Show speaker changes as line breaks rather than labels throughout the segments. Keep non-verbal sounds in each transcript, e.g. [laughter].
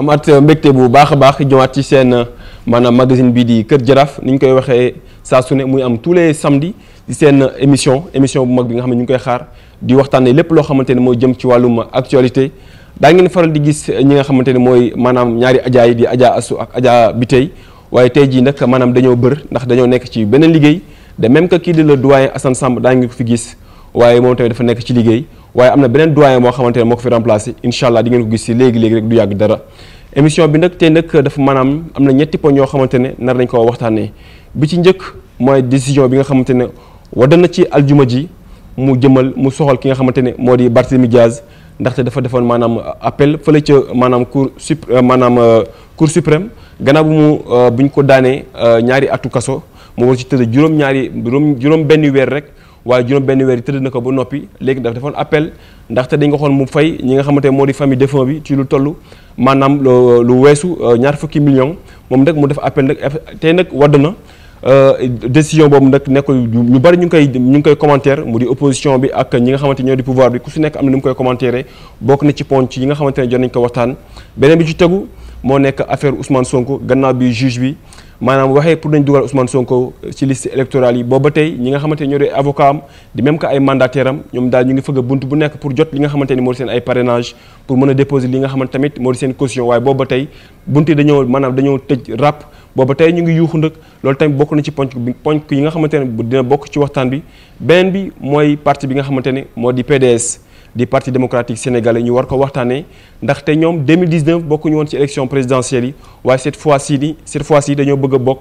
amaat mbégte bu baax a baax ñëwaat ci seen maanaam magasin bii di Kër Jaraaf ni ñu koy waxee saa su ne muy am tous les samedis seen émission émission bu mag bi nga xam ne ñu ngi koy xaar di waxtaanee lépp loo xamante ne moo jëm ci wàllum actualité daa ngeen faral di gis ñi nga xamante ne mooy maanaam ñaari ajaa yi di ajaa asu ak ajaa bi tey waaye tey jii nag maanaam dañoo bër ndax dañoo nekk ci beneen liggéey de même que kii di le doyen Assane Samb daa ngi ko fi gis waaye moom tamit dafa nekk ci liggéey waaye am na beneen doyen moo xamante ne moo ko fi remplacé incha allah di ngeen ko gis si léegi léegi rek du yàgg dara émission bi nag tey nag dafa maanaam am na ñetti poñ yoo xamante ne nar nañ ko waxtaanee bi ci njëkk mooy décision bi nga xamante ne wadda na ci aljuma ji mu jëmal mu soxal ki nga xamante ne moo di Barthélemy Diaz ndaxte dafa defoon maanaam appel fële ca maanaam cour sup euh, maanaam euh, cour suprême gannaaw bu mu euh, bu ñu ko daanee ñaari atu kaso mu war ci juróom-ñaari juróom juróom benn weer rek. waaye juróom benn weer yi tëdd na ko ba noppi léegi daf defoon appel ndaxte dañ nga xool mu fay ñi nga xamante moo di famille défunt bi ci lu toll maanaam lu weesu euh, ñaar fukki million moom nag mu def appel nag tey nag wadd na euh, décision boobu nag nekkul ñu bari ñu ngi koy ñu ngi koy commentaire mu di opposition bi ak ñi nga xamante ñoo di pouvoir bi ku su nekk am na ni mu koy commentaire bokk na ci ponc yi nga xamante ne jot nañ ko waxtaan beneen bi ci tegu moo nekk affaire Ousmane Sonko gannaaw bi juge bi maanaam waxee pour nañ dugal Ousmane Sonko ci liste électorale yi booba tey ñi nga xamante ñoo dee avocat am di même que ay mandataire ñoom daal ñu ngi fëgg bunt bu nekk pour jot li nga xamante ni moo di seen ay parrainage pour mën a déposer li nga xamante tamit moo di seen caution waaye booba tey bunt yi dañoo maanaam dañoo tëj ràpp booba tey ñu ngi yuuxu ndëkk loolu tamit bokk na ci ponk bi yi nga xamante ne dina bokk ci waxtaan bi beneen bi mooy parti bi nga xamante ne moo di PDS di parti démocratique sénégalais ñu war ko waxtaanee ndaxte ñoom 2019 bokkuñu woon ci élection présidentielle yi waaye cette fois ci ni cette fois ci dañoo bëgg a bokk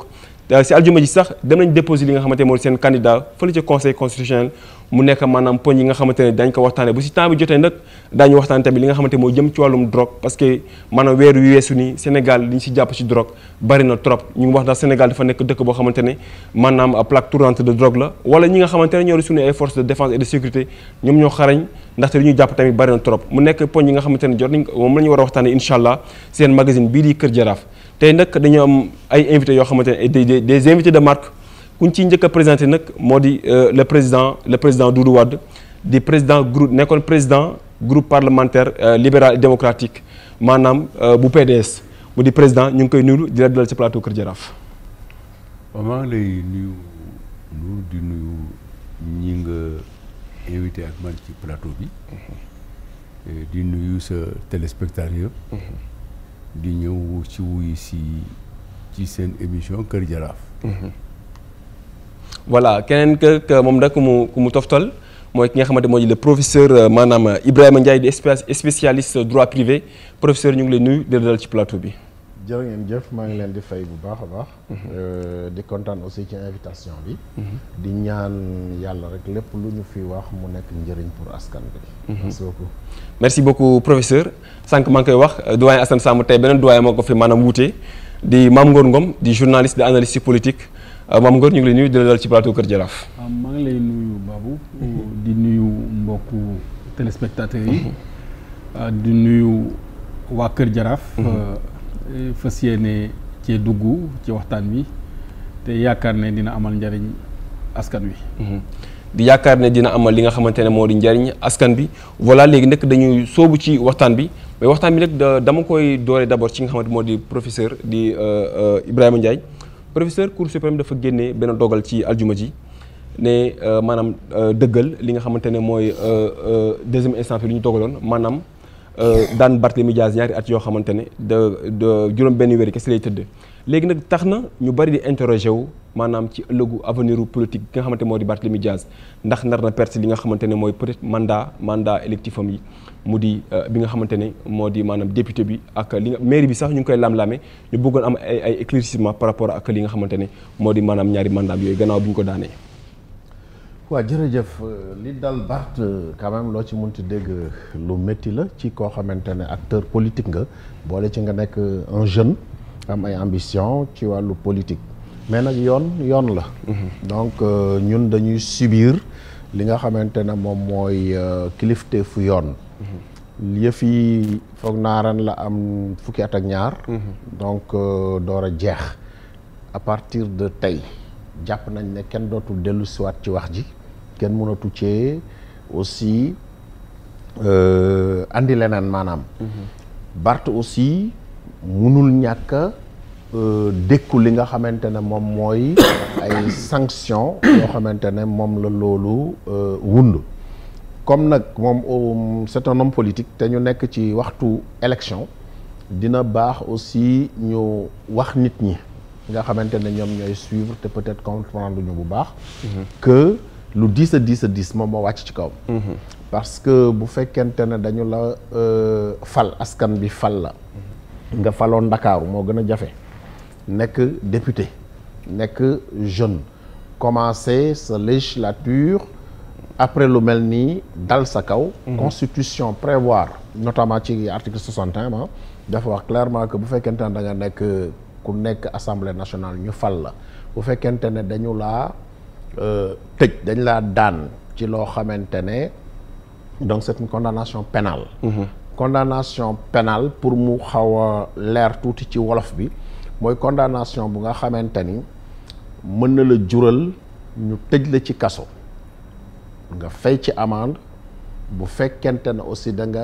euh, si aljuma ji sax dem nañ déposer li nga xamante moo seen candidat fële ca conseil constitutionnel mu nekk manaam poñ yi nga xamante ne dañ ko waxtaane bu si temps jotee nag daañu waxtaane tamit li nga xamante moo jëm ci wàllum drogue parce que maanaam weer yu weesu ni Sénégal li ñu si jàpp si drogue bari na trop ñu ngi wax daal Sénégal dafa nekk dëkk boo xamante ne maanaam plaque tournante de drogue la wala ñi nga xamante ne ñoo di suñu ay forces de défense et de sécurité ñoom ñoo xarañ ndaxte li ñu jàpp tamit bari na trop mu nekk poñ yi nga xamante ne jot nañ moom la war a waxtaane incha allah seen magazine bii di Kër Jaraaf tey am ay invités yoo xamante ne des invités de marque ku ci ciy njëkk présenté nag moo di euh, le président le président Doudou Wade di président groupe nekkoon président groupe parlementaire euh, libéral et démocratique maanaam euh, bu PDS mu di président ñu ngi koy nuyu di la dalal ci plateau Kër Jaraaf.
maa ngi lay nuyu Nour di nuyu ñi nga invité ak man ci plateau bi mm-hmm. eh, di nuyu sa téléspectateur mm-hmm. di ñëw ci wuy si ci seen émission Kër Jaraaf. Mm-hmm.
voilà keneen que moom nag ku mu ku mu toftal mooy ki nga xamante moo di le professeur euh, maanaam euh, Ibrahima Ndiaye di spécialiste droit privé professeur ñu ngi leen nuyu di dal ci plateau bi.
jërë ngeen jëf maa ngi leen di fay bu baax a baax. Mhm. Euh, di kontaan aussi ci invitation bi. Mhm. di ñaan yàlla rek lépp lu ñu fi wax mu nekk njëriñ pour askan bi. Mhm. merci beaucoup.
merci beaucoup professeur sànq maa ngi koy wax doyen Assane Samb tey beneen doyen moo ko fi maanaam wuute di Mame Ngor Ngom di journaliste de analyste politique. Euh, Mame Ngor ñu ngi lay nuyu di dal ci plateau Kër Jaraaf. waaw ah,
maa ngi lay nuyu Babou. di nuyu mbokk téléspectateurs yi. Mm-hmm. Ah, di nuyu waa Kër Jaraaf. Mm-hmm. Euh, eh, fas yéene cee dugg ci waxtaan wi te
yaakaar ne dina amal njariñ askan wi. Mm-hmm. di yaakaar ne dina amal li nga xamante ne moo di njariñ askan bi voilà léegi nag dañuy soobu ci waxtaan bi mais waxtaan bi nag dama koy doore d'abord ci nga xamante moo di professeur di euh, Ibrahima Ndiaye. professeur cour suprême dafa génne benn dogal ci aljuma ji ne euh, maanaam euh, dëggal li nga xamante ne mooy euh, deuxième instance lu ñu dogaloon maanaam daan Barthélémy Dias ñaari at yoo xamante ne de de juróom benn weer kese lay tëdd léegi nag tax na ñu bari di interroger wu maanaam ci ëllëgu avenir politique bi nga xamante moo di Barthélemy Diaz ndax nar na perte li nga xamante ne mooy peut-être mandat mandat électif am yi mu di euh, bi nga xamante ne moo di maanaam député bi ak li nga mairie bi sax ñu ngi koy lam ñu bëggoon am ay ay éclaircissement par rapport ak li nga xamante ne moo di maanaam ñaari mandat bi yooyu gannaaw bi ñu ko daanee
waaw jërëjëf li daal Barth quand même loo ci munti dégg lu métti la ci koo xamante ne acteur politique nga boole ci nga nekk un jeune am ay ambition ci wàllu politique mais nag yoon yoon la donc euh, ñun dañuy sibiir li nga xamante ne moom mooy euh, kilifte fu yoon yëf yi foog naa ren la am fukki at ak ñaar donc euh, door a jeex à partir de tey jàpp nañ ne kenn dootul dellu siwaat ci wax ji kenn mënatu cee aussi andi leneen maanaam mhm. Barth aussi munul ñàkk euh, dékku li nga xamante ne moom mooy [coughs] ay sanctions yoo xamante ne moom la loolu euh, wund comme nag moom um, c'est un politique te ñu nekk ci waxtu élection dina baax aussi ñu wax nit ñi nga xamante ne ñoom ñooy suivre te peut-être comprendre lu ñu bu baax mm-hmm. que lu diis a diis a diis moom moo wàcc ci kaw mm-hmm. parce que bu fekkente ne dañu la euh, fal askan bi fal la mm-hmm. nga faloon ndakaaru moo gën a jafe nekk député nekk jeune commencer sa législature après lu mel nii dal sa kaw mhm. constitution prévoir notamment ci article 61 ah dafa wax clairement que bu fekkente ne da nga nekk ku nekk assemblée nationale ñu fal la bu fekkente ne dañu laa euh, tëj dañ laa daan ci loo xamante ne donc c'est une condamnation pénale mhm. condamnation pénale pour mu xaw a leer tuuti ci wolof bi mooy condamnation bu nga xamante ni mën na la jural ñu tëj la ci kaso nga fay ci amende bu fekkente ne aussi da nga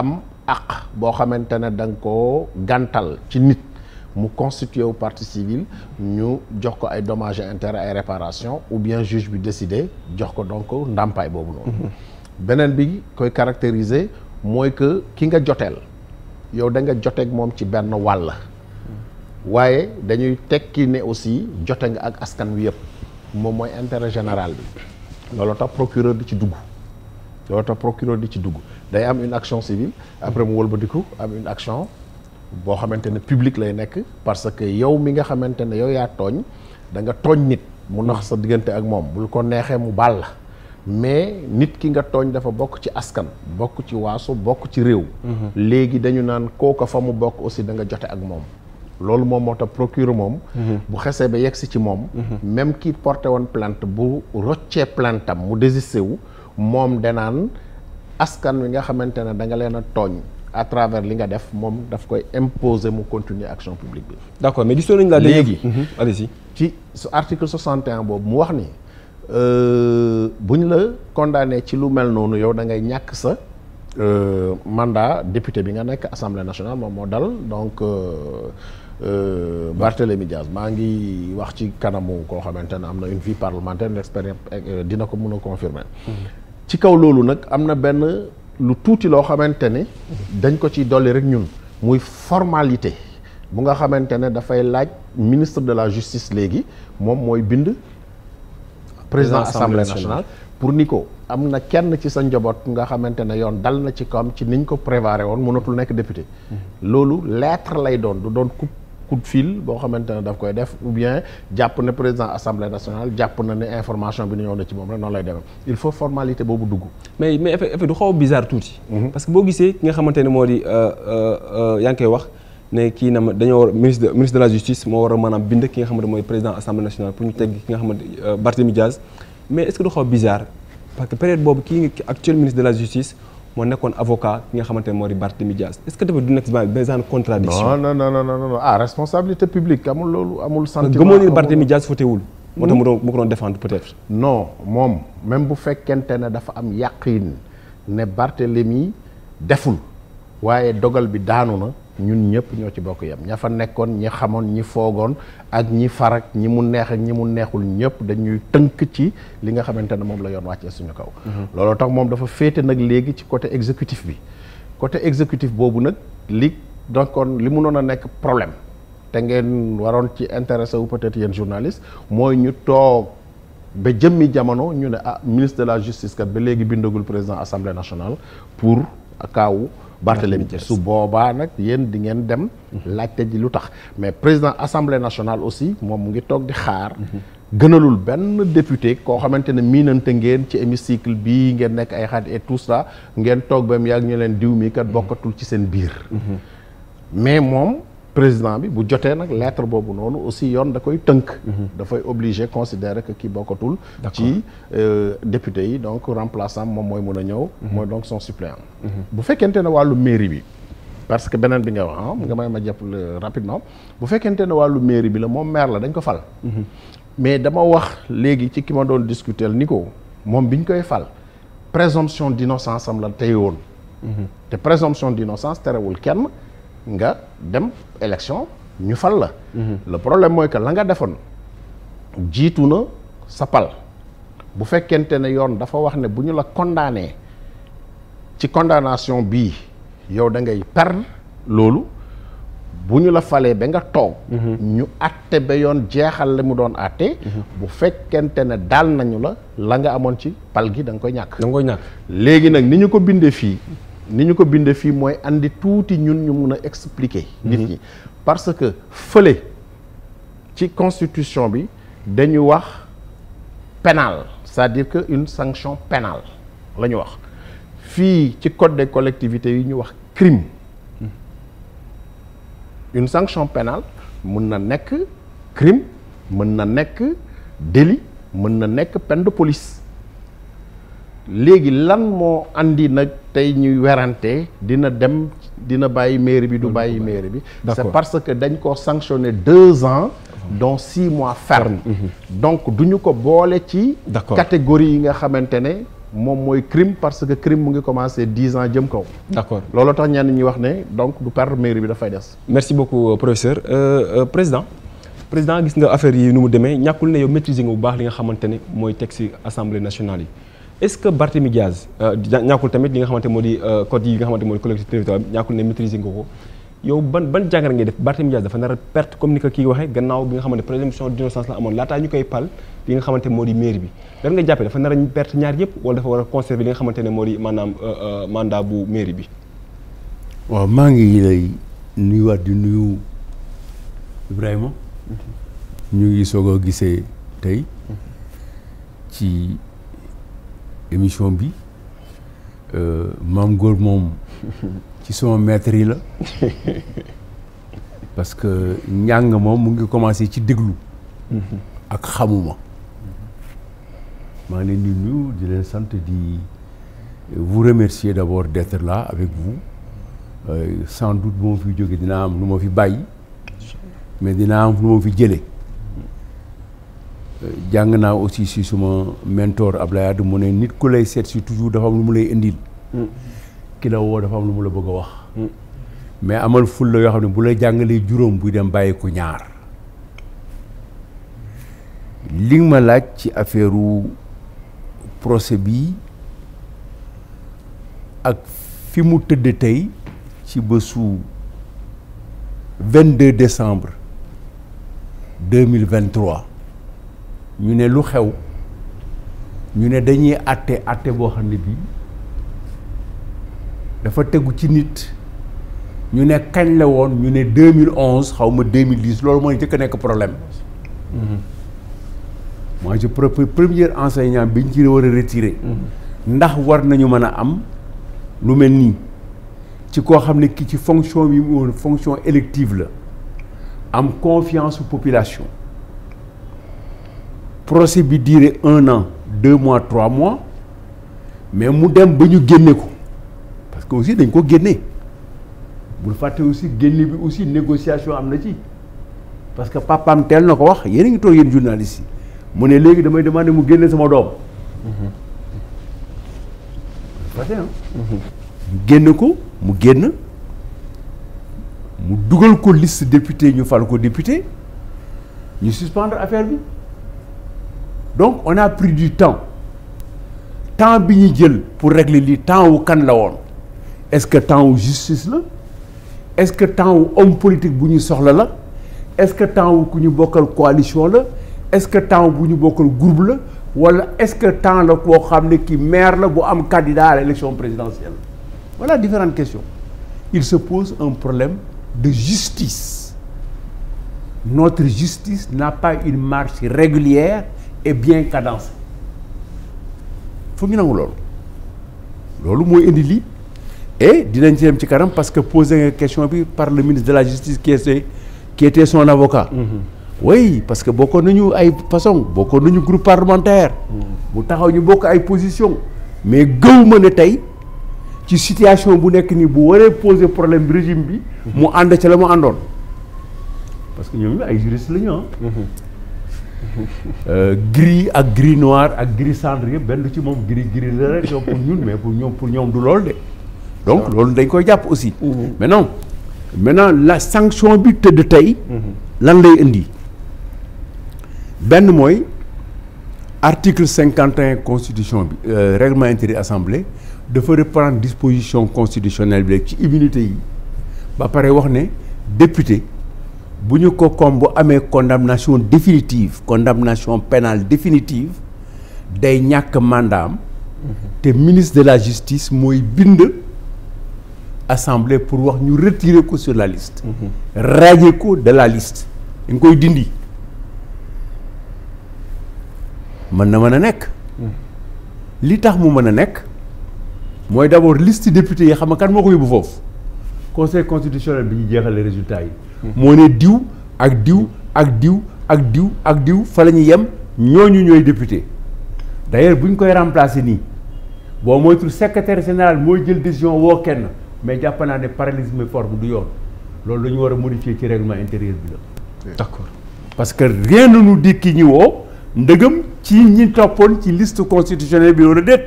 am àq boo xamante ne da nga koo gantal ci nit mu constitué wu partie civile ñu jox ko ay dommages et intérêts ay réparation ou bien juge bi décidé jox ko donc ndàmpaay boobu noonu mm-hmm. beneen bi koy caractériser mooy que ki nga joteel yow da nga joteeg moom ci benn wàll la waaye dañuy tekki ne aussi jote nga ak askan wi yëpp moom mooy intérêt général bi loolu tax procureur di ci dugg loolu tax procureur di ci dugg day am une action civile après mu wëlbatiku am une action boo xamante ne publique lay nekk parce que yow mi nga xamante ne yow yaa tooñ da nga tooñ nit mu nax sa diggante ak moom bul ko neexee mu baal la mais nit ki nga tooñ dafa bokk ci askan bokk ci waaso bokk ci réew mhm. léegi dañu naan kooka fa mu bokk aussi da nga jote ak moom loolu moom moo tax procureur moom mhm. bu xesee ba yegsi ci moom mhm. même ki porté woon plainte bu roccee plainte am mu désisté wu moom danaan askan wi nga xamante ne da nga leen a tooñ à travers li nga def moom daf koy imposer mu continuer action publique bi d'accord mais gisoon nañu la léegi allez-y ci article 61 boobu mu wax ni Euh, bu ñu la condamné ci lu mel noonu yow da ngay ñàkk sa euh, mandat député bi nga nekk assemblée nationale moom moo dal donc euh, Barthélémy Diaz maa ngi wax ci kanamu koo xamante ne am na une vie parlementaire une expérience dina ko mën a confirmer mm-hmm. ci kaw loolu nag am na benn lu tuuti loo xamante ne dañ ko ci dolli rek ñun muy formalité bu nga xamante ne dafay laaj ministre de la justice léegi moom mooy bind
président assemblée nationale
pour ni ko am na kenn ci sa njaboot nga xamante ne yoon dal na ci kawam ci niñ ko prévaré woon mënatul nekk député mhm. loolu lettre lay doon du doon coupe coup de boo xamante ne daf koy def ou bien jàpp ne président assemblée nationale jàpp na ne information bi ñëw na ci moom rek noonu lay demee il faut formalité boobu dugg
mais mais effet du xaw bizarre tuuti mhm. parce que boo gisee ki nga xamante ne moo di euh, euh, euh, yaa ngi koy wax ne kii na ma dañoo war ministre de la justice moo war a maanaam bind ki nga xamante mooy président assemblée nationale pour ñu teg ki nga xamante euh, Barthélemy Diaz mais est-ce que du xaw bizarre parce que période boobu kii actuel ministre de la justice moo nekkoon avocat ki nga xamante ne moo di Barthélemy Diaz est-ce que tamit du nekk benn genre
contradiction non non non non non ah responsabilité publique amul moom même bu fekkente ne dafa am yàqiin ne Barthélemy deful waaye dogal bi daanu na ñun ñëpp ñoo ci bokk yam ña fa nekkoon ñi xamoon ñi foogoon ak ñi farak ñi mu neex ñi mu neexul ñëpp dañuy tënk ci li nga xamante ne moom la yoon wàccee suñu kaw. Mhm. looloo tax moom dafa féete nag léegi ci côté exécutif bi côté executif boobu nag li donc li munoon a nekk problème te ngeen waroon ci intéressé wu peut-être yéen journaliste mooy ñu toog. ba jëmmi jamono ñu ne ah ministre de la justice kat ba léegi bindagul président assemblée nationale pour kaawu Barthélemy su boobaa nag yéen di ngeen dem laajte ji lu tax mais président assemblée nationale aussi moom mu ngi toog di xaar gënalul benn député koo xamante ne miinante ngeen ci hémicycle bii ngeen nekk ay xarit et tout ça ngeen toog ba mu yàgg ñu leen diw mi kat bokkatul ci seen biir mhm. mais moom président bi bu jotee nag lettre boobu noonu aussi yoon da koy tënk mhm. dafay obligé considérer que kii bokkatul ci euh, député yi donc remplaçant moom mooy mun a ñëw mhm. mooy donc son suppléant mhm. bu fekkente ne wàllu maire bi parce que beneen bi nga wax ah, nga may ma jàpp rapidement bu fekkente ne wàllu mairie bi la moom maire la dañ ko fal mais dama wax léegi ci ki ma doon discuter ni ko moom bi ñu koy fal présomption d'innocence am la tey woon te présomption d'innocence terewul kenn nga dem élection ñu fal la. Mhm. le problème mooy que la nga defoon jiitu na sa pal bu fekkente ne yoon dafa wax ne bu ñu la kondaanee ci condamnation bii yow dangay ngay loolu bu ñu la falee ba nga toog. Mhm. ñu àtte ba yoon jeexal la mu doon àtte. Mhm. bu fekkente ne daal nañu la la nga amoon ci pal gi danga koy ñàkk. da koy ñàkk léegi nag ni ñu ko bindee fii. ni ñu ko bindee fii mooy andi tuuti ñun ñu mun a expliquer. nit mhm. ñi parce que fële ci constitution bi dañu wax pénal c'est-à-dire que une sanction pénale la ñu wax fii ci code des collectivités yi ñu wax crime mhm. une sanction pénale mun na nekk crime mën na nekk délit mën na nekk peine de léegi lan moo indi nag tey ñuy werante dina dem dina bàyyi mairie bi du bàyyi mairie bi c'est parce que dañ ko sanctionné deux ans donc six mois ferme mm-hmm. donc duñu ko boole ci catégorie yi nga xamante ne moom mooy crime parce que crime mu ngi commencé dix ans jëm kaw. d'accord loolu tax ñenn ñi wax ne donc du perdre mairie bi dafay des.
merci beaucoup euh, professeur euh, euh, président président gis nga affaire yi nu mu demee ñàkkul ne yow maîtriser nga bu baax li nga xamante ne mooy texte assemblée nationale yi. est-ce que Barthélemy Diaz euh, ñàkkul tamit li nga xamante moo di euh, code yi nga xamante moo di collectivité territoriale ñàkkul ne maîtriser nga ko yow ban ban jàngat ngay def Barthélemy Diaz dafa nar a perte comme ni ko kii waxee gannaaw bi nga xamante présomption d'innocence la amoon laataa ñu koy pal li nga xamante moo di mairie bi a perte ñaar a conserver ne moo di maanaam euh, mandat bu mairie bi
waaw maa ngi lay nuyuwaat di nuyu Ibrahima mhm. ñu ngi soog a gisee tey émission bi euh, maam góor moom ci sama maître yi la [laughs] parce que njàng moom mu ngi commencé ci déglu ak xamuma maa ngi leen di nuyu di leen sant di vous remercier d'abord d'être là avec vous euh, sans bu ma fi jóge dina am lu ma fi bàyyi mais dina am lu ma fi jële jàng naa aussi si suma mentor Ablaye Addo mu ne nit ku lay seet si toujours dafa am lu mu lay indil. Hmm. ki woo dafa am lu mu la bëgg a wax. Hmm. mais amal fulla yoo xam ne bu la jàngalee juróom buy dem bàyyi ñaar. li ma laaj ci affaire procès bi ak fi mu tëdd tey ci bésu 22 décembre 2023. ñu ne lu xew ñu ne dañuy àtte àtte boo xam ne bii dafa tegu ci nit ñu ne kañ la woon ñu ne 2011 xaw ma 2010 loolu mooy jëkk a nekk problème. Mm-hmm. moi je propose enseignant bi ñu ci war a retiré. Mm-hmm. ndax war nañu mën a am lu mel nii ci koo xam ne kii ci fonction bi mu woon fonction élective la am confiance population. procès bi diire un an deux mois trois mois mais mu dem ba ñu génne ko parce que aussi dañ ko génne bul fàtte aussi génne bi aussi négociation am na ci parce que papaam teel na ko wax yéen ngi toog yéen journaliste yi mu ne léegi damay demandé mu génne sama doom fàtte génn ko mu génn mu dugal ko liste député ñu fal ko député ñu suspendre affaire bi donc on a pris du temps temps bi ñu jël pour régler lii temps wu kan la woon est-ce que temps wu justice la est-ce que temps wu homme politique bu ñu soxla la est-ce que temps wu ku ñu bokkal coalition la est-ce que temps bu ñu bokkal groupe la wala est-ce que temps la koo xam ne ki maire la bu am candidat à l'élection présidentielle voilà différentes questions il se pose un problème de justice notre justice n'a pas une marche régulière et bien cadencé foog ñu nangu loolu loolu mooy indi lii et dinañ ci ci kanam parce que posé nga question bi par le ministre de la justice qui était son avocat mmh. oui parce que bokkoon nañu ay façon bokkoon nañu groupe parlementaire bu mm-hmm. taxaw ñu bokk ay position mais gëwuma ne tey ci situation bu nekk nii bu waree poser problème bi régime bi mu mm-hmm. ànd ci la mu àndoon parce que ñoom ay juriste la Euh, gris ak gris noir ak gris cendre yëpp benn ci moom gris gris la rek pour ñun mais pour ñoom pour ñoom du loolu de donc loolu dañ koy jàpp aussi mmh. maintenant maintenant la sanction bi tëdd tey mmh. lan lay indi benn mooy article cinquante et un constitution bi euh, règlement intérieur assemblée dafa reprendre disposition constitutionnelle bi ci immunité yi ba pare wax ne député bu ñu ko comme bu amee condamnation définitive condamnation pénale définitive day ñàkk mandaam te ministre de la justice mooy bind assemblée pour wax ñu retirer ko sur la liste radier ko de la liste dañ koy dindi mën na mën a nekk li tax mu mën a nekk mooy d'abord liste député yi xam nga kan moo ko yóbbu foofu conseil constitutionnel bi ñu jeexalee résultat yi. moo ne diw ak diw ak diw ak diw ak diw fa la ñu yem ñooñu ñooy député d'ailleurs bu ñu koy remplacer nii boo moytul secrétaire général mooy jël décision woo kenn mais jàpp naa ne parallélisme forme du yoon loolu la ñu war a modifier ci règlement intérieur bi la. parce que rien ne nous dit ki woo ndëgëm ci ñi toppoon ci liste constitutionnelle bi war a déet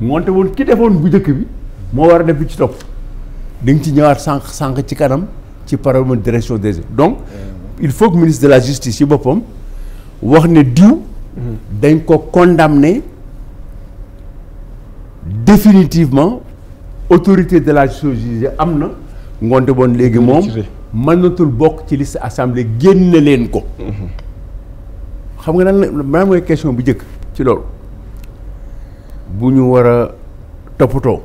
moonte woon ki defoon bu njëkk bi moo war a def bi ci topp. di nga ci ñëwaat sànq sànq ci kanam ci problème direction des donc il faut que ministre de la justice ci boppam wax ne diw dañ ko condamné definitivement autorité de la justice am na ngoonte boon léegi moom mënatul bokk ci liste assemblée génn leen ko xam nga nan la maanaam mooy question bu njëkk ci loolu bu ñu war a toppatoo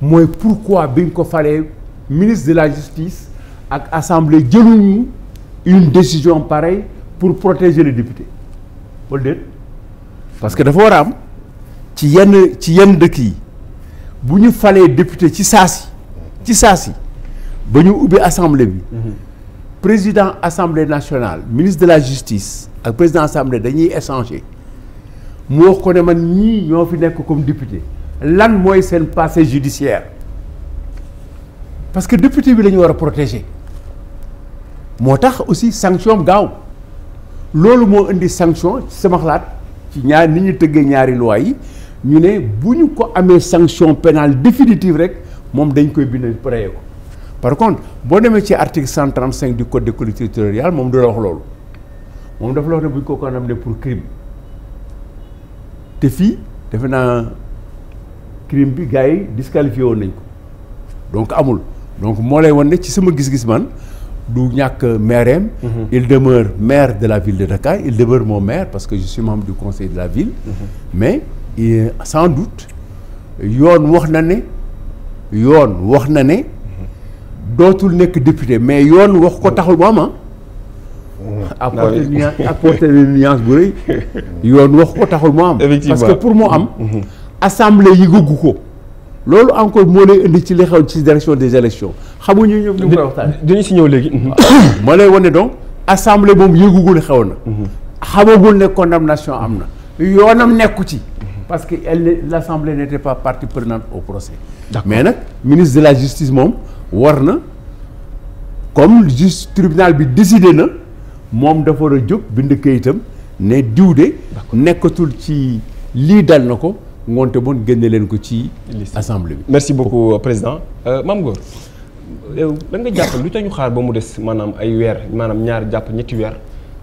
mooy pourquoi bi ñu ko falee ministre de la justice ak assemblée jëluñu une décision pareille pour protéger les députés wala parce que dafa war a am ci yenn ci yenn dëkk yi bu ñu falee député ci saasi ci saasi ba ñu ubbi assemblée bi mhm. président assemblée nationale ministre de la justice ak président assemblée dañuy échanger mu wax ko ne man ñii ñoo fi nekk comme député lan mooy seen passé judiciaire parce que député bi lañu war a protéger moo tax aussi sanction gaaw loolu moo indi sanction ci sama xalaat ci ñaar ni ñu tëggee ñaari loi yi ñu ne bu ñu ko amee sanction pénale définitive rek moom dañ koy bind préye ko par contre boo demee ci article cinq du code des collectivités territoriales moom du la wax loolu moom dafa la wax ne bu ñu ko condamné pour crime te fii defe naa crime bi gars yi disqualifié woon nañ ko donc amul donc moo lay wan ne ci sama gis-gis man du ñàkk maireem mhm. il demeure maire de la ville de Dakar il demeure mon maire parce que je du conseil de la ville mhm. mais sans doute yoon wax na ne yoon wax na ne mhm. dootul nekk député mais yoon wax ko taxul ah. bu am [laughs] wax ko taxul am parce que pour moo am assemblée yi gugg ko loolu encore moo lay indi ci li xew ci direction des élections xamuñu ñoom ñu koy waxtaan dañu si ñëw léegi [coughs] [coughs] moo lay wane donc assemblée moom yëgugul xew na mm-hmm. xamagul ne condamnation am na yoonam nekku ci parce que elle l'assemblée n'était pas partie prenante au procès mais nag ministre de la justice moom war na comme juste tribunal bi décidé na moom dafa war a bind kayitam ne diw de nekkatul ci lii dal na ko ngoonte bon génne leen ko ci assemblée bi merci beaucoup président euh, Mame Gor
yow da nga jàpp lu tax ñu xaar ba mu des maanaam ay weer maanaam ñaari jàpp ñetti weer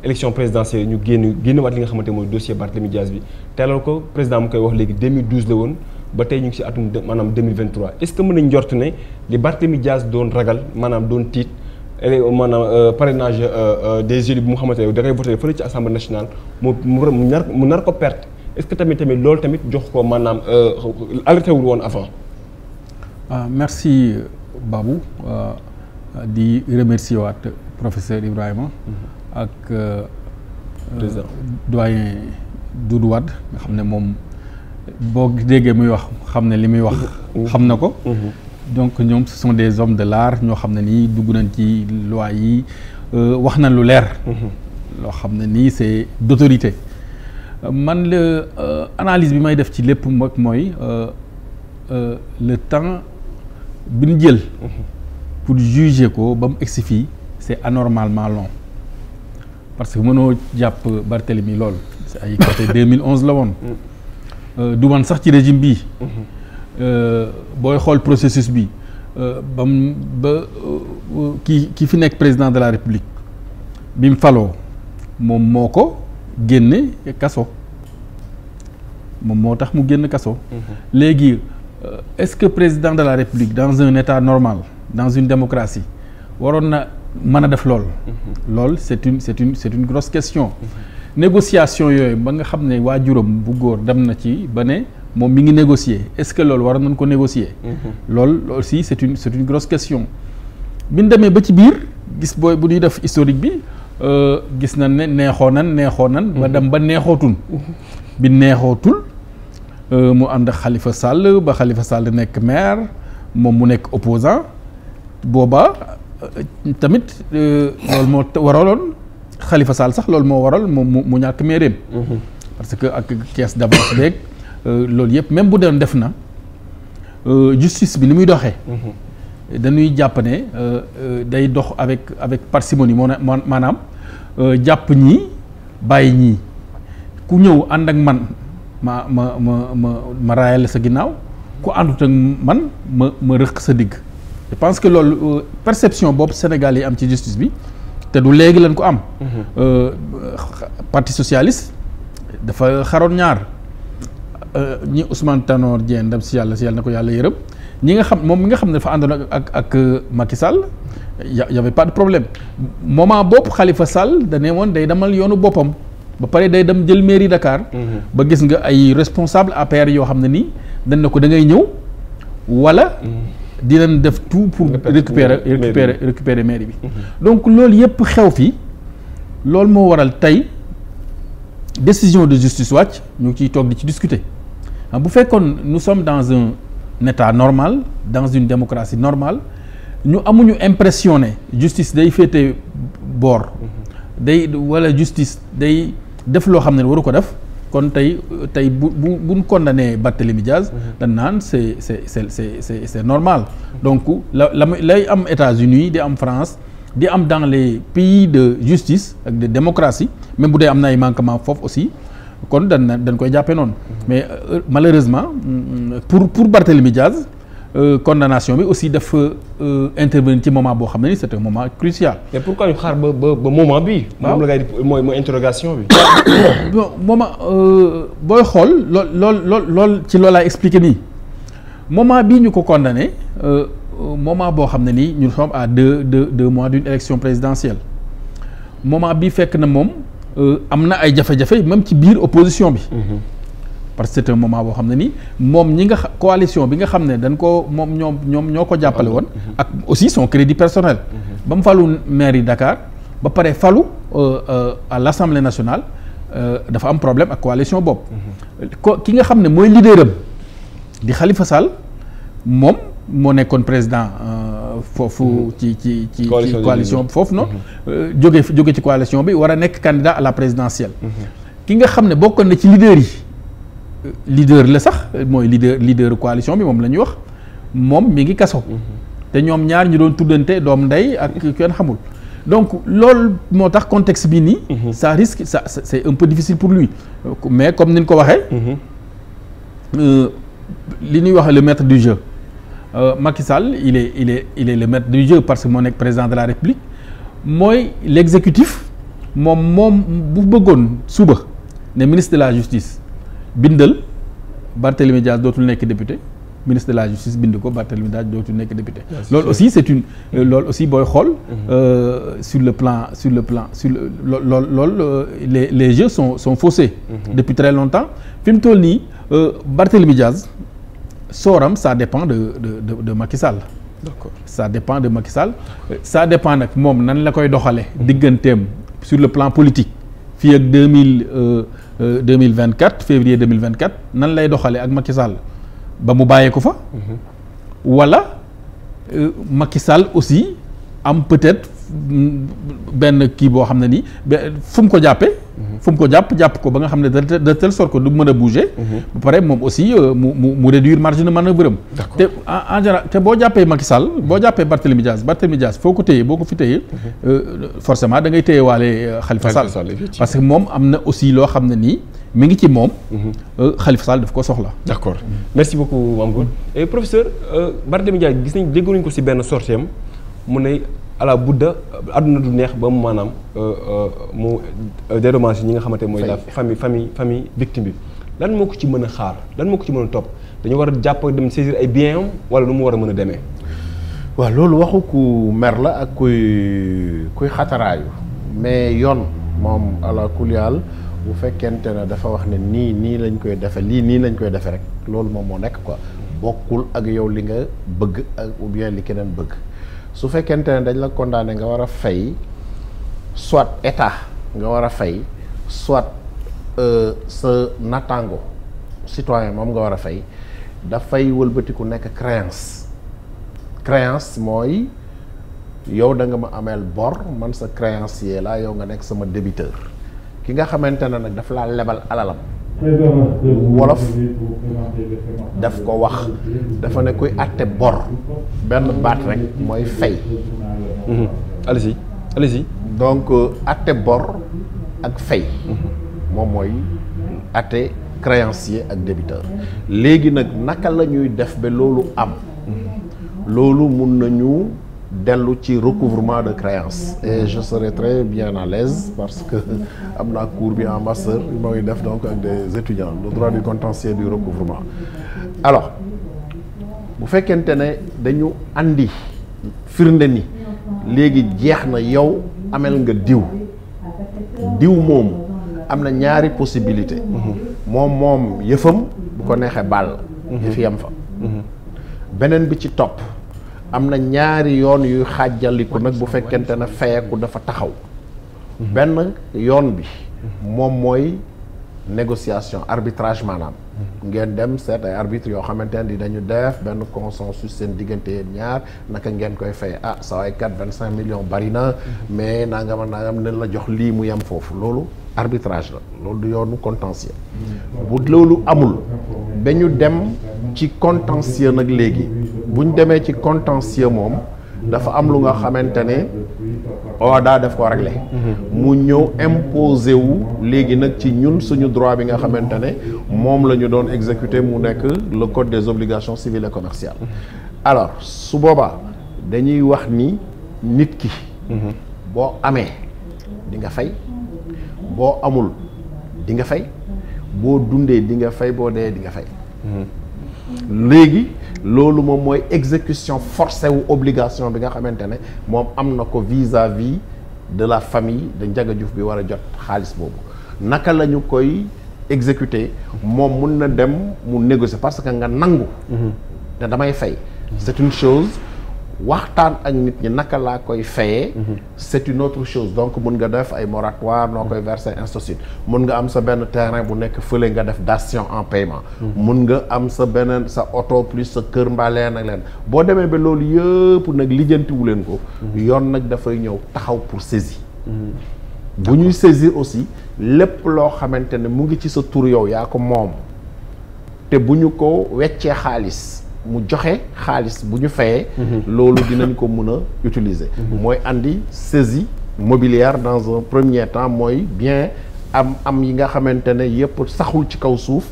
élection présidentielle ñu génn génnewaat li nga xamante mooy dossier Barthélémy Dias bi teelal ko président mu koy wax léegi 2012 la woon ba tey ñu ngi si atum maanaam 2023 est ce que mën nañ njort ne li Barthélémy Dias doon ragal maanaam doon tiit maanaam euh, parrainage euh, des élus bu mu xamante ne da ngay voté fële ci assemblée mu mu mu nar ko perte est-ce que tamit tamit loolu tamit jox ko maanaam euh, alerté wul woon avant.
ah merci Babou euh, di remercier waat professeur Ibrahima. Mm-hmm. ak euh, doyen Doudou Wade nga xam ne moom boo jegee muy wax xam ne li muy wax. Mm-hmm. xam na ko. Mm-hmm. donc ñoom ce sont des hommes de l'art ñoo xam ne nii dugg nañ ci loi yi wax na lu leer. loo xam ne nii c'est d'autorité. man la euh, analyse bi may def ci lépp mag mooy euh, euh, le temps bi ñu jël pour juger ko ba mu egsi fii c'est anormalement long parce que mënoo jàpp mi lool c'est ay côté 2011 [laughs] la woon mm. du man sax ci régime bi mm-hmm. booy xool processus bi ba mu ba ki ki fi nekk président de la république bi mu faloo moom moo ko génne kaso moom moo tax mu génn kaso. Mhm. léegi euh, est-ce que président de la république dans un état normal dans une démocratie waroon na mën a def lool. Mhm. lool c'est une c'est une c'est une grosse question. Mhm. négociation yooyu ba nga xam ne waajuram bu góor dem na ci ba moom mi ngi négocier est-ce que loolu war nañ ko négocier. loolu aussi c'est une c'est une grosse question. bi ñu demee ba ci biir gis booy bu ñuy def historique bi euh, gis nañ ne neexoo nan neexoo nan. ba dem ba neexootuñ. [laughs] bi neexootul euh, mu ànd xalifa Sall ba Khalifa Sall nekk maire moom mu nekk opposant booba euh, tamit euh, loolu moo waraloon Khalifa Sall sax loolu moo waral mu mu ñàkk mairéem mm-hmm. parce que ak caisse d'avance beeg loolu yëpp même bu doon def na justice bi ni muy doxee mm-hmm. dañuy jàpp ne day dox avec avec parcimonie moo maanaam jàpp ñii bàyyi ñii ku ñëw ànd ak man ma ma ma ma ma raayal sa ginnaaw ku àndut ak man ma ma rëq sa digg je pense que loolu euh, perception boobu Sénégal yi am ci justice bi te du léegi lañ ko am. Mhm. Euh, parti socialiste dafa xaroon ñaar euh, ñi Ousmane Tanor Dieng ndam si yàlla si yàlla na ko yàlla yërëm ñi nga xam moom mi nga xam ne dafa àndoon ak ak ak Macky Sall y' avait pas de problème moment boobu Khalifa Sall da ne woon day demal yoonu boppam. ba pare day dem jël mairie Dakar. Mhm. ba gis nga ay responsable APR yoo xam ne nii dañ ne ko da ngay ñëw wala. Mhm. dinañ def tout pour. récupérer récupérer récupérer mairie bi. Mhm. donc loolu yëpp xew fi loolu moo waral tey décision de justice wàcc ñu ciy toog di ci discuter bu fekkoon nous sommes dans un état normal dans une démocratie normale ñu amuñu impression ne justice day féete boor. day wala justice day. def loo xam ne waru ko def kon tey tey bu bu bu condamné Barthélemy Diaz mhm. dañ naan c'est c'est c'est c'est c'est normal donc la la lay am États-Unis di am France di am dans les de justice ak de démocratie même bu dee am na ay manquement foofu aussi kon dañ dañ koy jàppee noonu mhm. mais euh, malheureusement mm, pour pour Barthélemy Diaz Euh, condamnation bi aussi dafa euh, intervenir ci moment boo xam ne ni c'est moment crucial. mais pourquoi ñu xaar ba ba moment bi moom la ngay mooy mooy interrogation bi. [coughs] bon moment euh, booy xool lool lool ci loolaay expliqué nii moment bii ñu ko condamné moment boo xam ne nii ñu sommes à deux deux deux mois d'une élection présidentielle moment bii fekk na moom am na ay jafe-jafe même ci biir opposition bi. Mm-hmm. parce que c'est un moment boo xam ne nii moom ñi nga coalition bi nga xam ne dañ ko moom ñoom ñoom ñoo ko jàppale woon mm-hmm. ak aussi son crédit personnel mm-hmm. ba mu falu maire yi Dakar ba pare falu euh, euh, à l'Assemblée nationale euh, dafa am problème ak coalition boobu mm-hmm. ko ki nga xam ne mooy leader di xalifa Sall moom moo nekkoon président foofu ci ci ci ci coalition foofu noonu jóge jóge ci coalition bi war a nekk candidat à la présidentielle ki nga xam ne bokkoon na ci leader yi leader la sax mooy leader leader coalition bi moom la ñuy wax moom mi ngi kaso. Mhm. te ñoom ñaar ñu doon tuddante doom ndey ak mhm. kenn xamul. donc loolu moo tax contexte bi nii. Mhm. ça risque ça c'est un peu difficile pour lui. mais comme ni ñu ko waxee. Euh, li ñuy wax le maître du jeu. Euh, Macky Sall il est il est il est le maître du jeu parce que moo nekk président de la République mooy l'exécutif moom moom bu bëggoon suba ne ministre de la justice. bindal Barthélemy Diaz dootul nekk député ministre de la justice bind ko Barthélemy Diaz dootul nekk député. loolu aussi c' est une euh, loolu aussi booy xool. Mm-hmm. Euh, sur le plan sur le plan sur le loolu euh, les les jeux sont sont faussés. Mm-hmm. depuis très longtemps fi mu toll nii Barthélemy Diaz sooram ça dépend de de de de Macky Sall. d' accord ça de Macky Sall. ça dépend nag moom nan la koy doxalee. Mm-hmm. digganteem sur le plan politique fii ak Euh, deux mille vingt quatre février deux mille vingt quatre nan lay doxale ak Macky ba mu bàyyee ko fa. Mhm. wala euh, Macky Sall aussi am peut-être. benn kii boo xam ne nii fu mu ko jàppee. Mhm. fu ko jàpp jàpp ko ba nga xam ne da telle sorte que du mën a bouger. Mhm. ba pare moom aussi euh, mu mu mu réduire marge de manœuvre am. te en général te boo jàppee Macky Sall boo mhm. jàppee Barthélemy Dias Barthélemy Dias foo ko téye boo ko fi téye. Euh, forcément da ngay téye waale euh, Khalifa Sall. parce que moom am na aussi loo xam ne nii mi ngi ci moom. xalifa Sall daf ko soxla. d' accord
merci beaucoup Mame Goor. professeur Barthélemy Dias gis nañ déggoon si benn sortie ala budda àdduna du neex ba mu maanaam euh, euh, mu euh, dédommage ñi nga xamante mooy la famille famille famille victime bi lan moo ko ci mën a xaar lan moo ko ci mën a topp dañu war a jàpp dem saisir ay biens am wala lu mu war a mën a demee
waaw loolu waxu ku mer la ak kuy kuy xataraayu mais yoon moom ala kuliyal bu fekkente ne dafa wax ne nii nii lañ koy defe lii nii lañ koy defe rek loolu moom moo nekk quoi bokkul ak yow li nga bëgg ak ou bien li keneen bëgg su fekkente ne dañ la condamné nga war a fay soit état nga war a fay soit euh, sa natango citoyen moom nga war a fay dafay wëlbatiku nekk créance créance mooy yow da nga ma ameel bor man sa créancier laa yow nga nekk sama débiteur ki nga xamante ne nag daf laa lebal alalam wolof daf ko wax dafa ne kuy àtte bor benn baat rek mooy fay mhm. allez-y allez donc àtte bor ak fay moom mooy àtte créancier ak débiteur léegi nag naka la ñuy def ba loolu am mhm. loolu mun nañu dellu ci recouvrement de créances et je serai très bien à l'aise parce que [laughs] am naa cours bi en master maa ngi def donc ak des étudiants le droit du contentieux du recouvrement alors bu fekkente ne dañu andi firnde ni léegi jeex na yow amel nga diw diw moom am na ñaari possibilité mhm. moom moom yëfam bu ko neexee baal mhm. yëfi yam fa mhm. beneen bi ci topp am na ñaari yoon yuy xàjjaliku nag bu fekkente ne fayeku dafa taxaw mhm. benn yoon bi moom mooy négociation arbitrage maanaam mhm. ngeen dem seet ay arbitre yoo xamante ne dañu def benn consensus seen diggante yéen ñaar naka ngeen koy fay ah saa waay quatre vingt cinq millions bari na mhm. mais nangama nangam nañ la jox lii mu yem foofu loolu arbitrage la loolu du yoonu contentieux bu loolu amul ba ñu dem ci contentieux nag léegi bu ñu demee ci contentieux moom dafa am lu nga xamante ne daa def ko réglé
mhm.
mu ñëw imposé wu léegi nag ci ñun suñu droit bi nga xamante ne moom la ñu doon exécuté mu nekk le code des obligations civiles et commerciales mhm. alors su boobaa dañuy wax ni nit ki mhm. boo amee di nga fay boo amul di nga fay boo dundee di nga fay boo dee di nga fay léegi loolu moom mooy exécution forcée wu obligation bi nga xamante ne moom am na ko vis-à-vis de la famille de Ndiaga bi war a jot xaalis boobu naka la ñu koy exécuter moom mun na dem mu négocier parce que nga nangu. te mhm. damay fay. c'est une waxtaan ak nit ñi naka laa koy fayee. Mhm. c'est une autre chose donc mun nga def ay moratoire noo koy verser ainsi de suite mun nga am sa benn terrain bu nekk fële nga def dation en paiement. Mhm. mun nga am sa beneen sa oto plus sa kër mbaalee nag leen boo demee ba loolu yëpp nag lijjantiwu leen ko. Mhm. yoon nag dafay ñëw taxaw pour saisir. bu ñuy saisir aussi lépp loo xamante ne mu ngi ci sa tur yow yaa ko moom te bu ñu ko weccee xaalis. mu joxe xaalis bu ñu fayee. Mhm. loolu dinañ ko mun a utiliser. Mhm. mooy indi saisi mobilière dans un premier temps mooy bien am am yi nga xamante ne yëpp saxul ci kaw suuf.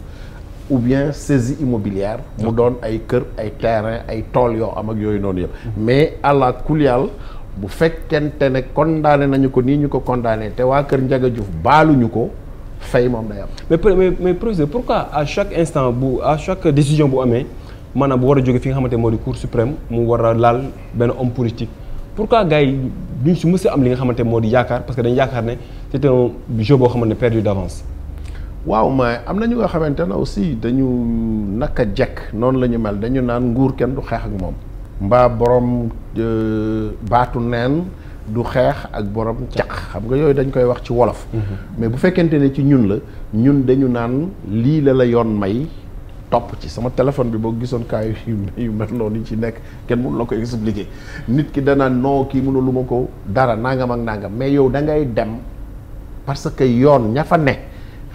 ou bien saisie immobilière mu doon ay kër ay terrain ay tool yoo am ak yooyu noonu yëpp mais àla kuliyal bu fekkente ne condamné nañu ko nii ñu ko condamné te waa kër Ndiaga Diouf baaluñu ko fay moom day am mais mais professeur
pourquoi à chaque instant bu à chaque décision bu amee maanaam bu war a jóge fi nga xamante moo di cour suprême mu war a laal benn homme politique pourquoi gars yi duñ si mës a am li nga xamante moo di yaakaar parce que dañu yaakaar ne c'est boo xamante ne perdu d'avance
waaw mais am na ñu xamante ne aussi dañu naka jekk noonu la ñu mel dañu naan nguur kenn du xeex ak moom mbaa borom euh, baatu neen du xeex ak borom caq xam nga yooyu dañ koy wax ci wolof mhm. mais bu fekkente ne ci ñun la ñun dañu naan lii la la yoon may topp ci sama téléphone bi boo gisoon cas yu yu mel noonu ci nekk kenn mënu la ko expliquer nit ki dana noo kii mënu lu ma ko dara nangam ak nangam mais yow da ngay dem parce que yoon ña fa ne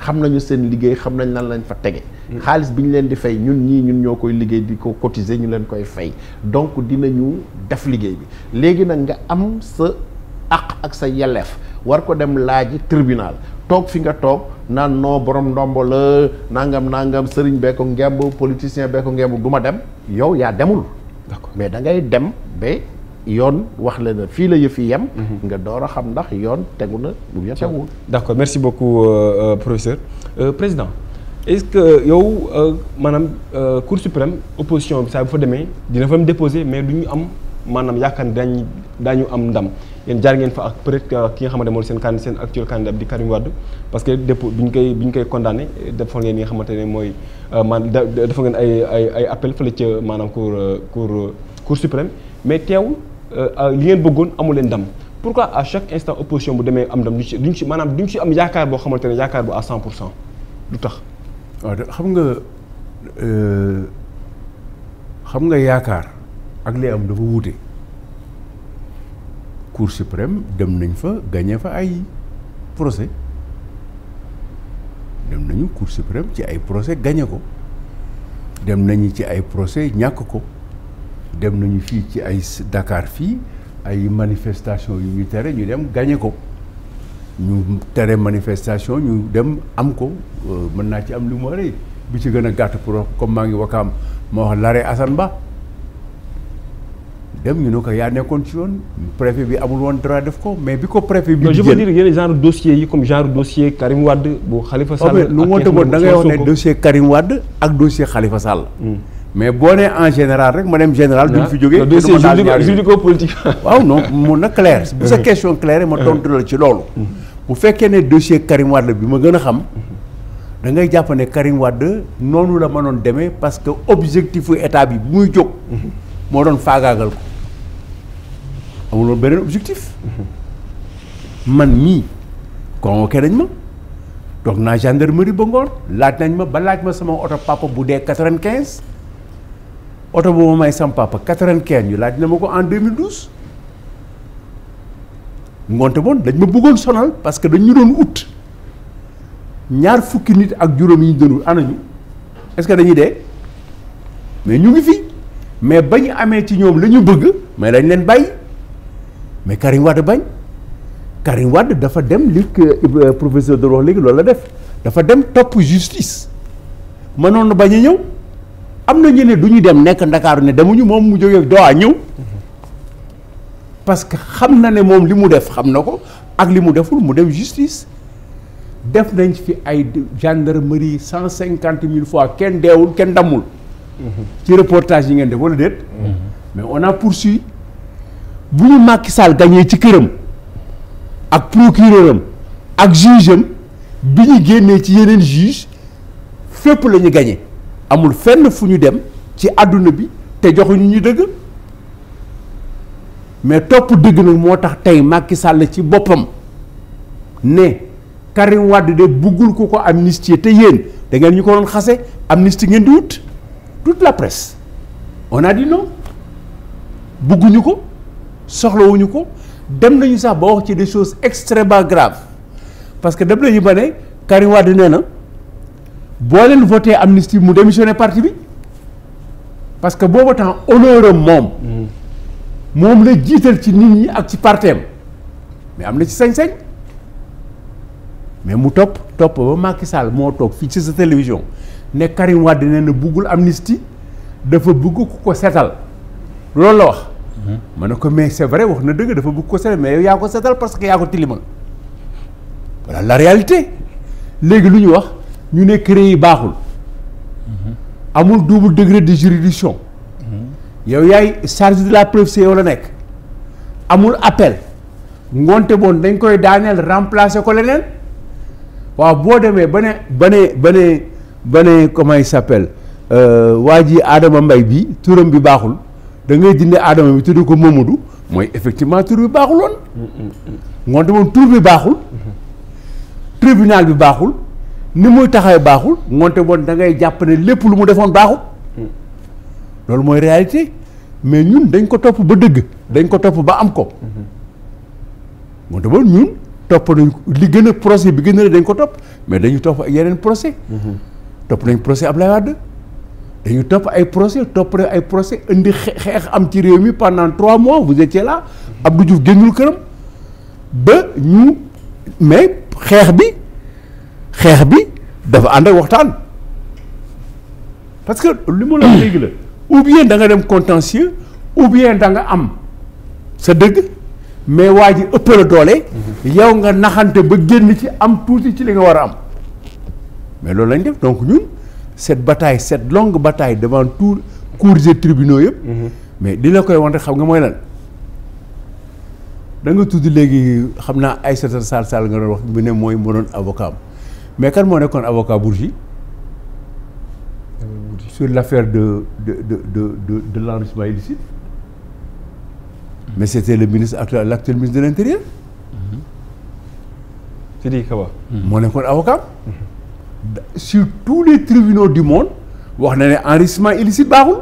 xam nañu seen liggéey xam nañ nan lañ fa tege. Mm. xaalis bi ñu leen di fay ñun ñii ñun ñoo koy liggéey di ko cotiser ñu leen koy fay donc dinañu def liggéey bi léegi nag nga am sa àq ak sa yelleef. war ko dem laaj tribunal toog fi nga toog naan noo borom ndombo la nangam nangam sëriñ bee ko ngemb politicien bee ko ngemb du ma dem yow yaa demul d'accord mais da ngay dem ba yoon wax la ne fii la yëf yem mhm. nga door a xam ndax yoon tegu na ou bien teguwul
d'accord merci beaucoup euh, euh professeur euh, président est-ce que yow euh, maanaam cour suprême opposition bi saa bu fa demee dina fa mu déposer mais du ñu am maanaam yaakaar ne dañ daañu am ndam yéen jaar ngeen fa ak peut être euh, ki nga xamante moom seen candidat seen actuel candidat di Karim Wade parce que dépôt bi ñu koy bi ñu koy condamné defa ngeen nga xamante ne mooy euh, man dafa ngeen ay ay ay appel fële ca maanaam cour euh, cour mais teew li ngeen bëggoon amu leen pour pourquoi a chaque instant opposition bu demee am ndam duñ ci duñ ci maanaam duñ ci am yaakaar boo
xamante ne yaakaar bu à 100 pour cent du tax waaw xam nga xam nga yaakaar ak li am dafa wuute cour suprême dem nañ fa gañe fa ay procès dem nañu cour suprême ci ay procès gañe ko dem nañu ci ay procès ñàkk ko dem nañu fii ci ay Dakar fii ay manifestation yu ñu tere ñu dem gagné ko ñu tere manifestation ñu dem am ko euh, mën naa ci am lu mu waree bi ci gën a gàtt pour comme maa ngi wakaam ma wax l'arrêt Assane Ba dem ñu ne ko yaa nekkoon ci yoon préfet bi amul woon droit def ko mais bi ko préfet bi.
je genre dossier yi comme genre dossier
Karim Wade bu Khalifa Sall. ak lu wonte ko da ngay wax ne dossier Karim Wade ak dossier Khalifa Sall. Hmm. mais boo nee en général rek ma dem général. duñ ah. fi jógee dossier juridico politique. [laughs] na clair bu sa hmm. question claire ma hmm. tontu la ci bu fekkee ne dossier Karim bi ma gën a xam. da ngay jàpp ne Karim Wade noonu la mënoon demee parce que objectifu état bi bu muy jóg. moo doon faagaagal ko. amuloon beneen objectif man mii convoqué nañ ma toog naa gendarmerie ba ngoon laaj nañ ma ba laaj ma sama oto papa bu dee quatre quinze oto bu ma may sama papa quatre quinze ñu laaj na ma ko en 2012 ngoonte bon dañ ma bëggoon sonal parce que dañ ñu doon ut ñaar fukki nit ak juróom yi ñu doon anañu est que dañuy dee mais ñu ngi fi mais ba ñu amee ci ñoom la ñu bëgg mais dañ leen bàyyi. mais Karim Wade bañ Karim Wade dafa dem li euh, professeur de wax léegi loolu la def dafa dem topp justice mënoon na bañ a ñëw am na ñu ne du ñu dem nekk ndakaaru ne demuñu moom mu jógee doa ñëw parce que xam na ne moom li mu def xam na ko ak li mu deful mu dem justice def nañ fi ay gendarmerie cent cinquante mille fois kenn deewul kenn dammul mhm. ci reportage yi ngeen def wala déet mhm. mais on a poursuivi bu ñu Macky Sall gagné ci këram ak procureur am ak juge am bi ñu génnee ci yeneen juge fépp la ñu gagné amul fenn fu ñu dem ci àdduna bi te joxuñu ñu dëgg mais topp dëgg nag moo tax tey Macky Sall ci boppam ne Karim Wade de buggul ko ko amnistie te yéen da ñu ko doon xase amnistie ngeen di wut tout la presse on a bugguñu ko. soxlawuñu ko dem nañu sax ba wax ci des choses extrêmement graves parce que dem nañu ba ne Karim Wade nee na boo leen voté amnistie mu démissionné parti bi parce que booba temps honneur am moom. Mm. moom la jiital ci nit ñi ak ci parteem mais am na ci sañ-sañ mais mu topp topp ba Macky Sall moo toog fii ci sa télévision ne Karim Wade nee na buggul amnistie dafa bugg ku ko setal loolu la wax. ma ne ko mais c'est vrai wax na dëgg dafa bugg ko setal mais yow yaa ko setal parce que yaa ko tilimal voilà la réalité léegi lu ñu wax ñu ne créé baaxul amul double degré de juridiction yow yaay chargé de la preuve c'est yow la nekk amul appel ngonte boon dañ koy daaneel remplacer ko leneen waaw boo demee ba ne ba ne ba ne ba ne euh, waa ji Adama mbay bi turam bi baaxul da ngay jëndee aadama bi tudd ko moom Mamadou mooy effectivement tur bi baaxul woon. ngoonte mm-hmm. moom tur bi baaxul. Mm-hmm. tribunal bi baaxul. ni muy taxawee baaxul ngoonte boon da ngay jàpp ne lépp lu mu defoon baaxul. Mm-hmm. loolu mooy réalité mais ñun dañ ko topp ba dëgg dañ ko topp ba am ko. ngoonte moom ñun topp nañ li gën a procès bi gën a dañ ko topp mais dañu topp yeneen procès. topp nañ procès Ablaye Wade. dañu topp ay procès topp ay procès indi xeex am ci réew mi pendant trois mois vous la ab Abdou Diouf génnul këram ba ñu mais xeex bi xeex bi dafa ànd ak waxtaan parce que li mu la wax léegi la ou bien da nga dem contentieux ou bien da nga am sa dëgg mais waa ji ëpp la doole. yow nga naxante ba génn ci am tuuti ci li nga war a am mais loolu lañ def donc ñun. cette bataille set longue bataille devant tous cours et tribunaux yëpp. Mhm. mais li la koy wan rek xam nga mooy lan. da nga tudd léegi xam naa Aïssata Tall Sall nga doon wax bu ne mooy moo doon avocat mais kan moo nekkoon avocat Bourgi. sur l' de de de de de de l' enrichissement mais c' était le ministre actuel l' actuel de l' mhm. moo nekkoon avocat sur tous les tribunaux du monde wax na ne enrichissement illicite baaxul.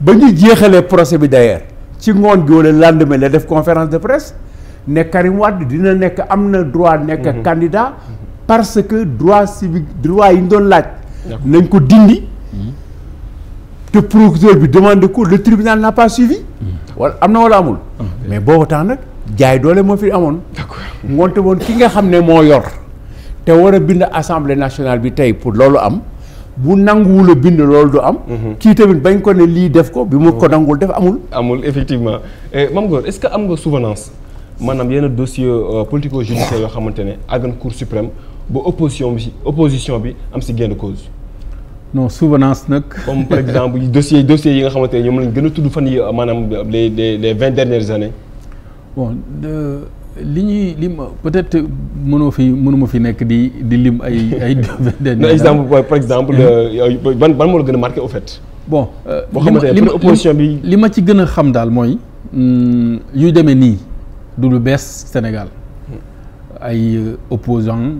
ba ñu jeexalee procès bi d'ailleurs ci ngoon gi wala lendemain la def conférence de presse ne Karim Wade dina nekk am na droit nekk mhm. candidat parce que droit civique droit yi ñu doon laaj. nañ ko dindi. Mhm. te procureur bi demande ko le tribunal n'a pas suivi. Mhm. wala am na wala amul. mais boobu tax nag jaay doole moo fi amoon. d'accord ngoonte woon ki nga xam ne moo yor. te war a bind assemblée nationale bi tey pour loolu am bu nanguwul a bind loolu du am. Mhm. kii tamit bañ ko ne lii def ko. bi mu ko mhm. nanguwul def amul. amul effectivement eh, Mame
Gor est-ce que am nga souvenance maanaam yenn dossier euh, politico judiciaire yoo xamante ne àgg na cour suprême ba opposition bi opposition bi am si gain de cause. non souvenance nag. comme par exemple [laughs] dossier dossiers yi nga xamante ne ñoom lañ gën a tudd fan yi euh, maanaam les les les vingt dernières années.
bon de... li ñuy li ma peut-être mënoo fi mënuma
fi nekk di di lim ay ay. [laughs] non exemple par exemple mm-hmm. euh, ban ban moo la gën marqué au fait. bon euh, boo xamante ne opposition
bi li ma ci gën a xam daal mooy mm, yu demee nii du lu bees Sénégal hmm. ay euh, opposants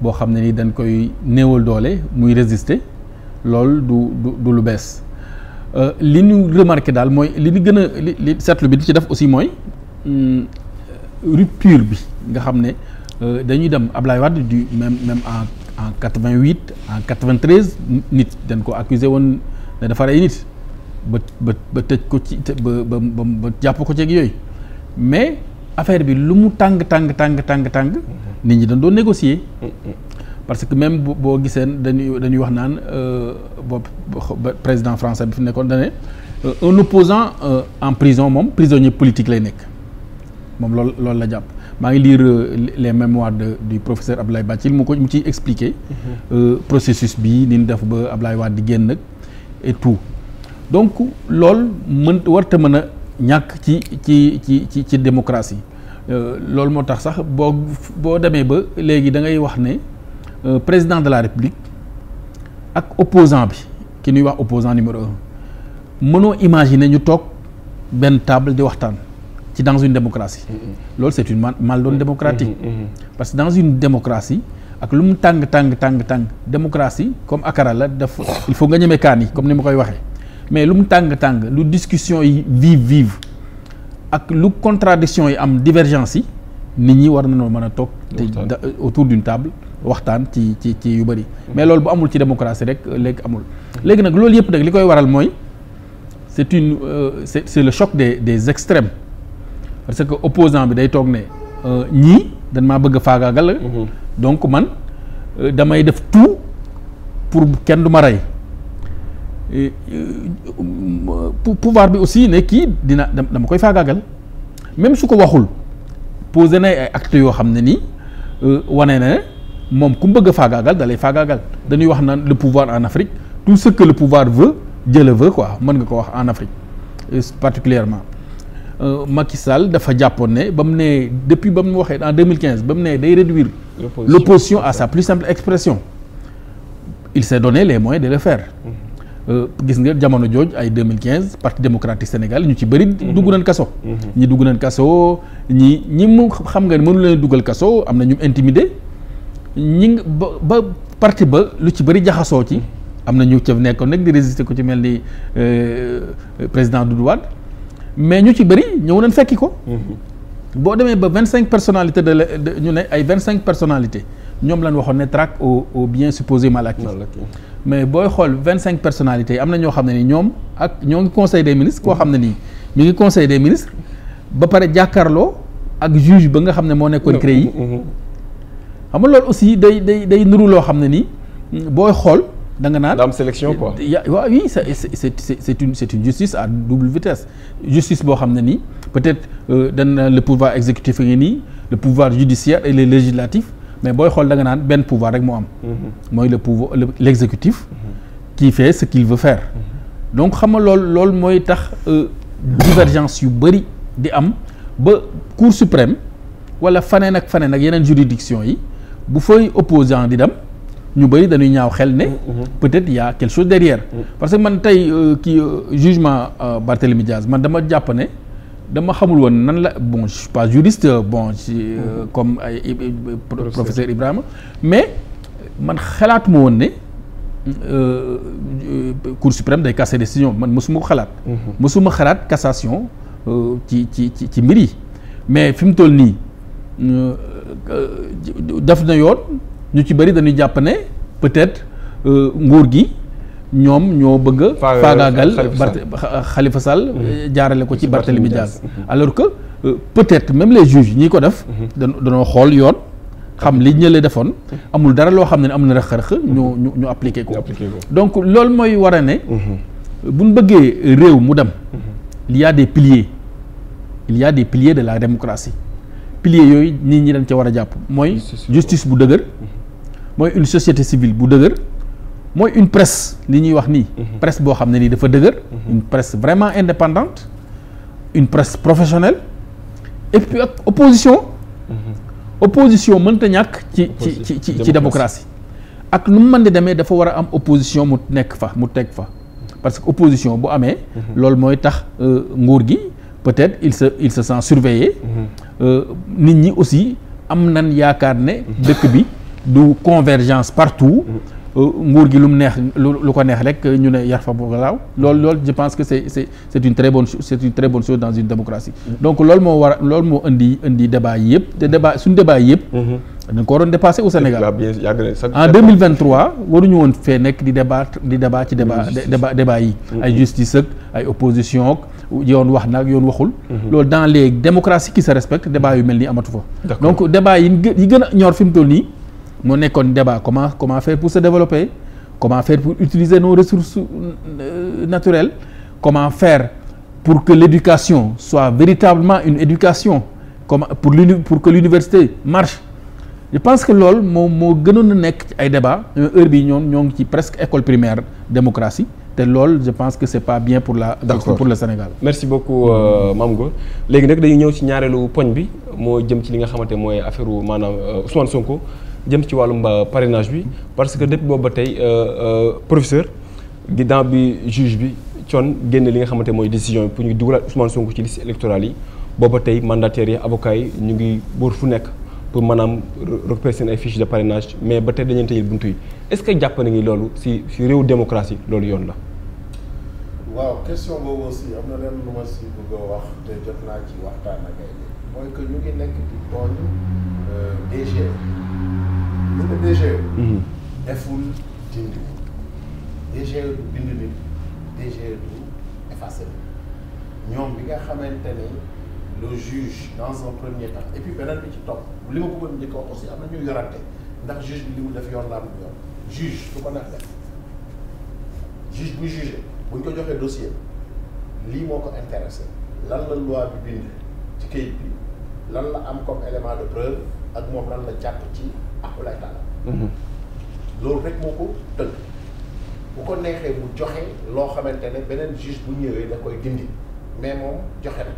boo xam ne ni dañ koy néewal doole muy résister loolu du du lu bees li ñu remarqué daal mooy li ñu gën a li seetlu bi di ci def aussi mooy. Mm, rupture bi nga xam ne euh, dañuy dem Ablaye Wade du même même en en quatre vingt huit en quatre vingt treize nit dañ ko accusé woon ne dafa rey nit ba ba ba tëj ko ci ba ba ba jàpp ko ceeg yooyu mais affaire bi lu mu tàng tàng tàng tàng tàng nit ñi dañ doon négocier. parce que même boo gisee dañuy dañuy wax naan euh, boobu président français bi fi nekkoon da ne euh, un opposant en prison moom prisonnier politique lay nekk. moom lool loolu la jàpp maa ngi lire euh, les mémoires de du professeur Abdoulaye Bathily mu ko mu ciy expliquer mhm. euh, processus bi ni ñu ba Abdoulaye waa di génn nag et tout donc lool mën warta mën a ñàkk ci ci ci ci ci démocratie euh, loolu moo tax sax boo boo demee ba léegi da ngay wax ne président de la république ak opposant bi ki ñuy wax opposant numéro un mënoo imaginer ñu toog benn table di waxtaan ci dans une démocratie mm-hmm. loolu c'est une malhonnête mm-hmm. démocratique mm-hmm. parce que dans une démocratie ak lu mu tàng tàng tàng tàng démocratie comme akara la daf il faut nga ñemee kaan comme ni ma koy waxee mais lu mu tàng tàng lu discussion yi vive vive ak lu contradiction yi am divergence yi nit ñi war nañoo mën a toog te autour d'une table waxtaan ci ci ci yu bëri mais loolu bu amul ci démocratie rek léegi amul léegi nag loolu yëpp nag li koy waral mooy c'est une euh, c'est le choc des des extrêmes parce que opposant bi day toog ne euh, ñii dañ maa bëgg a faagaagal. Mhm. donc man euh, damay def tout pour kenn du ma rey. Euh, pouvoir bi aussi ne kii dina dama koy faagaagal même su ko waxul posé na ay actes yoo xam ne nii wane na moom ku mu bëgg a faagaagal da faagaagal dañuy wax naan le pouvoir en Afrique tout ce que le pouvoir veut Dieu le veut quoi mën nga ko wax en Afrique particulièrement Euh, Macky Sall dafa jàppoon ne ba mu nee depuis ba mu waxee en 2015 ba mu nee day réduire l'opposition à sa plus simple expression il s'est donné les moins de le faire
mm-hmm.
euh, gis nga jamono jooj ay 2015 parti démocratique Sénégal ñu ci bëri mm-hmm. dugg nañ kaso mm-hmm. ñi dugg nañ kaso ñi ñi mu xam nga ne mënu leen dugal kaso am na ñu intimidé ñi ba ba parti ba lu ci bëri jaxasoo ci am na ñu ca nekkoon nag di résister ko ci mel ni euh, président Doudou Wade mais ñu ci bëri ñëw nañ fekki ko. Mm-hmm. boo demee ba vingt cinq personnalités de ñu ne ay vingt cinq personnalités ñoom lañ waxoon ne traque au au bien supposé mal acquis mais booy xool vingt cinq personalité yi am na ñoo xam ne ni ñoom ak ñoo ngi conseil des ministres koo xam ne nii ñu ngi conseil des ministres ba pare jàkkaarloo ak juge ba nga xam ne moo nekkoon CREI yi mm-hmm. xam nga loolu aussi day day day nuru loo xam ne nii booy xool. da nga naan da am sélection quoi. waaw oui c'est c'est une c'est une justice à double vitesse justice boo xam ne nii peut-être euh, dana le pouvoir exécutif a ngi nii le pouvoir judiciaire et le législatif mais booy xool da nga naan benn pouvoir rek moo am. Mm-hmm. mooy le pouvoir l'exécutif. kii mm-hmm. fait ce qu'il veut faire.
Mm-hmm.
donc xam nga loolu loolu mooy tax euh, divergence yu bari di am ba Cour suprême wala faneen ak faneen ak yeneen juridiction yi bu fay opposant di dem. ñu bëri dañuy ñaaw xel ne. Mm-hmm. Mm-hmm. peut-être y a quelque chose derrière. Mm-hmm. parce que man tey euh, ki euh, jugement euh, Barthélemy Diaz man dama jàpp ne dama xamul woon nan la bon je suis pas bon si comme ay professeur Ibrahima mais man xalaat ma woon ne. cour suprême day casser décision man mosuma ko xalaat. mosuma xalaat cassation ci ci ci ci mbir yi mais fi mu toll nii def na yoon. ñu ci bëri dañuy jàpp ne peut-être euh, nguur gi ñoom ñoo bëgg a faagaagal Khalifa Sall mm-hmm. euh, jaarale ko ci Barthélemy Diaz mm-hmm. alors que euh, peut-être même les juges ñi ko def mm-hmm. danoo xool yoon xam li ñële defoon amul dara loo xam ne am na rëq-rëq ñu ñu ñu appliqué ko donc loolu mooy war a ne buñ bëggee réew mu dem il y a des piliers il y a de la démocratie piliers yooyu nit ñi dañ ca war a jàpp mooy justice bu dëgër mooy une société civile bu dëgër mooy une presse li ñuy wax nii mhm. presse boo xam ne nii dafa dëgër mhm. une presse vraiment indépendante une presse professionnelle et puis ak opposition mhm. opposition mënta ñàkk ci ci ci ci démocratie ak nu mu mën di demee dafa war a am opposition mu nekk fa mu teg fa parce que opposition bu amee loolu mooy tax euh, nguur gi peut-être il se il sent surveillé euh, nit ñi aussi am nan yaakaar ne dëkk bi du convergence partout mm-hmm. euh, nguur gi lu mu neex lu ko neex rek ñu ne yar fa bu laaw loolu loolu je pense que c'est une très bonne chose dans une démocratie mm-hmm. donc loolu moo war loolu moo indi indi débat yi yëpp te débat suñu débat yëpp mm-hmm. dañ ko waroon dépassé au Sénégal ay justice ak ay opposition ak yoon wax nag yoon waxul loolu dans les démocraties qui se respectent débat yu mel nii amatu donc débat yi yi gën a ñor fi toll nii moo nekkoon débat comment comment pour se développer comment faire pour utiliser nos ressources euh, naturelles comment faire pour que l'éducation soit véritablement une éducation comme pour l'uni pour que l'université marche je pense que loolu moom moo gënoon a nekk ci ay débat heure bi ñoom ñoo ngi ci presque école primaire démocratie te loolu je
pense que c'est pas bien pour la pour le Sénégal merci beaucoup euh, Mame Gor léegi nag dañuy ñëw ci ñaareelu poñ bi moo jëm ci li nga xamante mooy affaire maanaam euh, Ousmane Sonko jëm ci wàllum euh, parrainage bi parce que depuis boobu ba tey euh, euh, professeur ginnaaw bi juge bi coon génn li nga xamante mooy décision yi pour ñu dugalaat Ousmane Sonko ci liste électorale yi booba tey mandataires yi avocats yi ñu ngi buur fu nekk pour maanaam récupérer seen ay fiches de parrainage mais ba tey dañu tëjal buntu yi est-ce que jàpp na ngi loolu si si réew démocratie loolu yoon la.
waaw question boobu aussi am na leen lu ma si bëgg wax te jot naa ci waxtaan ak ay gis nga DGE. deful dindiwul DGE du bind nit DGE du ñoom bi nga xamante ni le juge dans un premier temps et puis beneen bi ci topp li ma bëggoon njëkk wax am na ñuy yorante ndax juge bi li mu def yoon la am yoon juge su ko neex def juge buy jugé buñ ko joxee dossier lii moo ko intéressé lan la loi bi bind ci kayit bi lan la am comme élément de preuve ak moom lan la jàpp ci akulaay taala mm-hmm. loolu rek moo ko tënk bu ko neexee mu joxe loo xamante ne beneen juge bu ñëwee da koy dindi mais moom joxe na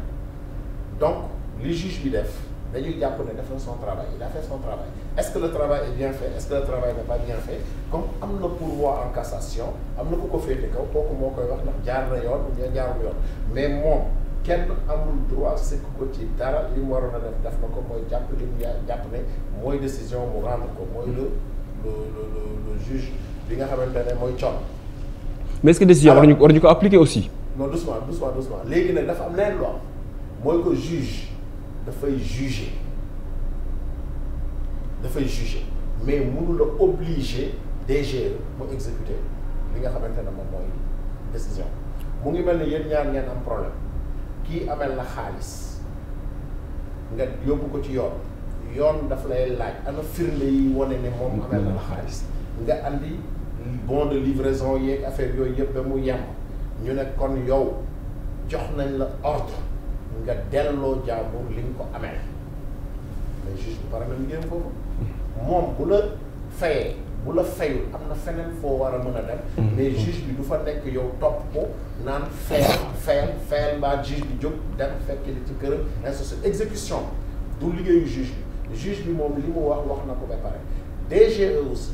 donc li juge bi def dañuy jàpp ne def na son travail il a fait son travail est-ce que le travail est bien fait est que le travail n'est pas bien fait comme am na pourvoi en cassation am na ku ko féete kaw kooku moo koy wax ndax jaar na yoon ou bien jaarul yoon mais moom kenn amul droit sëkk ko ci dara li mu waroon a def def na ko mooy jàpp li mu jàpp ne mooy décision mu rendre ko mooy le le le le juge bi nga xamante ne mooy con.
mais est-ce que décision war nañu ñu ko appliquer aussi.
non doucement doucement doucement léegi nag dafa am leneen lu am mooy ko juge dafay juger dafay juger mais mënu la obliger DGE mu exécuter li nga xamante ne moom mooy décision mu ngi mel ni yéen ñaar ngeen am problème. kii amel la xaalis nga yóbbu ko ci yoon yoon daf lay laaj ana firnde yi wane ne moom amel na la xaalis nga andi bon de livraison yeeg affaire yooyu yëpp ba mu yem ñu ne kon yow jox nañ la ordre nga delloo jàmbur li ko amee mais juste bu pare na liggéeyam foofu hmm. moom bu la fayee bu la fayul am na feneen foo war a mën a dem. Mm-hmm. mais juge bi du fa nekk yow topp ko naan fayal fayal fayal mbaa juge bi jóg dem fekk li ci këram ainsi exécution du liggéeyu juge bi juge bi moom li mu wax wax na ko ba pare DGE aussi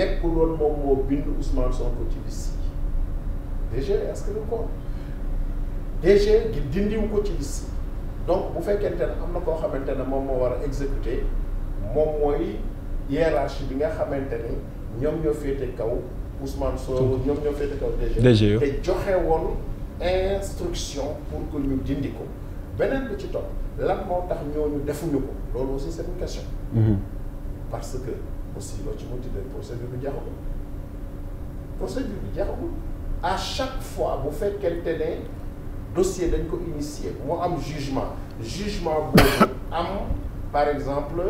nekk woon moom moo bind soo Sonko ci liste yi DGE est-ce que ko DGE gi dindiwu ko ci liste yi donc bu fekkente ne am na koo xamante ne moom moo war a exécuter moom mooy. hiérarchie bi nga xamante ni ñoom ñoo féete kaw Ousmane Sow ñoom ñoo féete kaw DG te joxe woon instruction pour que ñu dindi ko beneen bi ci topp lan moo tax ñoo ñooñu defuñu ko loolu aussi c'est une mm-hmm. parce que aussi loo ci munti de procédure bi jeexagul procédure bi jeexagul à chaque fois bu fekkente ne dossier dañ ko initier moo am jugement jugement boobu am par exemple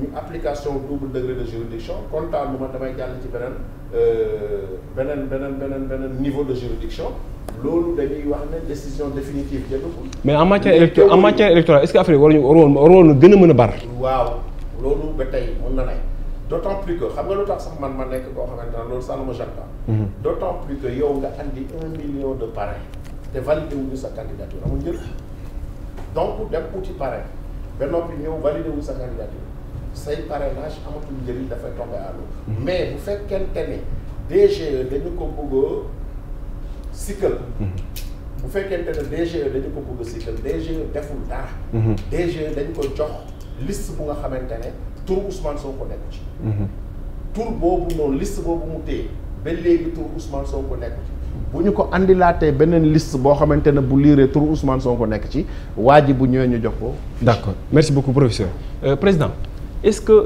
ñu application double degré de juridiction comptable ma damay jàll ci beneen euh, beneen beneen beneen beneen niveau de juridiction loolu dañuy wax ne décision définitive jëndagul. mais
en matière électorale en matière électorale est-ce que affaire yi waruñu waroon na gën a mën a bar.
waaw loolu ba tey mën na nay d'autant plus que xam nga lu tax sax man ma nekk koo xam ne loolu ça ne me gêne pas. d'autant plus que yow nga andi de parrain te sa candidature amul njëriñ donc dem uti parrain ba noppi ñëw validé wuñu sa candidature. say parrainage amatul njëriñ dafay tombé à mhm. mais bu fekkente ne DGE dañu ko bëgg sikkal bu fekkente ne DGE dañu ko bëgg a sikkal DGE mhm. e e deful dara mhm. DGE dañ ko jox list bu nga xamante ne tur soo ko nekk ci tur boobu noonu list boobu mu téye ba léegi tur soo ko nekk ci bu ñu ko andilaatee beneen liste boo xamante ne bu liiree tur soo ko nekk ci waa ji bu ñëwee ñu jox ko.
d'accord merci beaucoup professeur euh, président.
est-ce que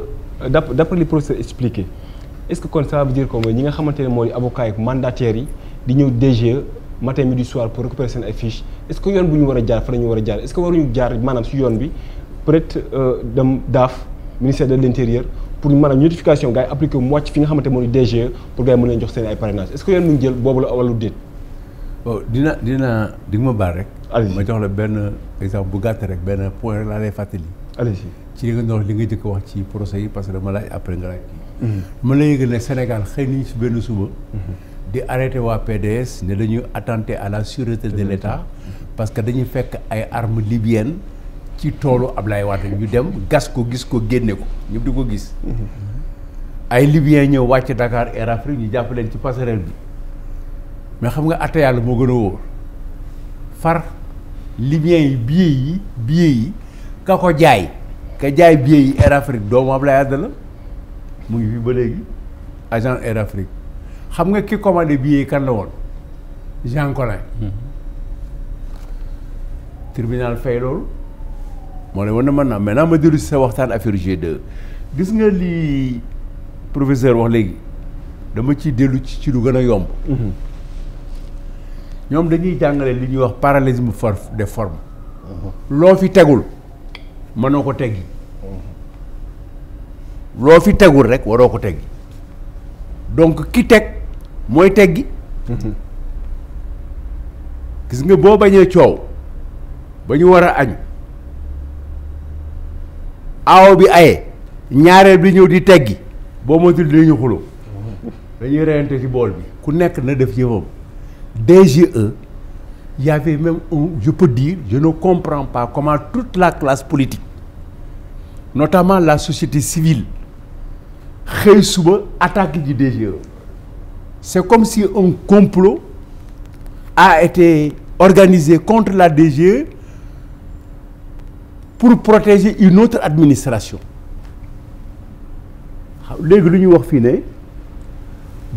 euh, d'après li professeur
expliqué est-ce que kon ça veut dire que ñi nga xamante ne mooy avocats yi mandataires yi di ñëw DGE matin midi soir pour récupérer seen ay fiches est-ce que yoon bu ñu war a jaar fa ñu war a jaar est-ce que waruñu jaar maanaam si yoon bi peut euh, dem DAF ministère de l'intérieur pour maanaam notification gars yi appliqué mu wàcc fi nga xamante mooy DGE pour gars yi mën leen jox seen ay parrainage est-ce que yoon mu
ma baal rek. ma jox la benn exemple bu gàtt rek benn point laa lay fàttali. allez ci li nga li nga jëkk wax ci procès yi parce que dama laaj après nga laaj kii. mën na yëg ne Sénégal xëy nañu si benn suba. Mm-hmm. di arrêté waa PDS ne dañuy attenter à la sûreté de l'État parce que dañuy fekk ay armes libyennes ci toolu Ablaye Wade ñu dem gas ko gis ko génne ko ñëpp di ko gis. Mm-hmm. ay libyens ñëw wàcc Dakar Air Afrique ñu jàpp leen ci passerelle bi mais xam nga atte yàlla moo gën a wóor far libyens yi billets yi billets yi. ka ko jaay ka jaay billet yi Air Afrique doomu Ablaye Adda la mu ngi fi ba léegi agent Air Afrique xam nga ki commandé billet yi kan la woon Jean Collin hmm. tribunal fay loolu moo lay wan na mën naa maintenant ma dellu si sa waxtaan affaire G2 gis nga lii professeur wax léegi dama ciy dellu ci ci lu gën a yomb hmm. ñoom dañuy jàngale li ñuy wax parallélisme de forme hmm. loo fi tegul mënoo ko teggi mm-hmm. loo fi tegul rek waroo ko teggi donc ki teg mooy teggi mm-hmm. gis nga boo bañee coow ba ñu war a añ aaw bi aye ñaareel bi ñëw di teggi boo moytul dinañu xuloo mm-hmm. dañuy reyante ci bool bi ku nekk na def yëfam il y même un je peux dire je ne comprends pas comment toute la classe politique notamment la société civile xëy suba attaque ji DGE c'est comme si un complot a été organisé contre la DGE pour protéger une autre administration léegi lu ñuy wax fii ne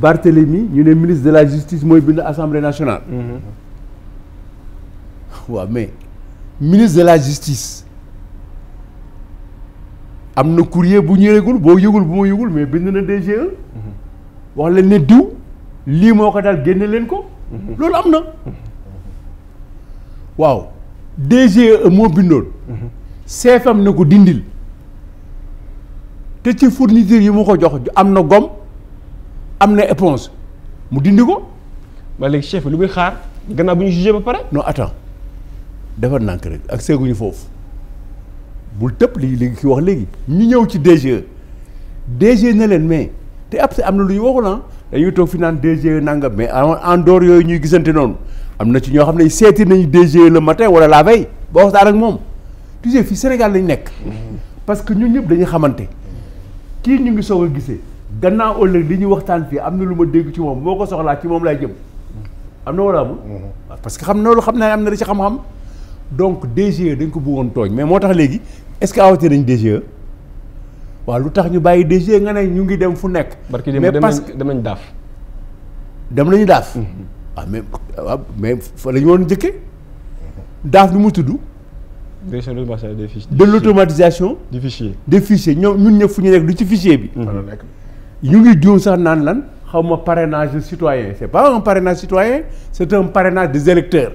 Barthélemy ñu ne ministre de la justice mooy bind assemblée nationale. Mm-hmm. waaw mais ministre de la justice am na courrier bu ñu boo yëgul bu ma yëgul mais bind na DGE mhm. wax leen ne diw lii moo ko daal génne leen ko mhm. loolu am na mhm. waaw DGE moo bindoon CFM na ko dindil te ci fourniture yi mu ko jox am na gomme am na éponge mu dindi ko. ba léegi chef bi lu muy xaar gannaaw bu ñu jugé ba pare. non attends defar nànk rek ak seguñu foofu bul tëpp li li ki wax léegi ñu ñëw ci DGE DGE ne leen mais te ab am na lu ñu waxul ah dañuy toog fi naan DGE nangam mais en dehors yooyu ñuy gisante noonu am na ci ñoo xam ne seeti nañu DGE le matin wala la veille ba waxtaan ak moom tu sais fii Sénégal lañ nekk parce que ñun ñëpp dañu xamante kii ñu ngi soog a gisee gannaaw ëllëg li ñuy waxtaan fii am na lu ma dégg ci moom moo ko soxlaa ci moom lay jëm am na wala amul mm-hmm. parce que xam na xam naa am na da ci xam-xam donc DGE dañ ko buggoon tooñ mais moo tax léegi est-ce que awatee nañ DGE waaw lu tax ñu bàyyi DGE nga ne ñu ngi dem fu nekk. mais parce que dem dem nañu daaf. waaw mhm. ah, mais waaw ah, mais fa la woon njëkkee daaf nu mu tuddu direction des fichiers. de l'automatisation des fichiers. des fichiers ñun ñëpp fu ñu nekk du ci fichier bi. Mhm. ñu ngi juum sax naan lan xaw ma parrainage citoyen c'est pas un parrainage citoyen c'est un parrainage des électeurs.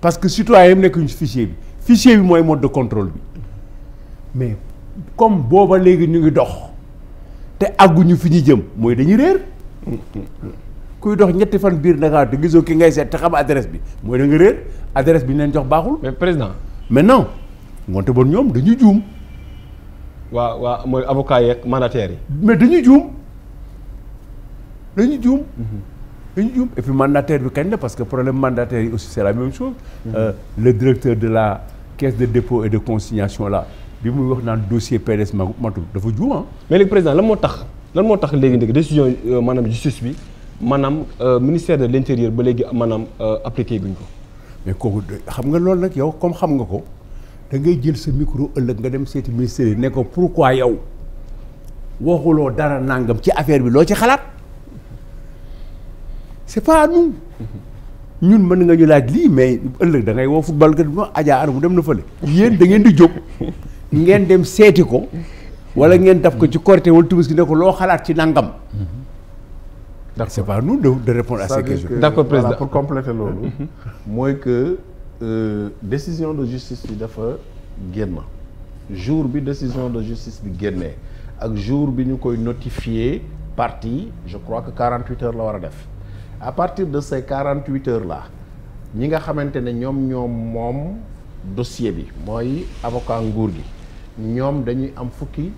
parce que citoyen yi nekkuñu ci fichier bi fichier bi mooy mode de contrôle bi mais comme booba léegi ñu ngi dox te àgguñu fi ñu jëm mooy dañuy réer kuy dox ñetti fan biir Dakar te gisoo ki ngay seet te xam adresse bi mooy da nga réer adresse bi ñu jox baaxul. mais président maintenant ngoonte bon ñoom dañuy juum.
waaw waa mooy avocat yeeg mandataires yi.
mais dañuy juum dañuy juum. Mhm. dañu juum et puis mandataire bi kañ la mm-hmm. euh, le directeur de la caisse de dépôt et de consignation là wax naan dossier PDS matul dafa moo tax
la moo tax léegi ndek décision euh, maanaam justice bi maanaam euh, ministère de l'intérieur ba léegi
maanaam appliqué guñ ko mais kooku xam nga loolu nag yow comme xam nga ko da ngay jël sa micro ëllëg nga dem seeti ministère yi ne ko pourquoi yow waxuloo dara nangam ci affaire bi loo ci xalaat c'est pas nu ñun mën nga ñu laaj lii mais ëllëg da ngay woo football kat no ajaa ana mu dem na fële yéen da ngeen di jóg ngeen dem seeti ko wala ngeen daf ko ci Korité wala Tabaski ne ko loo xalaat ci nangam ndax c'est pas à de de répondre à ces questions d'accord président voilà, pour compléter loolu
mooy que euh, décision de justice bi dafa génn jour bi décision de justice bi génnee ak jour bi ñu koy notifié partie je crois que 48 heures la war a def à partir de ces quarante huit heures là ñi nga xamante ne ñoom ñoom moom dossier bi mooy avocat nguur gi ñoom dañuy am fukki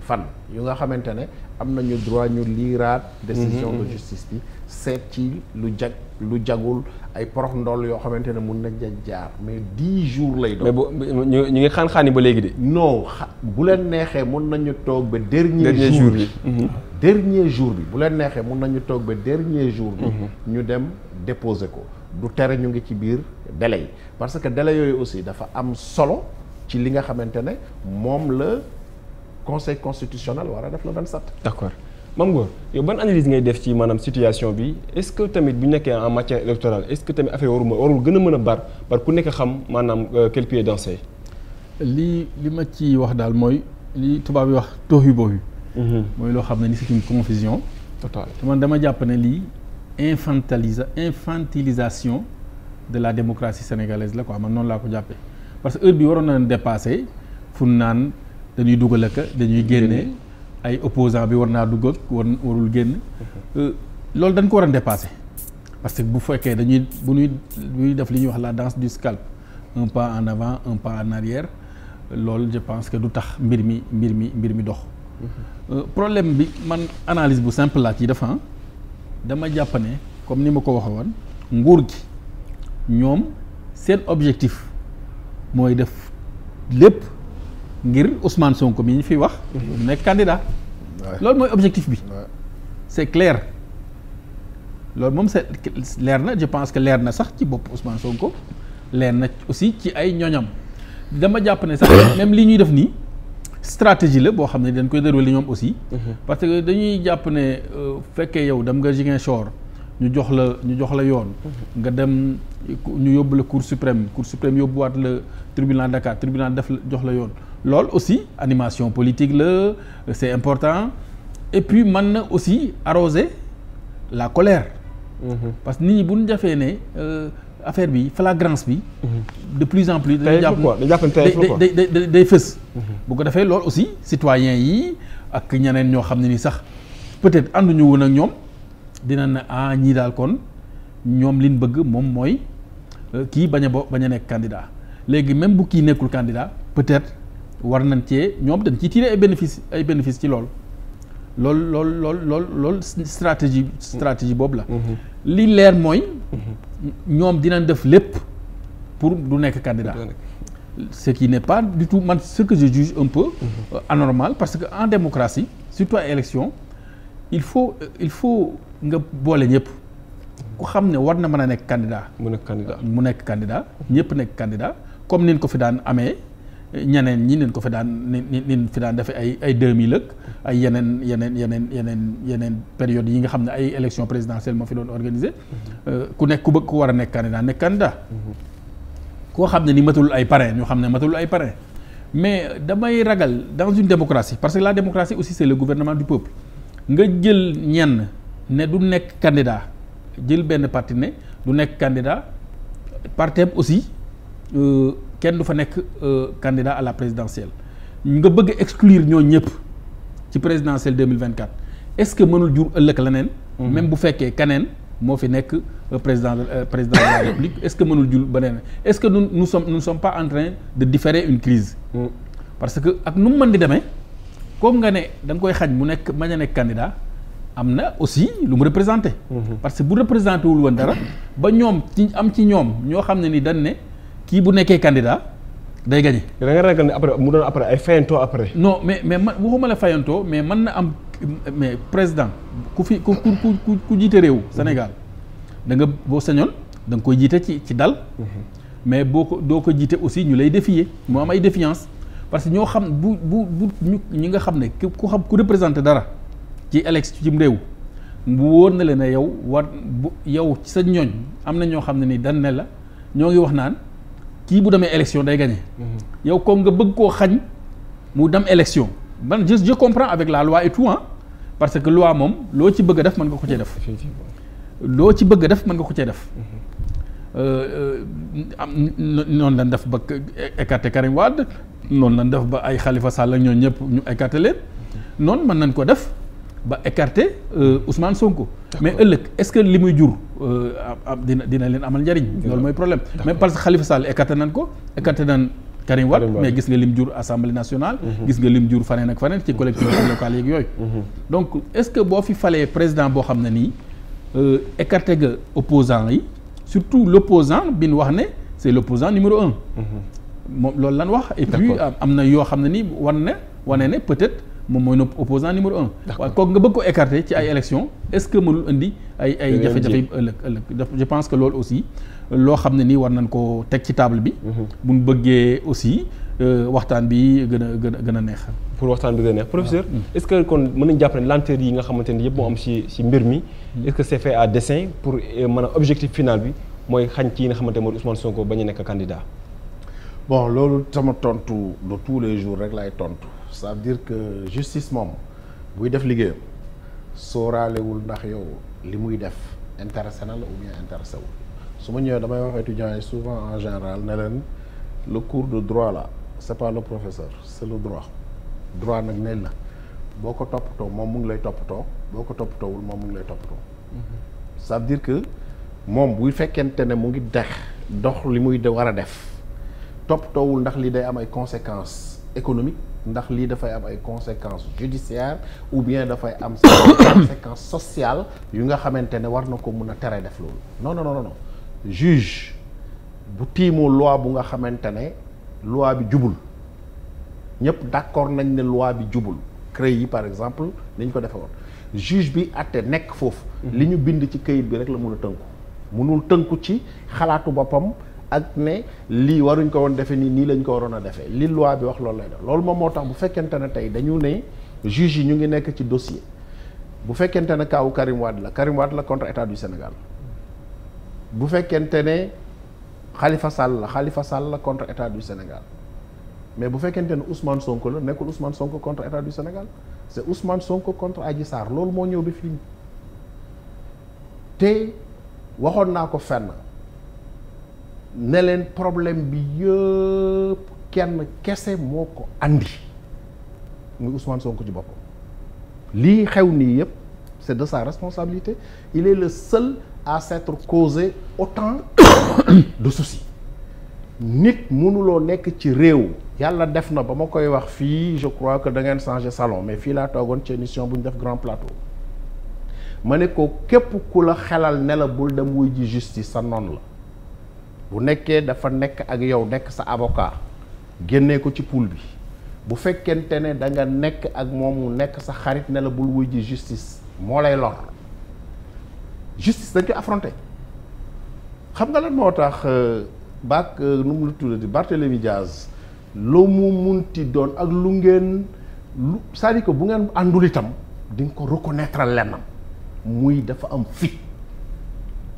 fan yu nga xamante ne am nañu droit ñu liiraat décision mm-hmm. de justice bi seet ci lu jag lu jagul ay porox ndoll yoo xamante ne mun nañ jaar mais dix jours lay doon. mais ñu ñu ngi xaan xaani ba léegi de. non bu leen neexee mun nañu toog ba dernier jour bi mm-hmm. dernier jour bi bu leen neexee mun nañu toog ba dernier jour bi mhm. ñu dem déposer ko du tere ñu ngi ci biir délai parce que délai yooyu aussi dafa am solo ci li nga xamante ne moom la conseil constitutionnel war a def le 27. d'accord
Mame Ngor yow ban analyse ngay def ci maanaam situation bi est-ce que tamit bu nekkee en matière électorale est-ce que tamit affaire waruma warul gën a mën a bar par ku nekk xam maanaam euh, quel pied danser.
li li ma ci wax daal mooy li tubaab yi wax toox yu boobu. Mhm. mooy loo xam ne ni c'est une confusion totale te man dama jàpp ne lii infantilisa infantilisation de la démocratie sénégalaise la quoi man noonu laa ko jàppee parce que heure bi waroon na dépassé fu naan dañuy dugal ak dañuy génne ay opposant bi war naa dugal ak war warul génn mhm. euh, loolu dañ ko war a dépassé parce que bu fekkee dañuy bu ñuy ñuy def li ñuy wax la danse du scalp un pas en avant un pas en arrière loolu je pense que du tax mbir mi mbir mi mbir mi dox mhm. Euh, problème bi man analyse bu simple laa yi dafa ah. dama jàpp comme ni ma ko waxee woon nguur gi ñoom seen objectif mooy def lépp ngir Ousmane Sonko bi ñu fi wax. Mhm. nekk candidat. lool mooy objectif bi. Ouais. c'est clair. loolu moom c'est leer na je pense que leer na sax ci bopp Ousmane Sonko leer na aussi ci ay ñoñam dama jàpp ne sax [coughs] même li ñuy def nii. stratégie la boo xam ne dañ koy déroulé ñoom aussi. Mhm. parce que dañuy jàpp ne euh, fekkee yow dem nga Ziguinchor ñu jox la ñu jox la yoon. Mhm. nga dem ñu yóbbu la cour suprême cour suprême yóbbuwaat la tribunal Dakar tribunal def la jox la yoon. lool aussi animation politique la c'est important et puis man na aussi arrosé la colère. Mhm. parce que nit ñi bu jafee ne. Euh, affaire bi flagrance bi. de plus en plus. dañuy jàpp day day day fës. Mhm. bu ko defee lool aussi citoyens yi ak ñeneen ñoo xam ne ni sax peut-être ànduñu woon ak ñoom dina ne ah ñii daal kon ñoom liñ bëgg moom mooy euh, kii bañ bo bañ a nekk candidat léegi même bu kii nekkul candidat peut-être war nañ cee ñoom dañ ciy tiré ay bénéfice ay bénéfice ci lool loolu loolu lool loolu loolu stratégie stratégie boobu la. Mhm. li leer mooy. Mhm. ñoom dinañ def lépp pour du nekk candidat ce qui n'est pas du tout man ce que je juge un peu mm-hmm. euh, anormal parce que en démocratie surtout à élection il faut euh, il faut nga boole ñëpp ku xam ne war na mën a nekk candidat mu nekk candidat ñëpp nekk candidat comme ni ñu ko fi daan amee ñeneen ñi neen ko fi daan nin fi daan defee ay ay 2000 ak ay yeneen yeneen yeneen yeneen yeneen période yi nga xam ne ay élection présidentielle moo fi doon organisé euh, ku nekk ku ba ku war a nekk candidat ne candidat koo xam ne ni matul ay parrain ñu xam ne matul ay parrain mais damay ragal dans une démocratie parce que la démocratie aussi c'est le gouvernement du peuple nga jël ñenn ne du nekk candidat jël benn parti ne du nekk candidat partem aussi Euh, kenn du fa nekk euh, candidat à la présidentielle nga bëgg exclure ñooñ ñëpp ci présidentielle 2024 est-ce que mënul jur ëllëg leneen mhm. même bu fekkee kaneen moo fi nekk euh, président président de la république est-ce que mënul jur beneen est-ce que nous nous sommes nous ne sommes pas de différer une crise mhm. parce que ak nu mu mën di demee comme nga ne da koy xañ mu nekk mañ a nekk am na aussi lu mu représenté mhm. parce que bu représenté wul woon dara ba ñoom ci am ci ñoom ñoo xam ne ni dañ ne kii bu nekkee candidat day gagné. da nga
ragal mu doon après ay fayantoo après.
non mais mais man waxuma la fayantoo mais mën na am mais président ku fi ku ku ku ku jiite réew Sénégal da nga boo sañoon da nga koy jiite ci ci dal. mais boo ko doo ko jiite aussi ñu lay défier mu am ay défiance parce que ñoo xam bu bu bu ñi nga xam ne ku xam ku représenté dara ci élection ci réew mu wóor na leen ne yow war bu yow sa ñooñ am na ñoo xam ne nii dan ne la ñoo ngi wax naan. kii bu demee élection day gagné. yow comme nga bëgg koo xañ mu dem élection man je je comprends avec la loi et tout parce que loi moom loo ci bëgg def man nga ko cee def. loo ci bëgg a def man nga ko cee def. Mhm. Euh, euh, am noonu lañ def ba écarté Karim Wade noonu lañ def ba ay Khalifa Sall ak ñooñu ñëpp ñu écarté leen mhm. noonu mën nañ ko def. ba écarter euh, Ousmane Sonko. mais ëllëg est-ce que li muy jur euh, dina dina leen amal njariñ. loolu mooy problème mais parce que Khalifa Sall écarté nañ ko écarté nañ. Karim Wade mais gis nga lim jur assemblée nationale. Mhm. gis nga lim jur faneen ak faneen ci collectivités locales yooyu. Mhm. donc est-ce que boo fi falee président boo xam ne nii euh, écarté nga opposant yi surtout l'opposant bi ñu wax ne c'est l'opposant numéro un.
Mhm.
moom loolu lan wax. et puis am na yoo xam ne nii wan na wane ne peut-être. moom mooy nopp opposant numéro un waaye kooku nga bëgg ko écarter ci ay mm-hmm. élection est-ce que mënul indi ay ay jafe-jafe ëllëg ëllëg je pense que loolu aussi loo xam ne nii war nañ ko teg ci table bi mm-hmm. buñ bëggee aussi euh,
waxtaan bi gën a gën a gën a neex pour waxtaan bi gën a neex professeur mm. est-ce que kon mën nañ jàpp ne lenteur yi nga xamante ni yëpp moo am ci ci mbir mi mm. est-ce que c'est fait à dessein pour euh, a objectif final bi mooy xañ ci yi nga xamante mooy Ousmane Sonko bañ a nekk candidat
bon loolu sama tontu de tous les jours rek laay tontu ça veut dire que justice moom buy def liggéeyam sooraalewul ndax yow li muy def intéressé na la ou bien intéressé su ma ñëwee damay wax étudiants yi souvent en général neleen leen le cours de droit la c'est pas le professeur c'est le droit droit nag neen na boo ko toppatoo moom mu ngi lay toppatoo boo ko toppatoowul moom mu ngi lay toppatoo mhm. ça veut dire que moom buy fekkente ne mu ngi dex dox li muy war a def toppatoowul ndax li day am ay conséquences économiques ndax lii dafay am ay conséquences judiciaires ou bien dafay am conséquences sociales yu nga xamante ne war na ko mun a tere def loolu non non non non juge bu tiimoo loi bu nga xamante ne loi bi jubul ñëpp d'accord nañ ne loi bi jubul CREI yi par exemple ni ñu ko defe woon juge bi àtte nekk foofu mm-hmm. li ñu bind ci kayit bi rek la mun a tënku munul tënku ci xalaatu boppam ak ne lii waruñ ko woon defee nii nii lañ ko waroon a defee li loi bi wax loolu lay def loolu moom moo tax bu fekkente ne tey dañu ne juge yi ñu ngi nekk ci dossier bu fekkente ne kaawu Karim la Karim la kontre état du Sénégal bu fekkente ne xalifa Sall la xalifa Sall la contre état du Sénégal mais bu fekkente ne Ousmane Sonko la nekkul Ousmane Sonko contre état du Sénégal c'est Ousmane Sonko contre Adji Sarr loolu moo ñëw ba fii te waxoon naa ko fenn. ne leen problème bi yëpp kenn kese moo ko andi muy Ousmane ko ci boppam lii xew nii yëpp c'est de sa responsabilité il est le seul à s'être causé autant [coughs] de soucis nit mënuloo nekk ci réew yàlla def na ba ma koy wax fii je crois que da ngeen changé salon mais fii laa toogoon ci émission bu def grand plateau ma ne ko képp ku la xelal ne la bul dem wuy ji justice sa noonu la bu nekkee dafa nekk ak yow nekk sa avocat génnee ko ci pool bi bu fekkente ne da nekk ak moom mu nekk sa xarit ne la bul wuy justice moo lay lor justice dañ koy affronté xam nga lan moo tax euh, baak euh, nu mu la tuddati Barthélémy Diaz loo mu munti doon ak lu ngeen lu cest à bu ngeen àndul itam di nga ko reconnaître lennam muy dafa am fit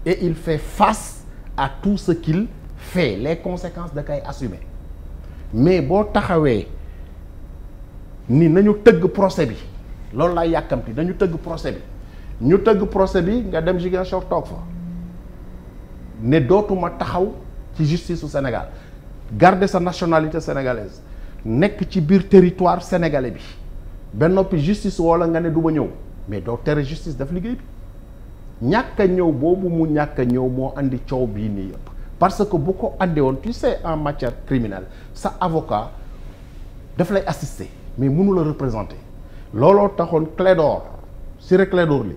et il fait face à tout ce qu'il fait les conséquences da koy assumer mais boo taxawee ni nañu tëgg procès bi loolu laay yàkkamti nañu tëgg procès bi ñu tëgg procès bi nga dem Ziguinchor toog fa ne dootuma taxaw ci justice su Sénégal garde sa nationalité sénégalaise nekk ci biir territoire sénégalais bi ba noppi justice wala nga ne du ma ñëw mais doo tere justice daf liggéey bi ñàkk a ñëw boobu mu ñàkk a ñëw moo indi coow bii nii yëpp parce que bu ko andee woon tu sais en matière criminelle sa avocat daf lay assister mais mënu la représenter looloo taxoon Clédor Ciré Clédor li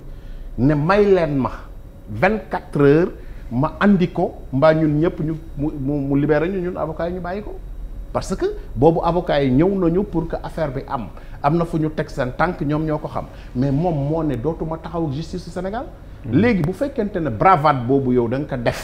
ne may leen ma vingt quatre heures ma indi ko mbaa ñun ñëpp ñu mu mu libéré ñu ñun avocat yi ñu bàyyi ko. parce que boobu avocat yi ñëw nañu pour que affaire bi am am na fu ñu teg seen tànk ñoom ñoo ko xam mais moom moo ne dootuma taxaw ak justice Sénégal mm-hmm. léegi bu fekkente ne bravade boobu yow da nga ko def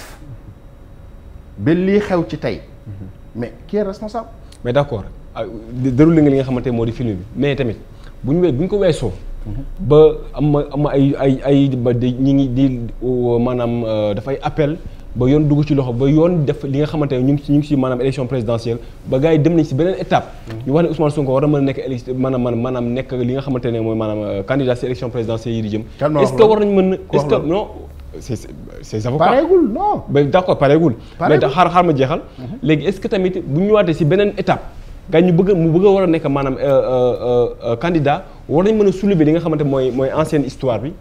ba lii xew ci tey mm-hmm. mais qui est responsable
mais d'accord ah, déroulé nga li nga xamante moo di film bi mais tamit bu ñu wee bu ñu ko weesoo mm-hmm. ba am am ay ay ay ba ñi ngi di maanaam euh, dafay appel ba yoon dugg ci loxo ba yoon def li nga xamante ne ñu ngi ci ñu ngi ci maanaam élection présidentielle ba gars yi dem nañ ci beneen étape ñu wax ne Ousmane Sonko war a mën a nekk éli maanaam euh, mais d'accord pareegul mais xaar xaar ma jeexal mhm. léegi est-ce que tamit bu ñu waatee ci beneen étape gars ñu bëgg mu bëgg a war a nekk maanaam euh, euh, candidat war nañ mën a soulever li nga xamante mooy mooy ancienne histoire bi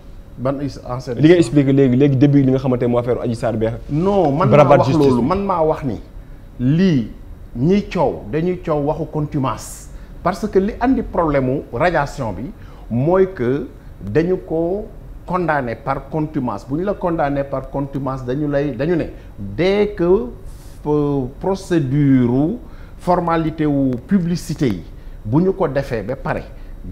ban enseignement li nga
expliqué léegi léegi début li nga xamante ne moo affaire Adji Sarr beex. non man maa wax loolu man
maa wax ni. lii ñiy coow dañuy coow waxu contumace parce que li andi problème mu radiation bi mooy que dañu ko condamné par contumace bu ñu la condamné par contumace dañu lay dañu ne dès que euh, procédure formalité wu publicité yi bu ñu ko defee ba pare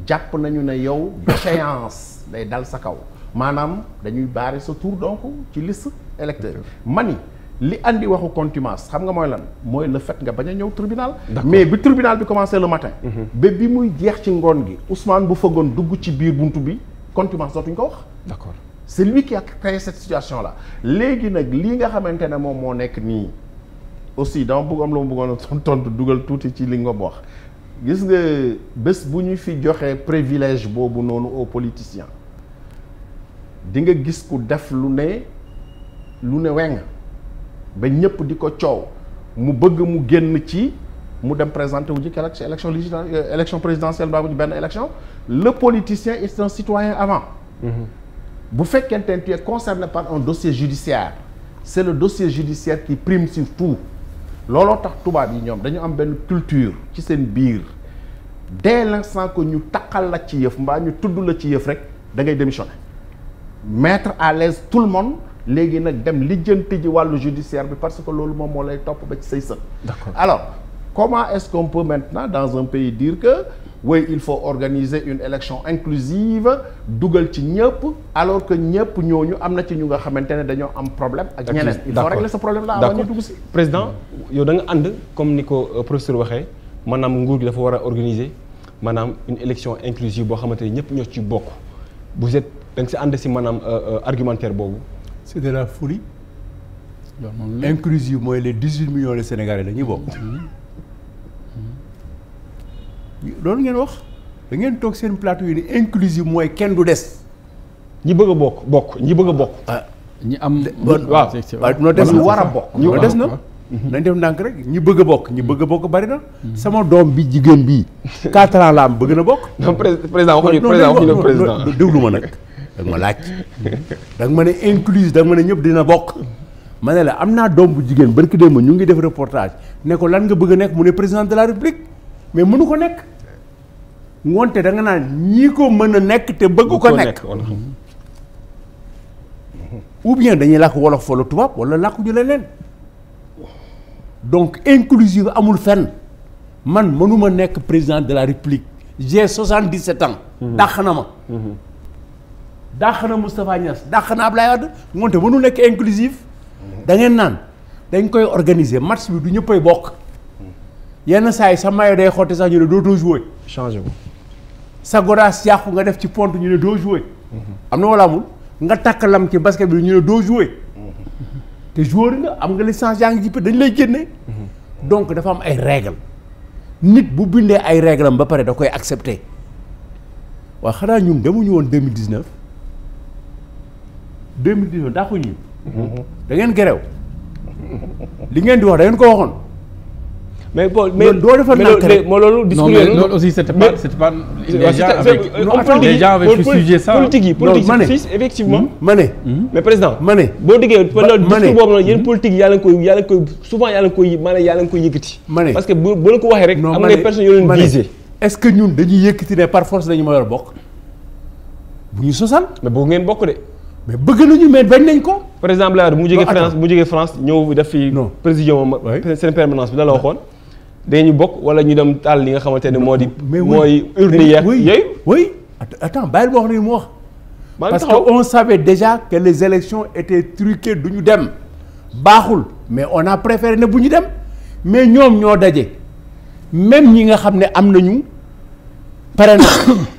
jàpp nañu ne yow déchéance day dal sa kaw maanaam dañuy baare sa tour donc ci liste électeur mani li andi waxu contumace xam nga mooy lan mooy le fait nga bañ a ñëw tribunal mais bi tribunal bi commencé le matin mhm. ba bi muy jeex ci ngoon gi Ousmane bu fëggoon dugg ci biir buntu bi contumace dootuñ ko wax d'accord c'est lui qui a cette situation la léegi nag li nga xamante ne moom moo nekk nii aussi dama bëgg am lu ma bëggoon a tontu dugal tuuti ci li nga wax gis nga bés bu ñu fi joxee privilège boobu noonu aux politiciens di nga gis ku def lu ne lu ne weng ba ñëpp di ko coow mu bëgg mu génn ci mu dem présenter wu ji ci élection législative euh, élection présidentielle baa mu benn élection le politicien est un citoyen avant mhm. bu fekkente ne tu es concerné par un dossier judiciaire c'est le dossier judiciaire qui prime sur tout looloo tax tubaab yi ñoom dañu am benn culture ci seen biir dès l'instant que ñu taqal la ci yëf mbaa ñu tudd la ci yëf rek da ngay démissionner mettre à l'aise tout le monde léegi nag dem lijjanti ji wàllu judiciaire bi parce que loolu moom moo lay topp ba ci say sët alors comment est-ce qu'on peut maintenant dans un pays dire que way oui, il faut organiser une élection inclusive dugal ci ñëpp alors que ñëpp ñooñu am na ci ñu nga xamante ne dañoo am problème ak ñeneen il faut régler sa problème là avant ñu dugg si
président yow danga ànd comme ni ko euh, professeur waxee maanaam nguur gi dafa war a organiser maanaam une élection inclusive boo xamante ne ñëpp ñoo ci bokk vous danga si ànd si maanaam euh, euh, argumentaire boobu.
c'est de la folie. inclusive mooy les dix huit millions de Sénégalais la ñuy bokk. Mm-hmm. Mm-hmm. loolu ngeen wax da ngeen toog seen plateau yi ni inclusive mooy kenn du des. ñi bëgg a bokk bokk ñi bëgg a bokk. Ah, ñi am waaw waaw des na war a bokk ñu des na. Mm-hmm. nañ def ndànk rek ñi bëgg a bokk ñi bëgg a bokk bari na. sama doom bi jigéen bi quatre ans la am bëgg na bokk. non président waxuñu président waxuñu président déglu ma nag. danga ma laaj danga ma ne incluse danga ma ne ñëpp dina bokk ma ne la am naa doom bu jigéen barki ma ñu ngi def reportage ne ko lan nga bëgg a nekk mu ne président de la république mais mënu ko nekk ngoonte da nga naan ñii ko mën a nekk te bëgg ko nekk ou bien dañuy làkk wolof wala tubaab wala làkk ju leen donc inclusive amul fenn man mënuma nekk président de la république j'ai soixante-dix-sept ans mm-hmm. dàq na ma mm-hmm. dàq na Moustapha Niass dàq na Ablaye Wade moonte mënu nekk inclusif da ngeen naan dañ koy organiser match bi du ñëppay bokk yenn saa yi sa mayo day xotti sax ñu ne dootoo joué. changé ko sa godaas yàqu nga def ci pont ñu ne doo joué. am na wala amul nga takk lam ci basket bi ñu ne doo joué te joueur nga am nga licence yaa ngi jippe dañ lay génne. donc dafa am ay règles nit bu bindee ay règles ba pare da koy accepté waaye xanaa ñun demuñu woon deux mille dix-neuf deux mille dix-neuf dàqu mm-hmm. da ngeen gerew li ngeen di wax da ngeen ko waxoon. mais bon mais doo defal nànk rek mais loolu discours loolu
ma ne mais boo déggee discours boobu noonu yéen hmm? politique yi yaa leen koy yaa leen koy que bu bu ko waxee rek am ngay personne yoo leen visé est que ñun dañuy yëkkati ne par force dañu ma war a bokk bu ñu sosal mais boobu ngeen bokk de mais bëgg nañu mais bañ nañ ko. par exemple laa mu jógee France mu jógee France ñëw def fi. non président seen permanence bi la la waxoon. dañu bokk wala ñu dem taal li nga
xamante ne moo di. mooy urne yeeg yooyu. oui attends bàyyil ma wax ni mu wax. parce que on savait déjà que les élections étaient truquées du ñu dem. baaxul mais on a préféré ne bu ñu dem mais ñoom ñoo daje même ñi nga xam ne am nañu parrainage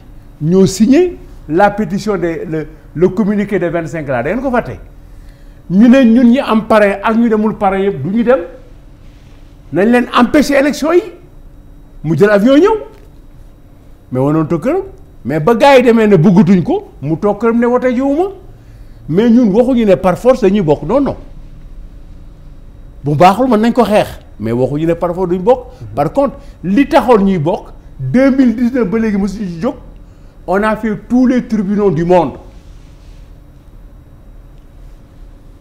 [coughs] ñoo signé la pétition des le. le communiqué de 25 là da ngeen ko fàtte ñu ne ñun ñi am parrain ak ñu demul parrain yëpp du ñu dem nañ leen empêcher élection yi mu jël avion ñëw mais wanoon toog këram mais ba gars yi demee ne bëggatuñ ko mu toog këram ne wote jiwuma mais ñun waxuñu ne par force ñuy bokk non non bu baaxul mën nañ ko xeex mais waxuñu ne par force duñ bokk par contre li taxoon ñuy bokk 2019 ba léegi mosu ci jóg on a fait tous les tribunaux du monde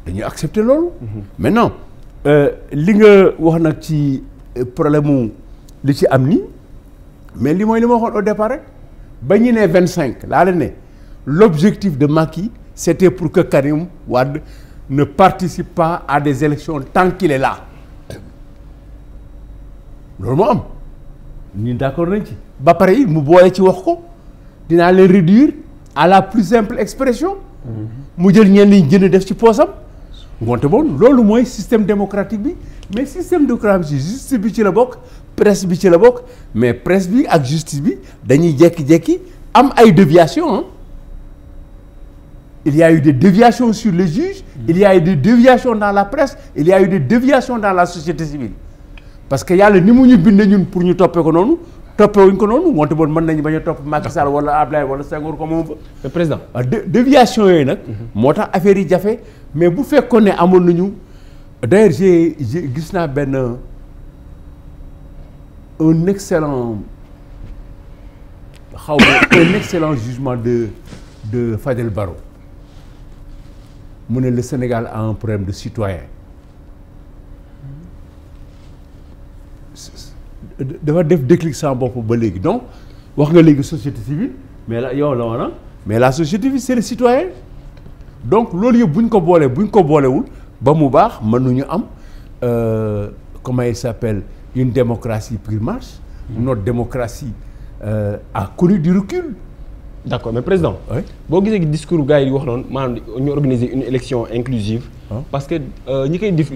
dañuy accepter loolu. Mhm. maintenant euh, li nga wax nag ci euh, problème mu li ci am nii mais li mooy li ma waxoon au départ rek ba ñu nee vingt cinq laa la ne l'objectif de Macky c'était pour que Karim waa ne participe pas à des élections tant qu'il est loolu moo am ñun d'accord nañ ci ba pare yi mu boole ci wax ko dinaa leen réduire à la plus simple expression mhm. mu jël ñenn ñi jënd def ci poosam wante bon loolu mooy système démocratique bi mais système démocratique justice bi ci la bokk presse bi ci la bokk mais presse bi ak justice bi dañuy jekki-jekki am ay déviations il y a eu sur les juges il y a eu des déviations dans la presse il y a eu dans la société civile parce que yàlla ni mu ñu bind ñun pour ñu toppee ko noonu toppee wuñ ko noonu wante bon mën nañu bañ a topp Macky Sall wala Ablaye wala Senghor ko moom fa président ah, déviation yooyu nag mhm. moo tax affaire yi jafe mais bu fekkoon ne amoon nañu d'ailleurs g gis naa benn un excellent xaw ma un excellent jugement de de Fadel Barro mu ne le Sénégal a un problème de citoyen dafa def déclic sans bopp ba léegi donc wax nga léegi société civile mais la yow la woon mais la société civile c'est le citoyen donc loolu yëpp bu ñu ko boolee bu ñu ko boolewul ba mu baax ñu am euh, comment il s'appelle une démocratie pure marche hmm. notre démocratie euh, a connu du recul d'accord mais président boo gisee gi
discours gars yi di wax noonu maanaam ñu organiser une élection inclusive ah. parce que euh, ñi koy dif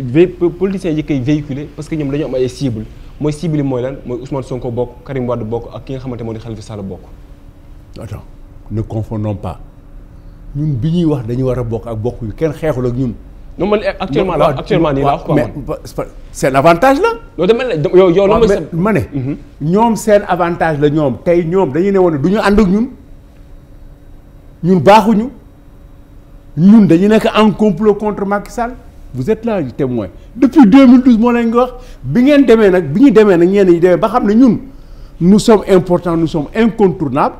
politiciens yi koy véhiculer parce que ñoom dañu am ay cibles mooy cibles yi mooy lan mooy Ousmane Sonko bokk Karim
Wade bokk ak ki nga xamante moo di Khalifa Sall bokk attends ne ñun bi ñuy wax dañu war a bokk ak bokk yu kenn xeexul ak ñun. non man actuellement la actuellement nii la wax quoi mais avantage la. loolu dama ne yow yow lan ma ne. Mhm. ñoom seen avantage la ñoom tey ñoom dañu ne woon du ñu ànd ak ñun ñun baaxuñu ñun dañu nekk en complot contre Macky Sall vous êtes là témoin depuis 2012 moo leen ngi wax bi ngeen demee nag bi ñu demee nag ñeen ñi demee ba xam ne ñun nous sommes importants nous sommes incontournables.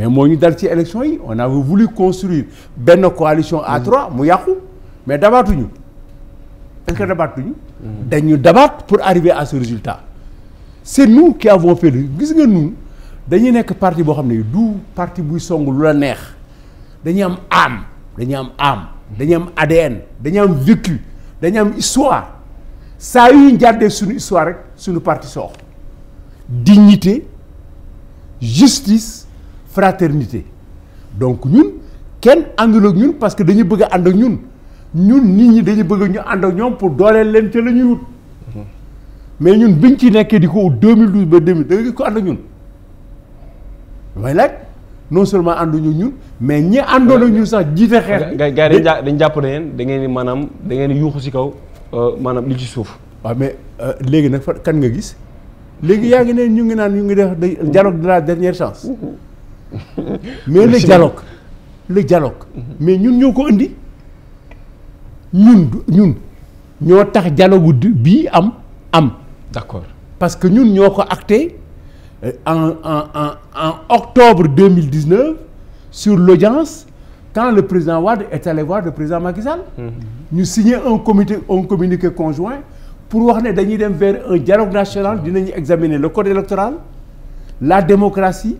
mais moo ñu dal ci élection yi on avait voulu construire benn coalition à trois mu yàqu mais dabaatuñu est-ce que dabaatuñu dañu dabaat pour arriver à ce résultat c'est nous qui fait le gis nga ñun dañuy nekk parti boo xam ne du parti buy song lu la neex dañuy am âme dañuy am âme dañuy am ADN dañuy am vécu dañuy am histoire saa yu ñu jàddee suñu histoire rek suñu parti soox dignité justice fraternité donc ñun kenn àndul ak ñun parce que dañu bëgg ànd ak ñun ñun nit ñi dañu bëgg ñu ànd ak ñoom pour dooleel leen ca la ñuy wut mais ñun biñ ci nekkee di ko 2012 ba 2000 da nga ko ànd ak ñun damay laaj non seulement ànduñu ñun mais ñi àndoon ak ñun sax jiite xeex. gars yi
dañ jàpp ne yéen da ngeen di maanaam da ngeen di yuuxu ci kaw euh,
maanaam li ci suuf. waaw mais euh, léegi nag fa kan nga gis léegi yaa ngi ne ñu ngi naan ñu ngi def dialogue de la dernière chance. mais le dialogue le dialogue mais ñun ñoo ko indi ñun ñun ñoo tax dialogue bi am am d'accord parce que ñun ñoo ko acté euh, en en en en octobre 2019 sur l'audience quand le président Wade est allé voir le président Macky Sall mm-hmm. ñu signé un comité un communiqué conjoint pour wax ne dañuy dem vers un dialogue national dinañu examiner le code électoral la démocratie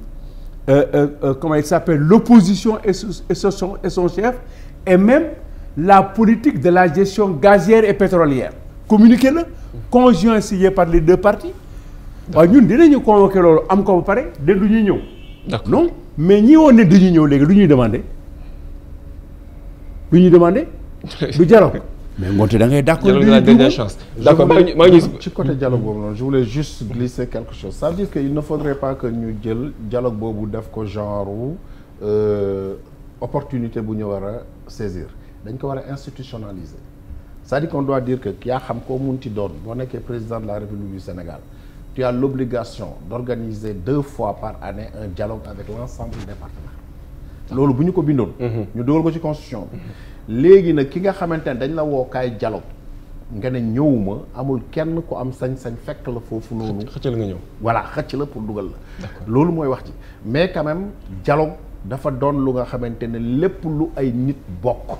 Euh, euh, euh, comment il s'appelle l'opposition et son et son chef et même la politique de la gestion gazière et pétrolière communiqué la conjoint signé par les deux parties waaw ñun dinañu convoqué loolu am ko ba pare de du ñuy ñëw non mais ñi woon ne dañuy ñëw léegi lu ñuy demandé lu ñuy demandé [laughs] du dialogue mais ngoonte da ngay d' accord dialogue de la dernière chance. d' accord
maa ngi ci côté dialogue boobu noonu jël dialogue boobu def ko genre euh, opportunité bu ñu war a saisir dañ ko war a institutionnaliser c'est-à-dire qu'on doit dire que yaa xam koo mun ci doon boo nekkee président de la République du Sénégal tu as l'obligation d'organiser deux fois par année un dialogue avec l'ensemble des loolu bu ñu ko bindoon. Mhm. ñu dugal ko ci constitution bi. Mhm. léegi nag ki nga xamante ne dañ la wookaay dialogue nga ne ñëwuma amul kenn ku am sañ-sañ fekk la foofu noonu. xëcc nga ñëw. voilà xëcc la pour dugal la. loolu mooy wax ci mais quand même dafa doon lu nga xamante ne lépp lu ay nit bokk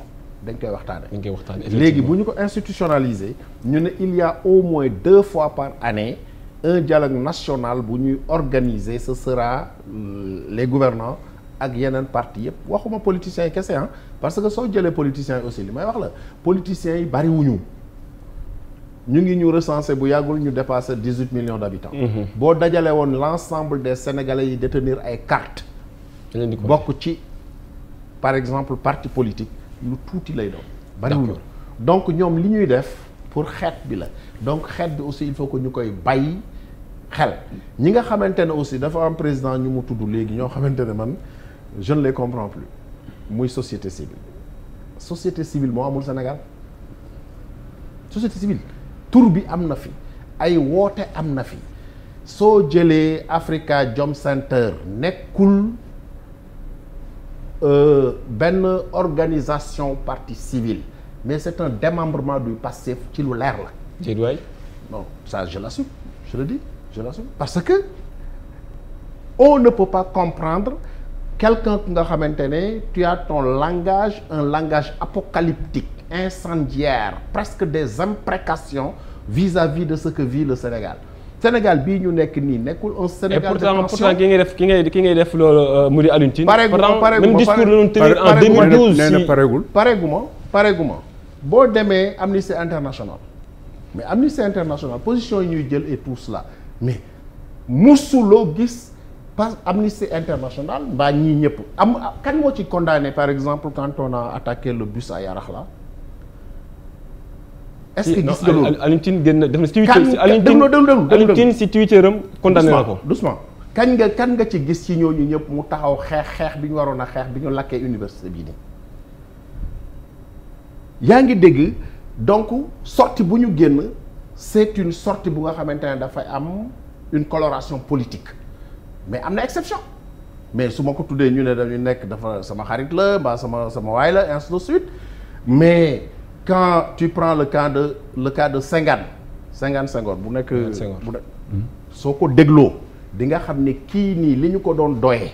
dañ koy waxtaane dañ koy waxtaane léegi bu ñu ko institutionnaliser ñu ne il au moins deux fois par année un dialogue national bu ñuy organiser ce sera euh, les gouvernants ak yeneen parti yëpp waxuma politiciens yi kese ah parce que soo jëlee politiciens yi aussi li may wax la politiciens yi bari wuñu ñu ngi ñu recensé bu yàggul ñu dépassé dix huit millions d' habitants. Mhm. boo dajalee woon l' ensemble des sénégalais yi détenir ay cartes. bokk ci par exemple parti politique lu tuuti lay doon. bariwuñu donc ñoom li ñuy def pour xeet bi la donc xeet bi aussi il faut que ñu koy bàyyi xel ñi nga xamante ne aussi dafa am président ñu mu tudd léegi ñoo xamante ne man. jeune ne les comprends plus muy société civile société civile moo amul Sénégal société civile tour bi am na fi ay woote am na fi soo jëlee Africa Jom Center nekkul euh, benn organisation partie civile mais c'est un démembrement du Pastef ci lu leer la. déedwaay. non ça je l'assume je le dis je l'assume parce que on ne peut pas comprendre. quelqu'un ku nga xamante ne tu as ton langage un langage apocalyptique incendiaire presque des imprécations vis-à-vis de ce que vit le Sénégal Sénégal bii ñu nekk nii nekkul un Sénégal de tension pourtant
ki ngay def ki ngay ki ngay def loolu euh, mu di Alioune Tine pareeguma pareeguma même discours la doon tenir en
2012 nee boo demee Amnesty International mais Amnesty International position yi ñuy jël et tout la mais musuloo gis pas Amnesty International mbaa ñii ñëpp am kan moo ci condamné par exemple quand on a attaqué le bus à Yaraxla est-ce que gis nga loolu
Alioune Tine génn def na si Alioune Tine si Twitter am condamné na ko
doucement kañ nga kan nga ci gis ci ñooñu ñëpp mu taxaw xeex xeex bi ñu waroon a xeex bi ñu lakkee université bi nii yaa ngi dégg donc sorti bu ñu génn c'est une sortie bu nga xamante ne dafay am une coloration politique mais am na exception mais su ma ko tuddee ñu ne dañu nekk dafa sama xarit la mbaa sama sama waay la ainsi de suite mais quand tu prends le cas de le cas de Senghane Senghane Senghor bu nekk bu nekk soo ko dégloo di nga xam ne kii nii li ñu ko doon doyee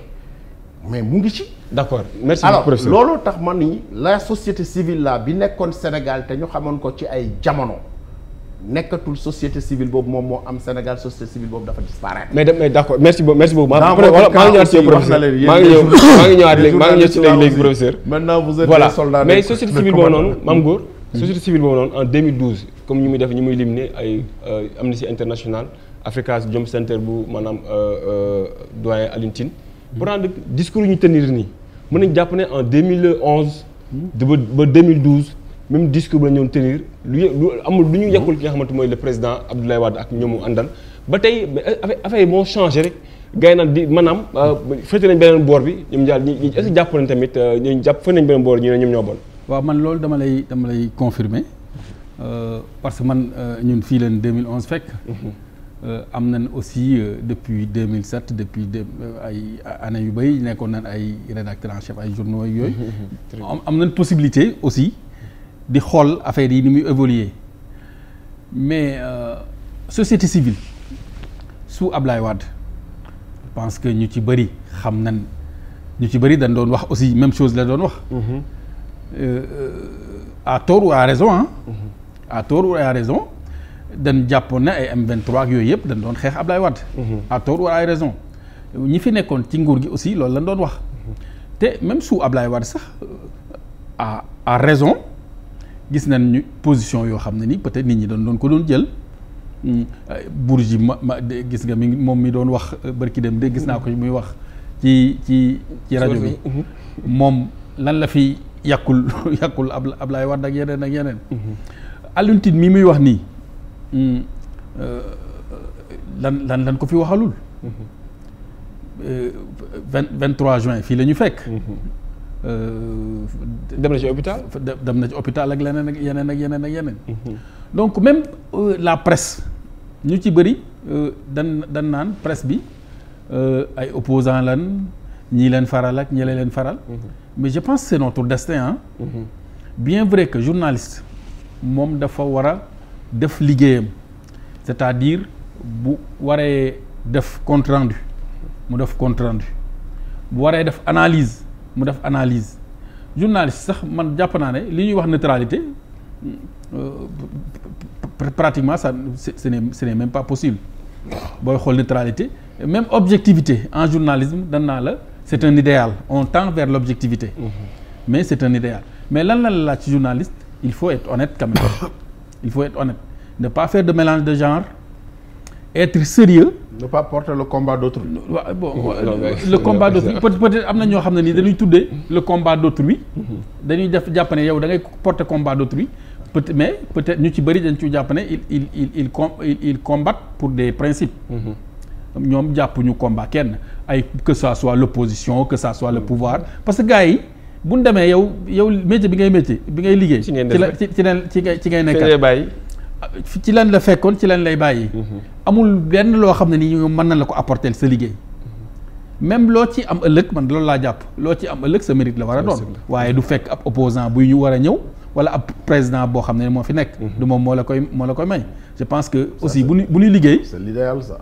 mais mu ngi ci
d'accord merci alors loolu
tax man nii la société civile la bi nekkoon Sénégal te ñu xamoon ko ci ay jamono nekkatul société civile boobu moom moo am Sénégal société civile boobu dafa disparaître. mais
mais d' accord merci beaucoup merci beaucoup. maa ngi ñëwaat si professeur maa ngi ñëw maa ngi ñëwaat léegi si léegi léegi professeur. mais société [laughs] civile boobu noonu Mame Goor. Mm. société civile boobu noonu en comme ñu muy def ñu muy lim ay euh, Amnesty International Africa Jom Center bu maanaam euh, euh, doyen Alioune Tine. Mm. pour rendre discours yu ñu tenir nii mën nañu jàpp ne en 2011. Mm. ba ba 2012. même discours la ñoon tenir lu amul lu ñu yekkul ki nga xamante mooy le président Abdoulaye Wade ak ñoomu àndal ba tey euh, affaire yi moo changé rek gars yi di maanaam euh, féete nañ beneen boor bi ñoom daal ñi est-ce que jàpp nañ tamit euh, ñu nañ beneen ñu ne ñoom ñoo bon
waaw man loolu dama lay dama lay confirmer parce que man ñun fii leen 2011 fekk mhm. am nañ aussi depuis 2007 depuis de ay années yu nekkoon nañ ay rédacteur en chef ay yooyu mhm, mhm. am nañ possibilité aussi di xool affaire yi ni muy évoluer mais euh, société civile su Ablaye Wade je pense que ñu ci bëri xam na ñu ci bëri dañ doon wax aussi même chose la doon wax. Mhm. Euh, euh, à tort ou raison ah. Mm -hmm. à tort raison dañ jàppoon ne ay M23 ak yooyu yëpp dañ doon xeex Ablaye Wade. Mhm. à tort ou à raison ñi fi nekkoon ci nguur gi aussi loolu lañ doon wax. Mhm. te même su Ablaye Wade sax euh, à raison. gis nañ ñu position yoo xam ne ni peut nit ñi doon doon ko doon jël hmm. Bourgi ma ma gis nga mi moom mi doon wax euh, barki dem de gis naa ko muy wax ci ci rajo bi hmm. moom lan la fi yàkkul [laughs] yàkkul ab Ablaye Wade ak yeneen ak yeneen hmm. Alioune mi muy wax nii euh, lan lan lan ko fi waxalul euh, vingt vingt trois juin fii la ñu fekk Euh, dem na ci hôpital dem na ci hôpital ak leneen ak yeneen ak yeneen ak yeneen. Mhm. donc même euh, la presse ñu ci bëri euh, dan dan naan presse bi euh, ay opposants lan ñii leen faral ak ñi leen faral. Mhm. mais je pense que c'est notre destin ah. bien vrai que journaliste moom dafa war a def liggéeyam c'est-à-dire bu waree def compte rendu mu def compte rendu bu waree def analyse. mu def analyse journaliste sax man jàpp naa ne li ñuy wax neutralité euh, pratiquement ça ce n'est ce n'est même pas possible booy xool neutralité même objectivité en journalisme dan naa la c'est un idéal on tend vers l'objectivité mmh. mais c'est un idéal mais lan la laaj ci journaliste il faut être honnête quand il faut être honnête ne pas faire de mélange de genre être sérieux
ne pas porter le combat d'autrui. waaw bon [laughs] euh, le combat d'autrui
peut-être am na ñoo xam ne nii dañuy tuddee le combat d'autrui mm-hmm. dañuy def jàpp ne yow da ngay porter combat d'autrui peut mais peut-être ñu ci bari dañ ci jàpp ne il il il il com il combattent pour des principes. Mm-hmm. ñoom jàppuñu combat kenn ay que ça soit l'opposition que ça soit le mm-hmm. pouvoir parce que yi. bu ñu demee yow yow métier bi ngay métier bi ngay liggéey. ci ngeen ci la ci ngay ci ngay nekkal ci lan la fekkoon ci lan lay bàyyi. Mhm. amul benn loo xam ne ni ñu mën na la ko apporter sa liggéey. Mhm. même loo ci am ëllëg man loolu laa jàpp loo ci am ëllëg sa mérite la war a doon. waaye du fekk ab opposant bu ñu war a ñëw. wala ab président boo xam ne moo fi nekk. Mhm. du moom moo la koy moo la koy may. je pense que aussi bu ñu bu ñu liggéey. c'est l'idéal ça.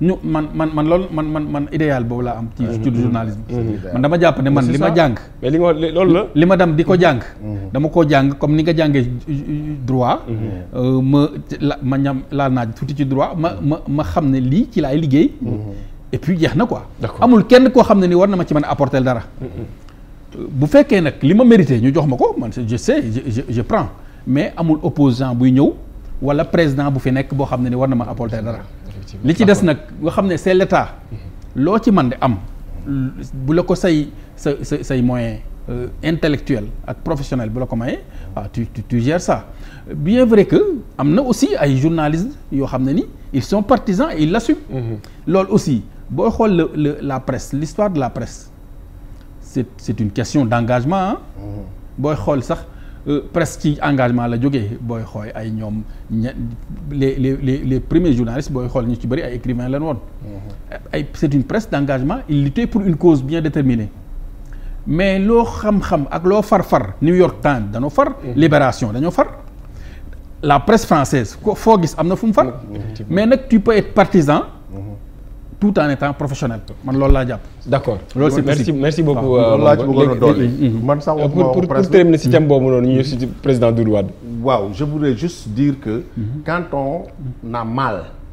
ñu man man man loolu man man man idéal boobu laa am. ci ci mhm. journalisme. Mhm. Mhm. man dama jàpp ne man li ma jàng. mais li loolu la. li ma dem di ko jàng. dama koo jàng comme ni nga jàngee droit. Euh, ma la ma ñam laal naa tuuti ci ma ma ma xam ne lii ci laay liggéey. et puis jeex na quoi. amul kenn koo xam ne ni war na ma ci man a apporter dara. bu fekkee nag li ma mérité ñu jox ma ko man je sais je prends mais amul opposant buy ñëw wala président bu fi nekk boo xam ne ni war na ma apporter dara. li ci des nag nga xam ne c'est l'état mhm. loo ci man di am bu la ko say sa sa say moyen euh, intellectuel ak professionnel bu la ko mayee waaw ah, tu tu ça bien vrai que am na aussi ay journalistes yoo xam ne ni ils son partisans et la l'assument mhm. loolu aussi booy xool la la la presse l'histoire de la presse c'est c'est une question d'engagement ah booy xool sax Euh, presque ci engagement la jógee booy xooy ay ñoom ña les les les les premiers journalistes booy xool ñu ci bëri ay écrivains lañ woon. Mhm. ay c'est une presse d'engagement il luttait pour une cause bien déterminée. mais loo xam-xam ak loo far-far New York Times dañoo far. Mhm. Libération dañoo far. la presse française foo gis am na fu mu far. Mhm. mais nag tu peux partisan. tout en étant professionnel man loolu laa jàpp. d' accord loolu c' est merci merci beaucoup. Euh, laa ci bëggoon a mm-hmm. man sax euh,
waxuma pour pour terminer si thème mm-hmm. boobu noonu ñu ngi président
Doudou Wade. waaw je voudrais juste dire que. Mm-hmm. quand on a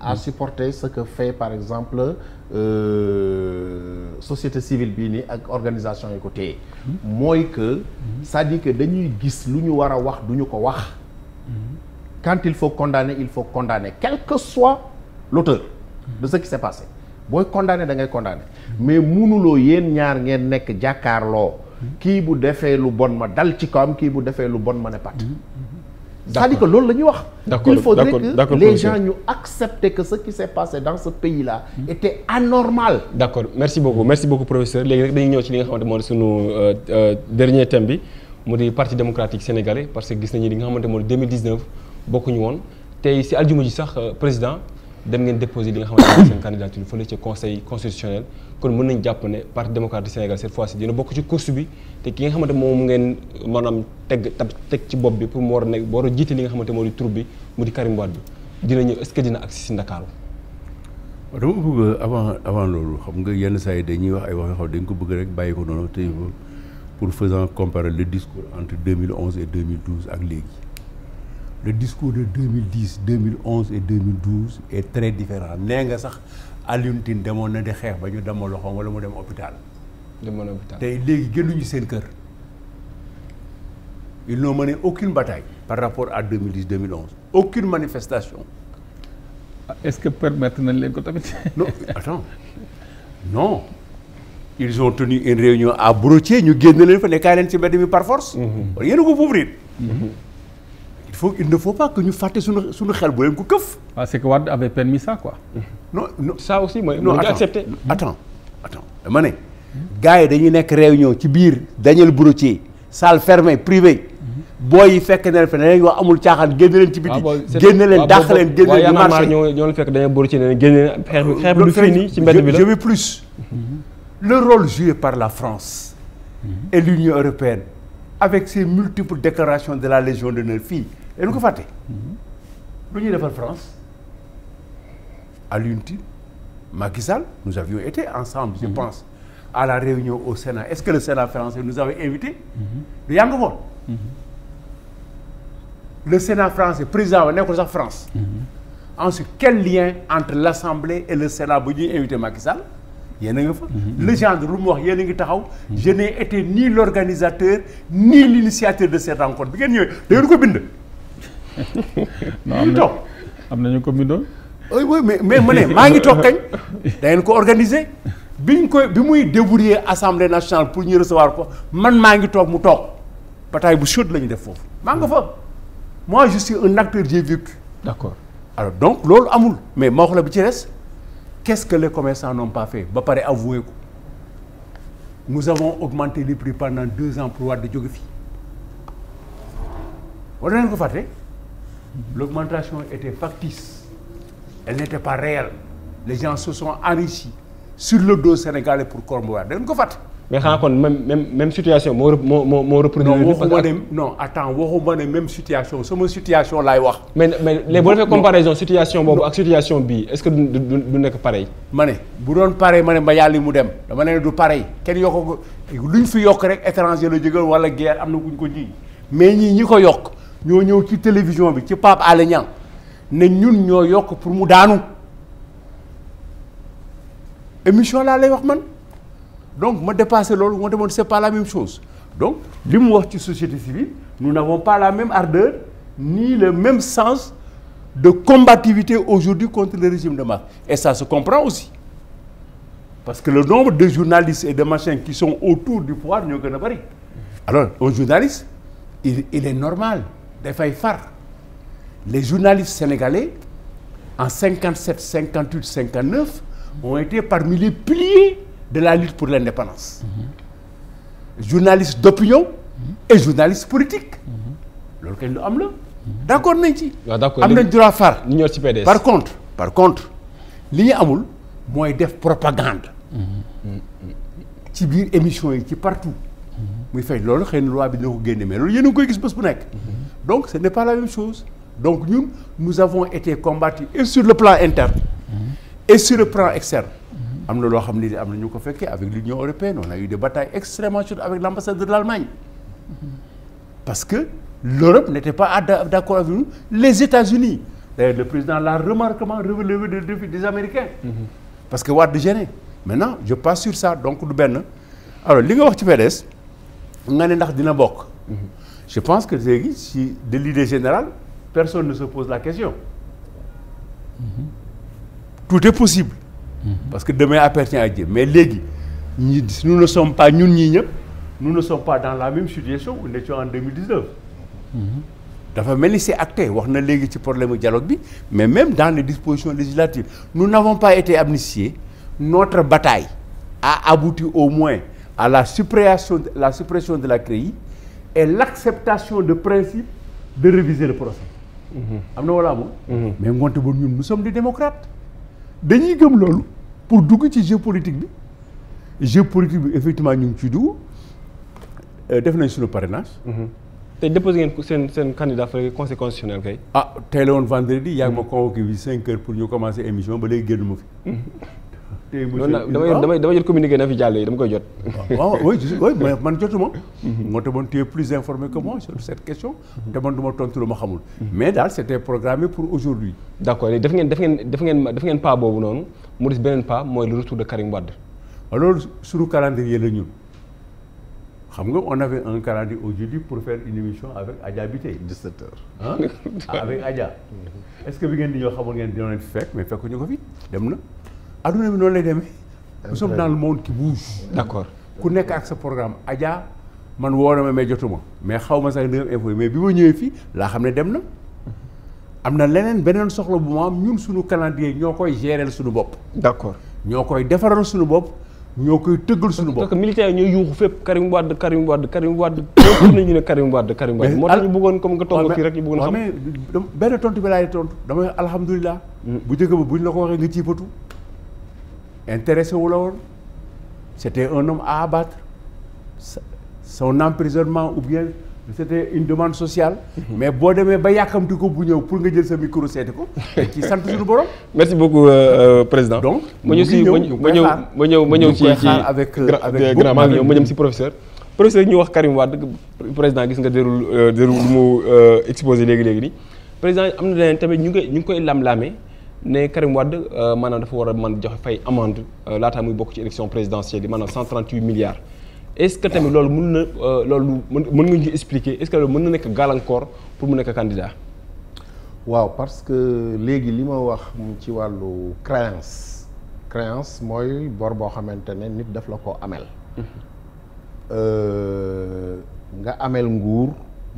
à supporter ce que fait par exemple euh, société civile bii nii ak organisation yi ko téye. mooy que. cest dire que dañuy gis lu ñu war a wax du ñu ko wax. quand il faut condamner il faut condamner quel que soit l'auteur de ce qui s'est passé. booy condamné da ngay condamné mais munuloo yéen ñaar ngeen nekk jàkkaarloo kii bu defee lu bon ma dal ci kawam kii bu defee lu bon ma ne pat cest à loolu la ñuy wax il faudrait que les gens ñu accepter que ce qui s'est passé dans ce pays hmm.
léegi rek ñëw ci li nga xamante moo di sunu euh, euh, dernier thème bi mu di parti démocratique sénégalais parce que gis nañu li nga xamante moo di 2019 bokkuñu woon tey si aljuma ji sax euh, président dem ngeen déposé li nga xamante ne seen candidature fële ci conseil constitutionnel kon mën nañ jàpp parti démocratique Sénégal cette fois ci dina bokk ci course bi te ki nga xamante moom ngeen maanaam teg tab teg ci bopp bi pour mu war a nekk war a jiite li nga xamante moo di tur bi mu di Karim Wade bi dina ñëw est dina agsi si Ndakaaru
dama bëgg avant avant loolu xam nga yenn saa yi dañuy wax ay wax yoo xam dañ ko bëgg rek bàyyi ko noonu te pour faisant comparer le discours de 2010 2011 et 2012 est très différent nee nga sax Alioune demoon na di xeex ba ñu demoon loxoom wala mu dem hôpital. demoon hôpital tey léegi génnuñu seen kër. ils n'ont mené aucune bataille par rapport à 2010 2011 aucune manifestation.
Ah, est-ce que permettre nañ leen ko tamit. [laughs] non attends
non. ils ont tenu une réunion à Brotier ñu génn leen fa ne kaay leen ci mbedd par force. Mm-hmm. yéen a ko couvrir. Mm-hmm. il faut il ne faut pas que ñu fàtte suñu suñu xel bu leen ko këf. waaw c'est que Wade avait permis ça quoi. non non ça aussi mooy. non accepté attends attends dama ne. gars yi dañuy nekk réunion ci biir Daniel Brottier salle fermée privée. booy yi fekk na leen feneen wax amul caaxaan génn leen ci biti. Ah, génn leen dàq leen génn leen ñu marché ñoo
ñoo fekk dañoo bëri ci ne génn leen xeex bi xeex bi ci mbedd bi la
le rôle joué par la France. et l'Union européenne. avec ses multiples déclarations de la Légion d'honneur fii dañu ko fàtte. Mhm. lu ñuy defal France Alioune Tine Macky Sall nous avions été ensemble je mhm. pense à la réunion au Sénat est-ce que le Sénat français nous avait invités. du mhm. yaa le Sénat français président wa nekkul sax France. ensuite quel lien entre l'Assemblée et le Sénat bu ñuy invité Macky yéen a nga fa. Mm-hmm, mm-hmm. légende lu mu wax yéen a ngi taxaw. Mm-hmm. je n'ai été ni l'organisateur nii l'initiateur de cette encore bi ngeen ñëwee da ngeen ko bind. [laughs] non toog am nañu ko bindoon. oui oui mais mais ma ne maa ngi toog kañ [laughs] da ngeen ko organiser biñ koy bi muy débrouiller assemblée nationale pour ñu recevoir ko man maa ngi toog mu toog bataille bu chaude la ñu def foofu maa nga fa. moi je suis un acteur j'ai vécu. d'accord alors donc loolu amul mais ma wax la bi ci des. qu'est-ce que les commerçants n'ont pas fait ba pare avoué ko nous avons augmenté les prix pendant deux ans pour Wade jóge fii wala leen ko fàtte l'augmentation était factice elle n'était pas réelle les gens se sont enrichis sur le dos sénégalais pour cormboire da ngeen ko fàtte mais xanaa kon même même même situation moo moo moo
reproduire. non waxuma ne
non attends waxuma ne situation sama situation laay wax. mais mais léegi boo defee comparaison
situation boobu ak situation bii est-ce que du du nekk pareil.
ma ne bu doon pareil ma ne ma yàlla mu dem dama ne du pareil kenn yokk ko luñ fi yokk rek étranger la jógal wala guerre am na kuñ ko ji mais ñii ñi ko yokk ñoo ñëw ci télévision bi ci Pape Alé Niang ne ñun ñoo yokk pour mu daanu émission laa lay wax man. donc ma dépassé loolu moo demoon c'est pas la même chose donc li mu wax ci société civile nous n'avons pas la même ardeur ni le même sens de combativité aujourd'hui contre le régime de Macky et ça se comprend aussi parce que le nombre de journalistes et de machins qui sont autour du pouvoir ñoo gën a bari alors un journaliste il, est normal dafay far les journalistes sénégalais en 57 58 59 ont été parmi les piliers de la lutte pour l'indépendance mmh. journaliste d'opinion et journaliste politique loolu kay lu am la d'accord nañ ci am nañ droit far ñoo ci PDS par contre par contre li ñu amul mooy def propagande ci biir émission yi ci partout muy fay loolu xëy na loi bi dina ko génne mais loolu yéen ngi koy gis bés bu nekk donc ce n'est pas la même chose donc ñun nous avons été combattus et sur le plan interne et sur le plan externe am na loo xam ne am na ñu ko fekkee avec l'Union européenne on a eu des batailles extrêmement chaudes avec l'ambassade de l'Allemagne parce que l'Europe n'était pas d'accord avec nous les États-Unis d'ailleurs le président l'a remarquablement relevé de défi des Américains parce que Wade mais maintenant je passe sur ça donc du benn alors li nga wax ci PDS nga ne ndax dina bokk je pense que léegi si de l'idée générale personne ne se pose la question tout est possible Mm-hmm. parce que demain appartient à Dieu mais léegi ñi nous ne sommes pas ñun ñii ñëpp nous ne sommes pas dans la même situation où nous étions en mm-hmm. dafa mel ni c'est acté wax na léegi ci problème dialogue bi mais même dans les dispositions législatives nous n'avons pas été amnistiés notre bataille à abouti au moins à la suppression la suppression de la CREI et l'acceptation de principe de réviser le procès mm-hmm. am na wala amoon mais ngoonte bon ñun nous sommes des démocrates dañuy gëm loolu pour dugg ci jeu politique bi jeu politique bi effectivement ñu ngi ciy dugg euh, def nañ suñu parrainage. Mm-hmm. te déposé ngeen seen seen candidat fa conseil constitutionnel kay. ah tey la woon vendredi yaa ngi ma mm-hmm. convoqué bi 5 heures pour ñu commencer émission ba léegi génn ma fi. Mm-hmm. tey monsieur damay damay jot communiqué na fi jàll yi dama koy jot. Ah, waaw oui oui mais man jotuma. Mhm. moo tax man tu es plus informé que moi sur cette question. Mhm. te man du ma tontu lu ma xamul. Mhm. mais daal c' était pour
aujourd'hui d' accord def ngeen def ngeen def ngeen def ngeen pas boobu noonu mu des beneen pas mooy le retour de Karim Wade.
waaw ah, loolu suñu calendrier la ñun. xam nga on avait un calendrier aujourd'hui pour faire une émission avec Adja [laughs] ce que bi ngeen di ñoo xamoon ngeen dina leen fekk mais ko fi dem na. aduna bi noonu lay demee. nous sommes dans le monde qui bouge. d'accord ku nekk ak sa programme Adja man woo na ma mais jotuma mais xaw ma sax dëgg info mais bi ma ñëwee fii laa xam ne dem na. am na leneen beneen soxla bu ma am ñun suñu calendrier ñoo koy gérer suñu bopp. d'accord ñoo koy defaral suñu bopp. ñoo koy tëggal suñu bopp parce que militaires yi ñooy yuuxu fépp Karim Wade Karim Wade Karim Wade ñëpp
nañu ne Karim Wade Karim Wade moo tax ñu bëggoon
comme nga toog fii rek ñu bëggoon xam mais benn tontu bi laay tontu damay alhamdulilah mm. bu jëkk ba buñ la ko waxee nga ciipatu intéressé wu la woon c'était un homme à abattre son emprisonnement ou bien c'était une demande sociale. Mhm. mais boo demee ba yàkkamti ko bu ñëw pour nga jël sa micro seeti ko. ci sant suñu borom.
[laughs] merci beaucoup euh, euh président. donc mu ngi ñëw ma ñëw ma ñëw euh, euh, ma ñëw ci ci avec avec grand ma ñëw si professeur. professeur ñu wax Karim Wade président gis nga déroul déroul mu exposé léegi léegi nii président am na tamit ñu ngi koy ñu ngi koy lamlamee ne Karim Wade euh, maanaam dafa war a man joxe fay amende euh, laataa muy bokk ci élection présidentielle yi maanaam 138 milliards. est-ce que tamit loolu mun na euh, loolu mën nga ñu expliquer est-ce que loolu mën na nekk gàllankoor pour mu nekk candidat.
waaw parce que léegi li ma wax mu ci wàllu créance créance mooy bor boo xamante ne nit daf la ko amel. Mm-hmm. nga ameel nguur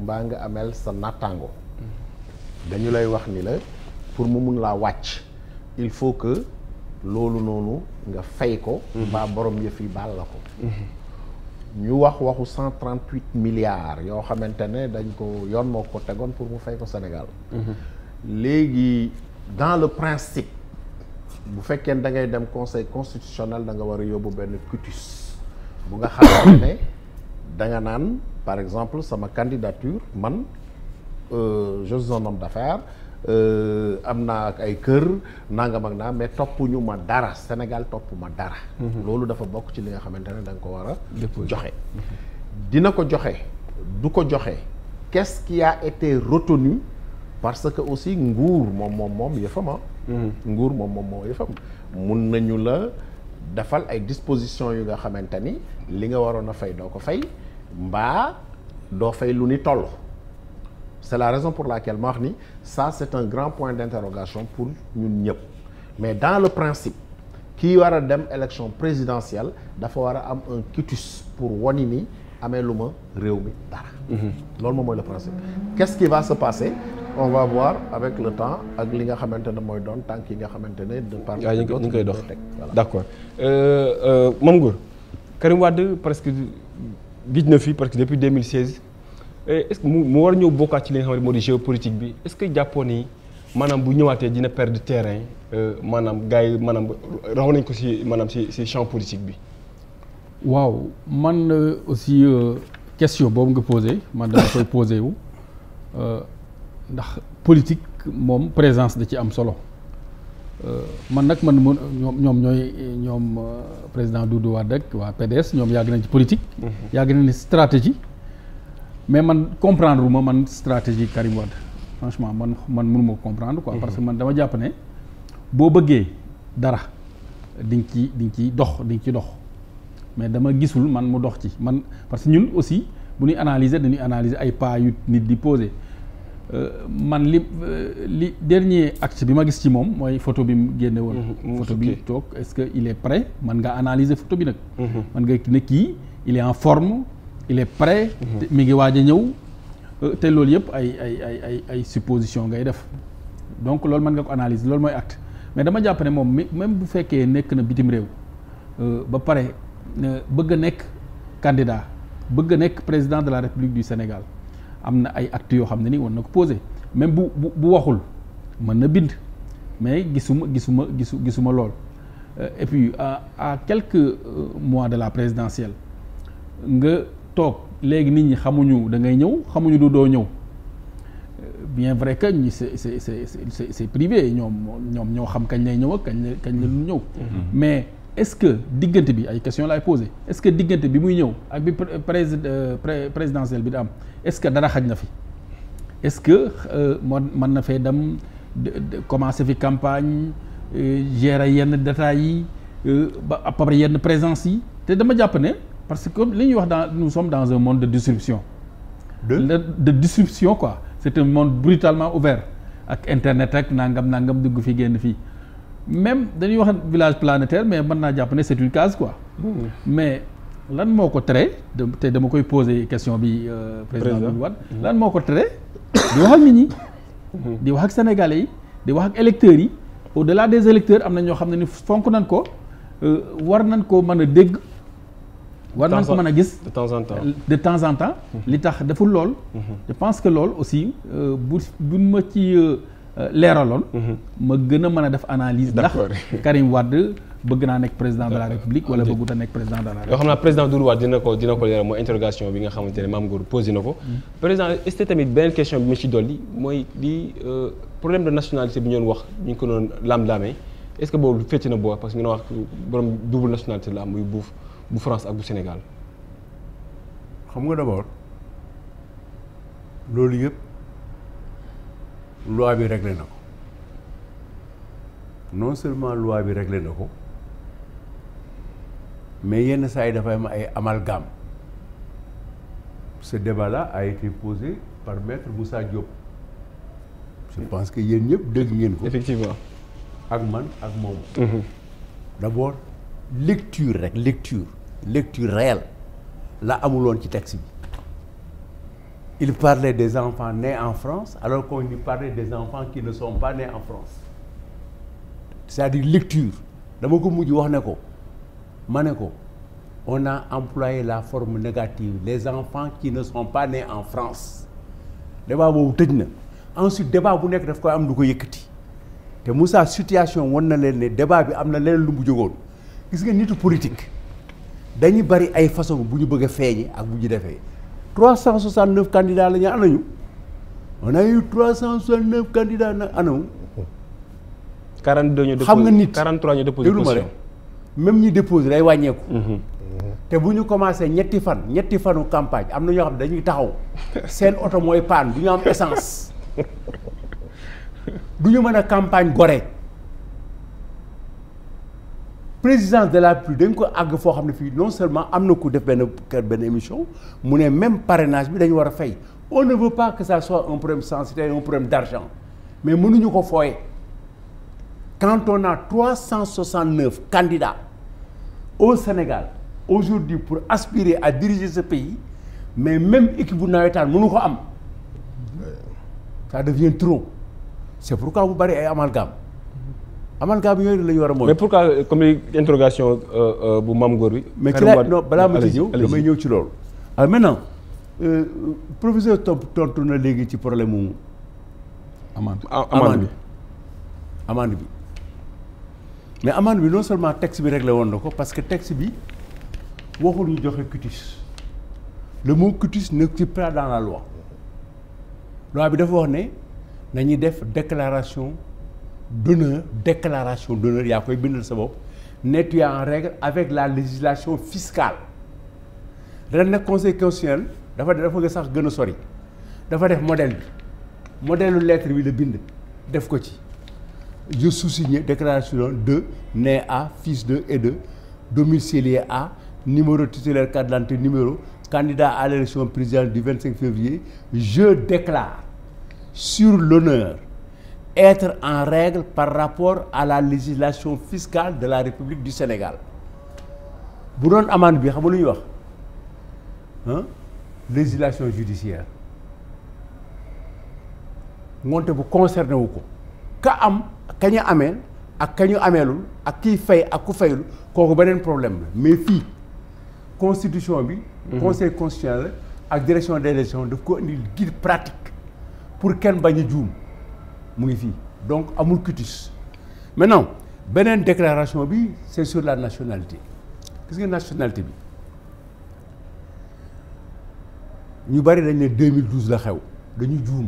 mbaa nga ameel sa nattaango. Mm-hmm. dañu lay wax ni la. pour mu mun laa wàcc il faut que loolu noonu nga fay ko mbaa mhm. borom yëf yi baal la ko mhm. ñu wax waxu cent trente huit milliards yoo xamante ne dañ ko yoon moo ko tegoon pour mu fay ko Sénégal mhm. léegi dans le principe bu fekkee ne da ngay dem conseil constitutionnel da nga war a yóbbu benn cutis bu nga xamante ne da nga naan par exemple sama candidature man euh, je suis un homme d'affaires Euh, am na ak ay kër nangamag naa mais toppuñu ma dara Sénégal topp ma dara. Mhm. loolu dafa bokk ci li nga xamante ne da nga ko war a. joxe
mhm.
dina ko joxe du ko joxe kes ki qui a été retenu parce que aussi nguur moom moom moom yëfama. Ah. Mhm. nguur moom moom moom mun nañu la defal ay dispositions yu nga xamante ni li nga waroon a fay doo ko fay mbaa doo fay lu ni toll. c'est la raison pour laquelle ma wax ni ça c'est un grand point d'interrogation pour ñun ñëpp mais dans le principe kii war a dem élection présidentielle dafa war a am un quitus pour woni ni amee lu ma réew mi dara mhm. loolu moom mooy le principe qu'est-ce qui va se passer on va voir avec le temps ak li nga xamante ne mooy doon tànk yi nga xamante ne de part ñu ngi koy dox d'accord euh,
euh, Mame Goor Karim Wade presque gij na fi parce que depuis 2016 Eh, est-ce que mu war a ñëw bokkaat ci li nga xam ne moo di géopolitique bi est-ce que jàppoon yi maanaam bu ñëwaatee dina perdre terrain euh, maanaam gars yi maanaam raw nañ ko si maanaam si si champ politique bi.
waaw man euh, aussi euh, question boobu nga posé man dama koy posé wu ndax politique moom présence da ci am solo man nag man mu ñoom ñooy ñoom président Doudou Wade ak waa PDS ñoom yàgg nañ ci politique. Mm-hmm. yàgg nañ ci stratégie. mais man comprendre ma man stratégie Karim Wade franchement man man mënuma comprendre quoi parce que man dama jàpp ne boo bëggee dara di nga di nga ciy dox di nga ci dox mais dama gisul man mu dox ci man parce que ñun aussi bu ñuy analyser dañuy analyser ay pas yu nit di poser euh, man li euh, li dernier acte bi ma gis ci moom mooy photo bi mu génne woon mm-hmm. photo bi toog est-ce que il est prêt man nga analyser photo bi nag mm-hmm. man nga ne kii il est en forme il est prêt. Mhm. mi ngi waaj a ñëw. Euh, te loolu yëpp ay ay ay ay ay supposition ngay def donc loolu mën nga ko analyse loolu mooy acte mais dama jàpp ne moom même bu fekkee nekk na bitim réew euh, ba pare bëgg a nekk candidat bëgg a nekk président de la république du Sénégal am na ay act yoo xam ne ni war na ko posé même bu bu bu waxul mën na bind mais gisuma gisuma gisu gisuma lool. Euh, et puis à quelque quelques mois de la présidentielle nga toog léegi nit ñi xamuñu da ngay ñëw xamuñu du doo ñëw bien vrai que ñi c'est c'est c'est c'est privé ñoom ñoom ñoo xam kañ lay ñëw ak kañ la kañ la ñëw. Mm-hmm. mais est-ce que diggante bi ay question laay posé est-ce que diggante bi muy ñëw ak bi pré euh, présidentielle bi da am est-ce que dara xaj na fi est-ce que euh, moo mën na fee dem commencer fi campagne euh, gérer yenn détails yi ba après yenn présence yi te dama jàpp ne. parce que li ñuy wax dans nous sommes dans un monde de disruption de de disruption quoi c'est un monde brutalement ouvert ak internet ak nangam nangam dugg fi génn fii même dañuy wax village planétaire mais man naa jàpp ne c'est une case quoi hmm. mais lan moo ko tere te dama koy poser question bi euh, président Doudou Wade hmm. lan moo ko tere di wax ak nit ñi hmm. di wax ak sénégalais yi di wax ak électeurs yi au delà des électeurs am na ñoo xam ne ni fonk nañ ko euh, war nañ ko mën a dégg war nañ ko mën a gis de temps en temps de temps en temps mhm. li tax deful lool mhm. je pense que loolu aussi euh, bu bu ma ci euh, leeraloon mhm. ma gën a mën a def analyse ndax [laughs] Karim Wade bëgg naa nekk président de la république wala bëggut a nekk président de la république
yoo xam naa président Doudou Wade dina ko dina ko leeral mooy interrogation bi nga xamante ne Mame Gour posé na ko président est-ce que tamit beneen question bi ma ci dolli mooy di euh, problème de nationalité bi ñoon wax ñu ngi ko doon lam-laamee est-ce que boobu fecc na boo parce que ñu wax borom double nationalité
la am muy buuf bu France ak bu Sénégal. xam nga d'abord loolu yëpp loi bi réglé na ko non seulement loi bi réglé na ko mais yenn saa yi dafay ma ay amalgame ce débat-là a été posé par bu Moussa Diop. je pense que yéen ñëpp dégg ngeen ko. effectivement ak man ak moom. Mhm. d'abord lecture rek lecture. lecture réelle la amuloon ci texte bi il parlait des enfants nés en France alors qu'on y parlait des enfants qui ne sont pas nés en France c'est-à-dire lecture dama ko mujj wax ne ko ma ne ko on a employé la forme négative les enfants qui ne son pas nés en France débat boobu tëj na ensuite débat bu nekk daf koy am lu ko yëkkati te Moussa situation wan na leen ne débat bi am na leen lu mu jógoon gis nga nitu politique dañu bari ay façon bu ñu bëgg a feeñe ak bu ñu defee 369 candidats la ñu anañu on a eu 369 candidats nag anañu. 42 ñu déposé xam nga nit 43 ñu déposé position même ñi déposé day wàññeeku. Mhm. te bu ñu commencé ñetti fan ñetti fanu campagne am na ñoo xam ne dañuy taxaw seen oto mooy paan du ñu am essence [laughs] du ñu mën a campagne gore. présidence de la République dañ ko àgg foo xam ne fii non seulement am na ku def benn kër benn émission mu ne même parrainage bi dañu war a fay on ne veut pas que ça soit un problème sensible un problème d'argent mais mënuñu ko fooye quand on a 369 candidats au Sénégal aujourd'hui pour aspirer à diriger ce pays mais même équipe bu nawetaan mënu ko am ça devient trop c'est pourquoi bu bari ay amalgam amalkaa bi yooyu la ñu war a moom mais pourquoi euh, comme ni euh, euh, bu maam góor bi mais ci la non balaa ma ci ñëw damay ñëw ci loolu alors maintenant euh, professeur Top tontu na léegi ci problème mu amende ah, amende bi amende bi mais amende bi non seulement texte bi rek la woon na ko parce que texte bi waxul ñu joxe cutis le mot cutis ci pas dans la loi la loi bi dafa wax ne nañuy def déclaration d'honneur déclaration d'honneur yaa koy bindal sa bopp ne tu en règle avec la législation fiscale ren nag conseil constitutionnel dafa dafa nga sax gën a sori dafa def modèle bi modèle lettre bi la bind def ko ci je sous-signe déclaration de né à fils de et de domicilié à numéro titulaire carte d'identité numéro candidat à l'élection présidentielle du 25 février je déclare sur l'honneur être en règle par rapport à la législation fiscale de la République du Sénégal bu doon amende bi xam nga lu ñuy wax législation judiciaire moonte bu concerné wu ko ka am ka ñu amee ak ka ñu ameelul ak kiy fay ak ku fayul kooku beneen problème la mais fii constitution bi. Mhm. conseil constitutionnel ak direction des élections daf ko indil guide pratique pour kenn bañ a juum. mu ngi fii donc amul cutis maintenant beneen déclaration bi c'est sur la nationalité gis nga nationalité bi ñu bari dañ ne 2012 la xew dañu juum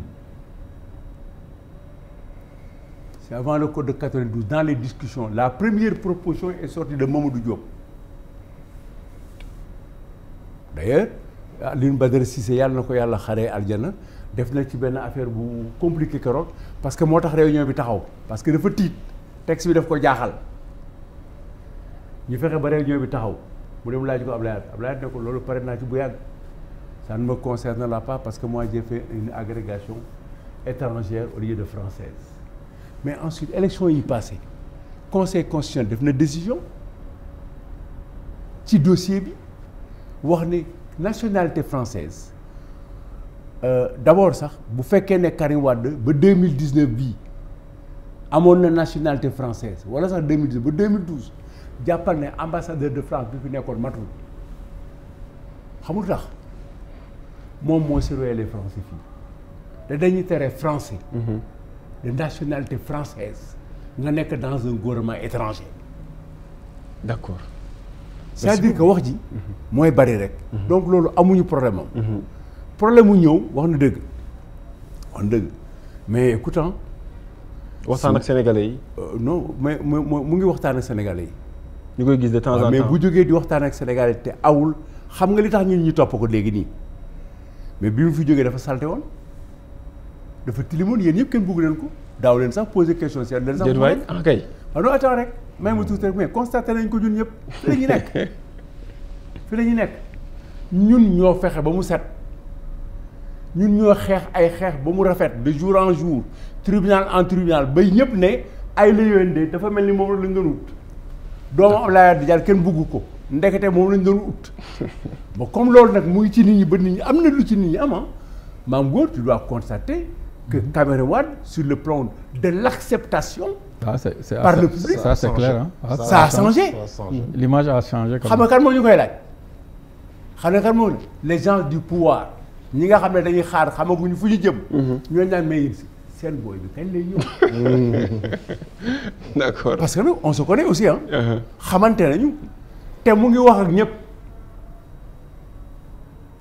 c'est avant le code de 92 dans les discussions la première proposition est sortie de Mamadou Diop d'ailleurs Alioune Badara Cissé yàlla na ko yàlla xaree aljana def na ci benn affaire bu compliqué keroog parce que moo tax réunion bi taxaw parce que dafa tiit texte bi daf ko jaaxal ñu fexe ba réunion bi taxaw mu dem laaj ko Abdoulaye Abdoulaye ne ko loolu pare naaj bu yàgg ça ne me concerne là pas parce que moi j'ai fait une agrégation étrangère au lieu de française mais ensuite élection yi passé conseil constitutionnel def na décision ci dossier bi wax ne nationalité française Euh, d'abord sax bu fekkee ne Karim Wade ba 2019 bii amoon na nationalité française wala sax 2010 ba 2012 jàppal ne ambassadeur de France bi fi nekkoon matul xamul tax moom moo surveillé les français fii te dañuy tere français mhm. de nationalité française nga nekk dans un gouvernement étranger d'accord c'est-à-dire que wax ji mhm. mooy bari rek mhm. donc loolu amuñu problème problème mu ñëw wax na dëgg wax na dëgg mais pourtant. waxtaan ak sénégalais yi. Euh, non mais mu ngi waxtaan ak sénégalais yi. ñu koy gis de temps en temps jógee di waxtaan ak sénégalais te awul xam nga li tax ñun ñu topp ko léegi nii mais bi mu fi jógee dafa salte woon dafa tilimoon yéen ñëpp kenn bugg leen ko daaw leen sax poser question si leen sax. waay ah kay. waaw ah, non attends rek may ma tuuti rek mais constaté nañ ko ñun ñëpp fi la ñu [laughs] nekk ñun ñoo fexe ba mu set. ñun ñoo xeex ay xeex ba mu rafet de jour en jour tribunal en tribunal bay ñëpp ne ay la de dafa mel ni moom la lañ doon ut doomu Abdoulaye Wade Diagne kenn bugg ko ndekete moom lañ doon ut [laughs] bon comme loolu nag mu ngi ci nit ñi ba nit ñi am na lu ci nit ñi ama ah. maam góor tu dois constater que mm-hmm. Kamerun Wade sur le plan de l'acceptation ah, c'est, c'est par assez, le public ça c'est clair ah, ça, ça a changé
l'image a changé xam nga
kan moo ñu koy laaj xam nga kan moo les gens du pouvoir ñi nga xam ne dañuy xaar xamaguñu fu ñu jëm. Mhm. ñoo naan mais seen booy bi kañ lay ñëw. [laughs] parce que nag on se connaît aussi ah. xamante nañu. te mu ngi wax ak ñëpp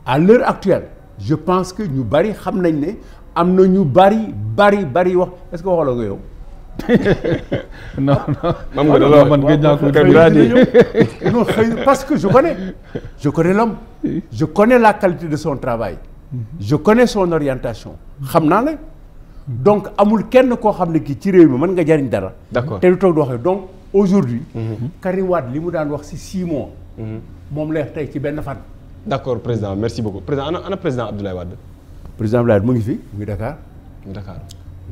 à l'heure actuelle je pense que ñu bari xam nañ ne am na ñu bari bari bari wax est-ce que waxaloo [laughs] nga yow. non nga doon parce que je connais je connais l'homme je connais la qualité de son travail Mm-hmm. je connais son orientation xam naa la mm-hmm. donc amul kenn koo xam ne kii ci réew mi mën nga jariñ dara te du toog di waxee donc aujourd'hui mm-hmm. Karim Wade li mu daan wax si six moom la wax tey ci benn fan d'accord président merci beaucoup président ana ana président Abdoulaye Wade président Abdoulaye Wade mu ngi fi mu ngi Dakar mu ngi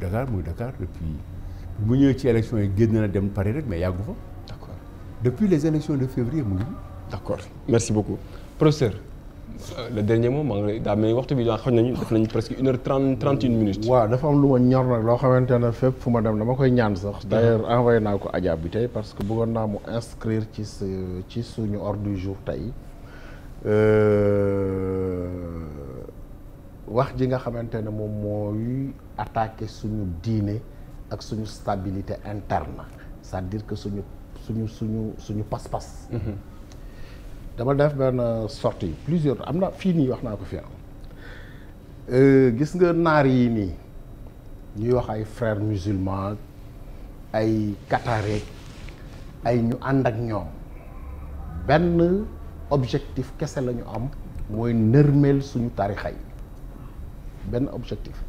Dakar mu ngi Dakar mu ngi Dakar depuis mu ñëwee ci élection yi génn na dem pare rek mais yàggu fa d'accord depuis les élections de février mu ngi d'accord merci beaucoup professeur Euh, le dernier mot maa ngi lay daa mais waxtu bi daa xam
nañu
def nañ presque une heure trente trente une minutes. waaw dafa am lu ma ñor nag loo xamante ne fépp fu ma dem dama koy ñaan sax. Mm-hmm. d' ailleurs envoyé naa ko Adja bi tey parce que bëggoon naa mu inscrire ci ci suñu ordre du jour tey euh, wax ji nga xamante ne moom mooy attaque suñu diine ak suñu stabilité interne c'est-à-dire que suñu suñu suñu suñu pas-pas. Mm-hmm. dama def benn sorti plusieurs am na fii nii wax naa ko fi ah. euh, gis nga naar yi nii ñuy wax ay frères musulmans ay qatare ay ñu ànd ak ñoom benn objectif kese la ñu am mooy nërmeel suñu tarixa yi benn objectif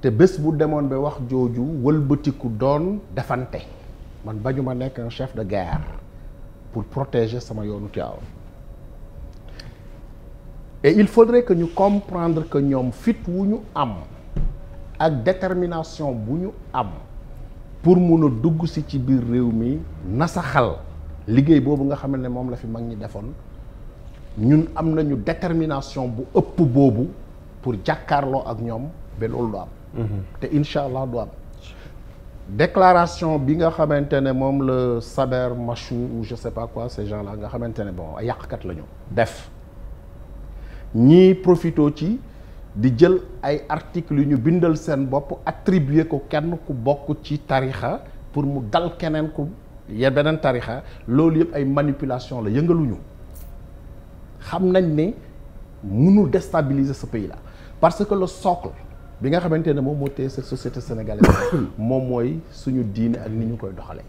te bés bu demoon ba wax jooju wëlbatiku doon defante man bañu ma nekk un chef de guerre pour protéger sama yoonu aw il faudrait que ñu comprendre que ñoom fit wu ñu am ak détermination bu ñu am pour mun a dugg si ci biir réew mi nasaxal liggéey boobu nga xam ne moom la fi mag ñi defoon ñun am nañu détermination bu ëpp boobu pour jàkkaarloo ak ñoom ba loolu du am. Mhm. te incha allah du am. déclaration bi nga xamante ne moom la Saber Machou ou je sais pas quoi ces gens là nga xamante ne bon ay yàqkat la ñu def. ñii profitoo ci di jël ay articles yu ñu bindal seen bopp attribuer ko kenn ku bokk ci tarixa pour mu dal keneen ku ye beneen tarixa loolu yëpp ay manipulation la yëngaluñu xam nañ ne mënul déstabiliser sa pays là parce que le socle bi nga xamante ne moom moo téye cette société [coughs] moom mooy suñu diine ak ni ñu koy doxalee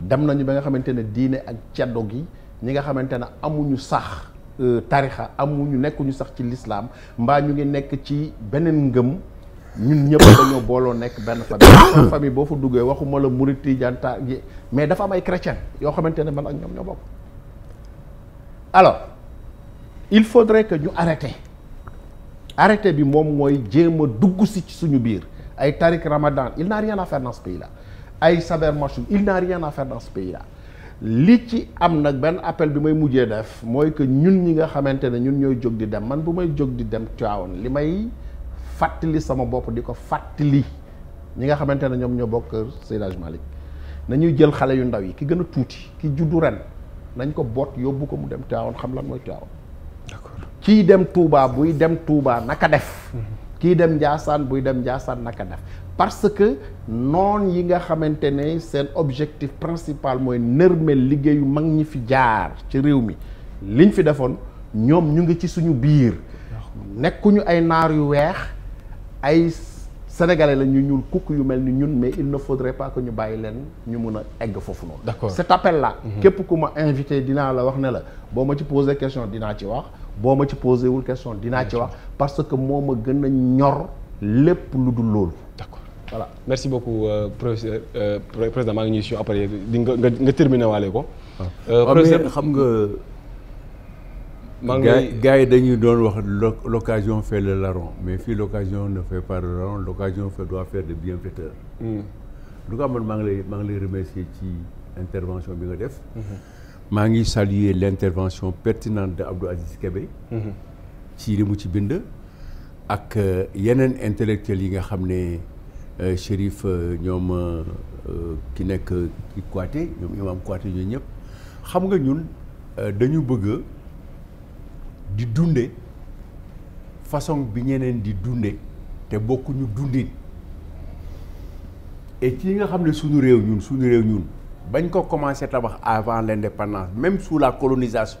dem nañu ba nga xamante ne diine ak ceddo gi ñi nga xamante ne amuñu sax Euh, am amuñu nekkuñu sax ci lislaam mbaa ñu ngi nekk ci beneen ngëm ñun ñëpp dañoo booloo nekk benn famille [coughs] famille boo fa duggee waxuma la murit tijaan mais dafa am ay chrétien yoo xamante ne man ak ñoom ñoo bokk alors il faudrait que ñu arrêté arrêté bi moom mooy jéem a dugg si ci suñu biir ay Tariq Ramadan il n'a rien à faire ay Saber Machoum il n'a rien à faire li ci am nag benn appel bi may mujjee def mooy que ñun ñi nga xamante ne ñun ñooy jóg di dem man bu may jóg di dem Tivaouane li may fàttali sama bopp di ko fàttali ñi nga xamante ne ñoom ñoo bokk Seydi Hadji Malick nañuy jël xale yu ndaw yi ki gën a tuuti ki juddu ren nañ ko boot yóbbu ko mu dem Tivaouane xam lan mooy Tivaouane. d'accord dem tuubaa buy dem Touba naka def. Mhm. kii dem Ndiassane buy dem Ndiassane naka def parce que noon yi nga xamante ne seen objectif principal mooy nërmeel liggéeyu mag ñi fi jaar ci réew mi liñ fi defoon ñoom ñu ngi ci suñu biir nekkuñu ay naar yu weex ay sénégalais la ñu ñuul kukk yu mel ni ñun mais il ne faudrait pas que ñu bàyyi leen ñu mun a egg foofu noonu. d'accord cet appel là. Mhm. képp ku ma invité dinaa la wax ne la boo ma ci posé question dinaa ci wax. boo ma ci posé wul question dinaa ci wax parce que moo ma gën a ñor lépp lu dul loolu. d'accord
voilà merci beaucoup euh, professeur euh, président maa ngi ñuy suñu après di nga nga nga terminé waale ko.
Ah. Euh, ah, professeur
xam nga.
maa ngi gars yi dañuy doon wax l'occasion fait le laron mais fii l'occasion ne fait pas le larron l'occasion fait doit faire de bienfaiteur. lu hmm. ko amoon maa ngi lay maa ngi lay remercier ci intervention bi nga def. Mhm. maa ngi saluer l'intervention pertinente de Abdou Aziz Kébé mm-hmm. ci li ci bind ak euh, yeneen intellectuels yi nga xam ne euh, Chérif euh, ñoom ki nekk ki Kouaté ñoom Imam Kouaté ñooñu ñëpp xam nga ñun dañu bëgg di dunde façon bi ñeneen di dunde te bokkuñu dundin et ci nga xam ne suñu réew ñun suñu réew ñun bañ ko commencé tabax avant l'indépendance même sous la colonisation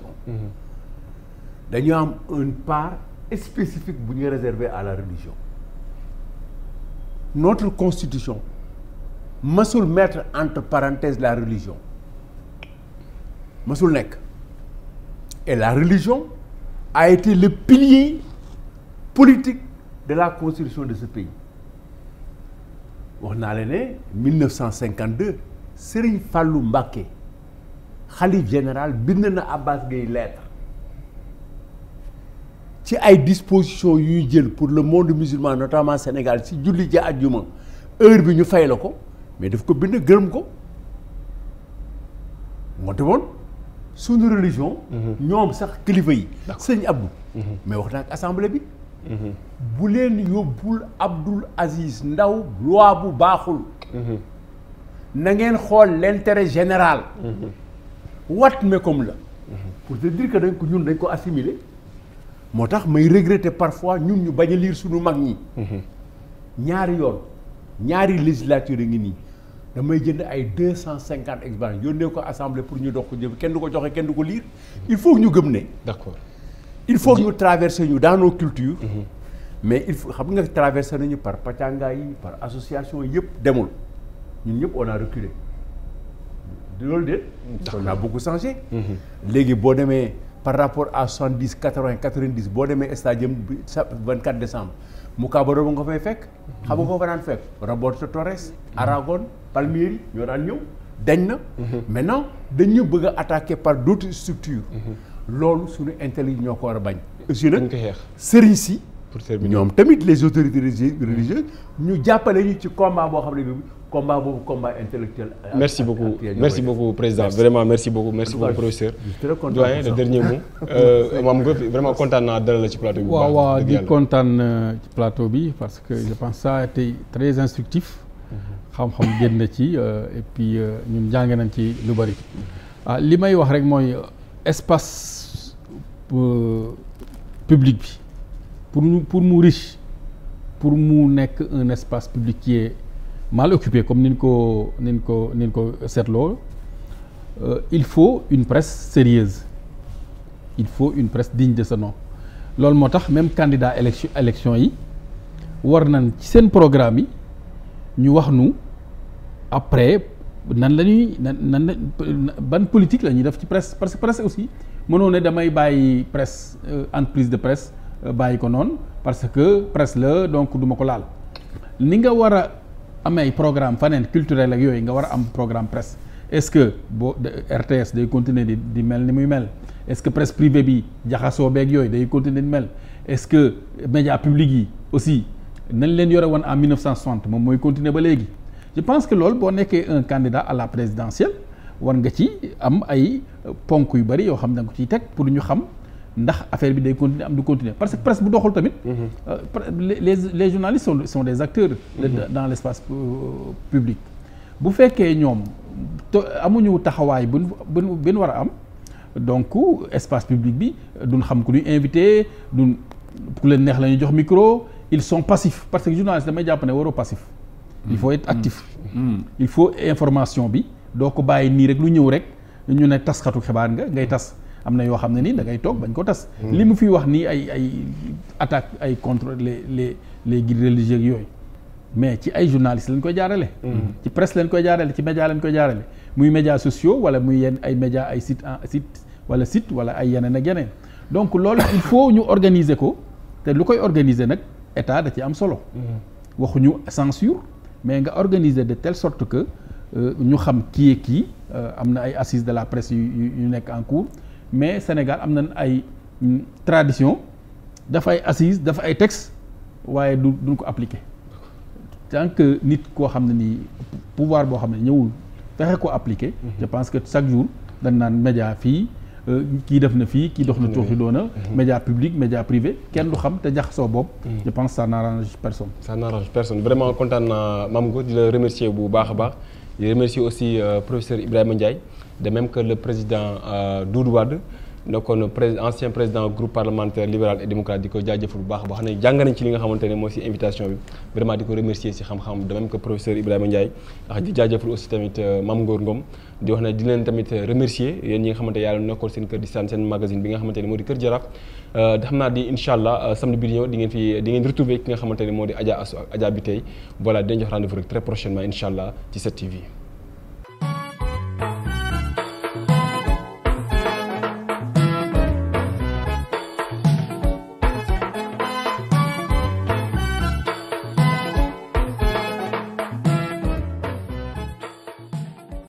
dañu am une part spécifique bu ñu réserver à la religion notre constitution mësul mettre entre parenthèses la religion mësul nekk et la religion a été le pilier politique de la constitution de ce pays wax naa leen ne cinquante 1952 Serigne fàllu Mbacké xalif général bind na Abbas Gueye lettre ci ay disposition yuy jël pour le monde musulman notamment Sénégal si julli ja àjjuma heure bi ñu fay la ko mais daf ko bind gërëm ko moo taxoon suñu religion. Mhm. ñoom sax kilifa yi. sëñ Abdou. Mhm. mais wax naa ak assemblée bi. Mhm. bu leen yóbbul Abdoul Aziz Ndaw loi bu baaxul. na ngeen xool l'intérêt général. Mhm. wat mekom la. Mhm. pour te dire dañ ko ñun dañ ko assimiler moo tax may regretter parfois ñun ñu bañ a liir suñu mag ñi. Mhm. ñaari yoon ñaari législature ngi nii damay jënd ay deux cent cinquante exemplaires yónnee ko assemblée pour ñu dox ko jëm kenn du ko joxe kenn du ko liir il faut ñu gëm ne. d'accord il faut ñu traverser ñu daanoo culture mais il faut xam nga traversé nañu par pàccangaay yi par association yëpp demul. ñun ñëpp on a reculé loolu déet. on a beaucoup changé. Mhm. léegi boo demee par rapport à soixante dix quatre vingt quatre vingt dix boo demee stadium bi sa vingt quatre décembre mu kaabaro ba nga fay fekk. xam nga ko mhm. fa daan fekk. Roberto Torres. Aragon Palmieri ñoo daan ñëw dañ na. Mhm. maintenant dañu bëgg a par d' autres structures. su suñu intelligence ñoo ko war a bañ. aussi nag sëriñ si. ñoom tamit les autorités religieuses ñu jàppale ñu ci combat boo xam ne bi combat boobu combat intellectuel. merci beaucoup merci beaucoup président vraiment merci beaucoup
merci beaucoup professeur. doyen le dernier mot. [laughs] Euh, maam nga vraiment kontaan dalal la ci plateau bi. waaw waaw di
kontaan euh, ci plateau bi parce que je pense ça a été très instructif. xam-xam génn ci euh, et puis ñu jàng nañ ci lu bari. ah li may wax rek mooy espace public bi pour ñu pour mu riche pour mu nekk un espace public qui est mal occupé comme ni ñu ko ni ñu ko ni ñu ko seetloo euh, il faut une presse sérieuse il faut une presse digne de ce nom loolu moo tax même candidat élection élection yi war nañ ci seen programme yi ñu wax nu après nan la ñuy nan nan ban politique la ñuy def ci presse parce que presse aussi mënoo ne damay bàyyi presse euh, entreprise de presse euh, bàyyi ko noonu parce que presse la donc duma ko laal ni nga war amee ay programme faneen culturel ak yooyu nga war am programme presse est-ce que bo RTS day continuer di di mel ni muy mel est-ce que presse privée bi jaxasoo beeg yooyu day continuer di mel est-ce que médias publics yi aussi nañ leen yore woon en 1960 moom mooy continuer ba léegi je pense que loolu boo nekkee un candidat à la présidentielle war nga ci am ay ponk yu bari yoo xam da nga ko ciy teg pour ñu xam ndax affaire bi de continuer am du continuer parce que presse bu doxul tamit. Mhm. Euh, les les journalistes sont sont des acteurs. Mhm. dans l' espace euh, public. bu fekkee ñoom amuñu taxawaay bu bu nu war a am donc espace public bi dun xam ku ñuy invité duñ ku leen neex la ñuy jox micro il sont passifs parce que journaliste damay jàpp ne waroo passif. Mhm. il faut être actif. il faut information bi doo ko bàyyi nii rek lu ñëw rek ñu ne taskatu xibaar nga ngay tas. am na yoo xam ne nii da ngay toog bañ ko tas. Hmm. li mu fi wax nii ay ay attaque ay contre les les les guides yooyu mais ci ay journalistes lañ koy jaarale. Hmm. ci presse lañ koy jaarale ci média lañ koy jaarale muy médias sociaux wala muy yenn ay médias ay site en site wala site wala ay yeneen ak yeneen donc lool il faut ñu organiser ko te lu koy organiser nag état da ci am solo. Hmm. waxuñu censure mais nga organiser de telle sorte que euh, ñu xam kii kii euh, am na ay assises de la presse yu nekk en mais Sénégal am nañ ay mm, tradition dafa ay assise dafa ay texte waaye du duñ ko appliquer tant que nit koo xam ne nii pouvoir boo xam ne ñëwul fexe ko appliquer mhm. je que chaque jour dañ naan média fii euh, kii def na fii kii dox na tooxi doona mhm. média public média privé kenn du xam te jax soo bopp mhm. je pense ça
n'arrange personne ça n'arrange personne vraiment kontaan naa Mame Goor di la remercier bu baax a baax di remercier aussi euh, professeur Ibrahima Ndiaye de même que le président euh, Doudou Wade nekkoon pré ancien président groupe parlementaire libéral et démocrate di ko jaajëfal bu baax boo xam ne jàng nañ ci li nga xamante ne mooy si invitation bi vraiment di ko remercier si xam-xam de même que professeur Ibrahima euh, wax ne di leen tamit remercier yéen ñi nga xamante yàlla nekkoon seen kër di saan bi nga xamante ne moo di Kër Jaraaf euh, xam naa di incha allah samedi bi di ñëw di ngeen fi di ngeen ki nga xamante ne moo di Adja Asu ak Adja bi tey voilà dinañ jox rendez-vous rek très prochainement incha ci 7TV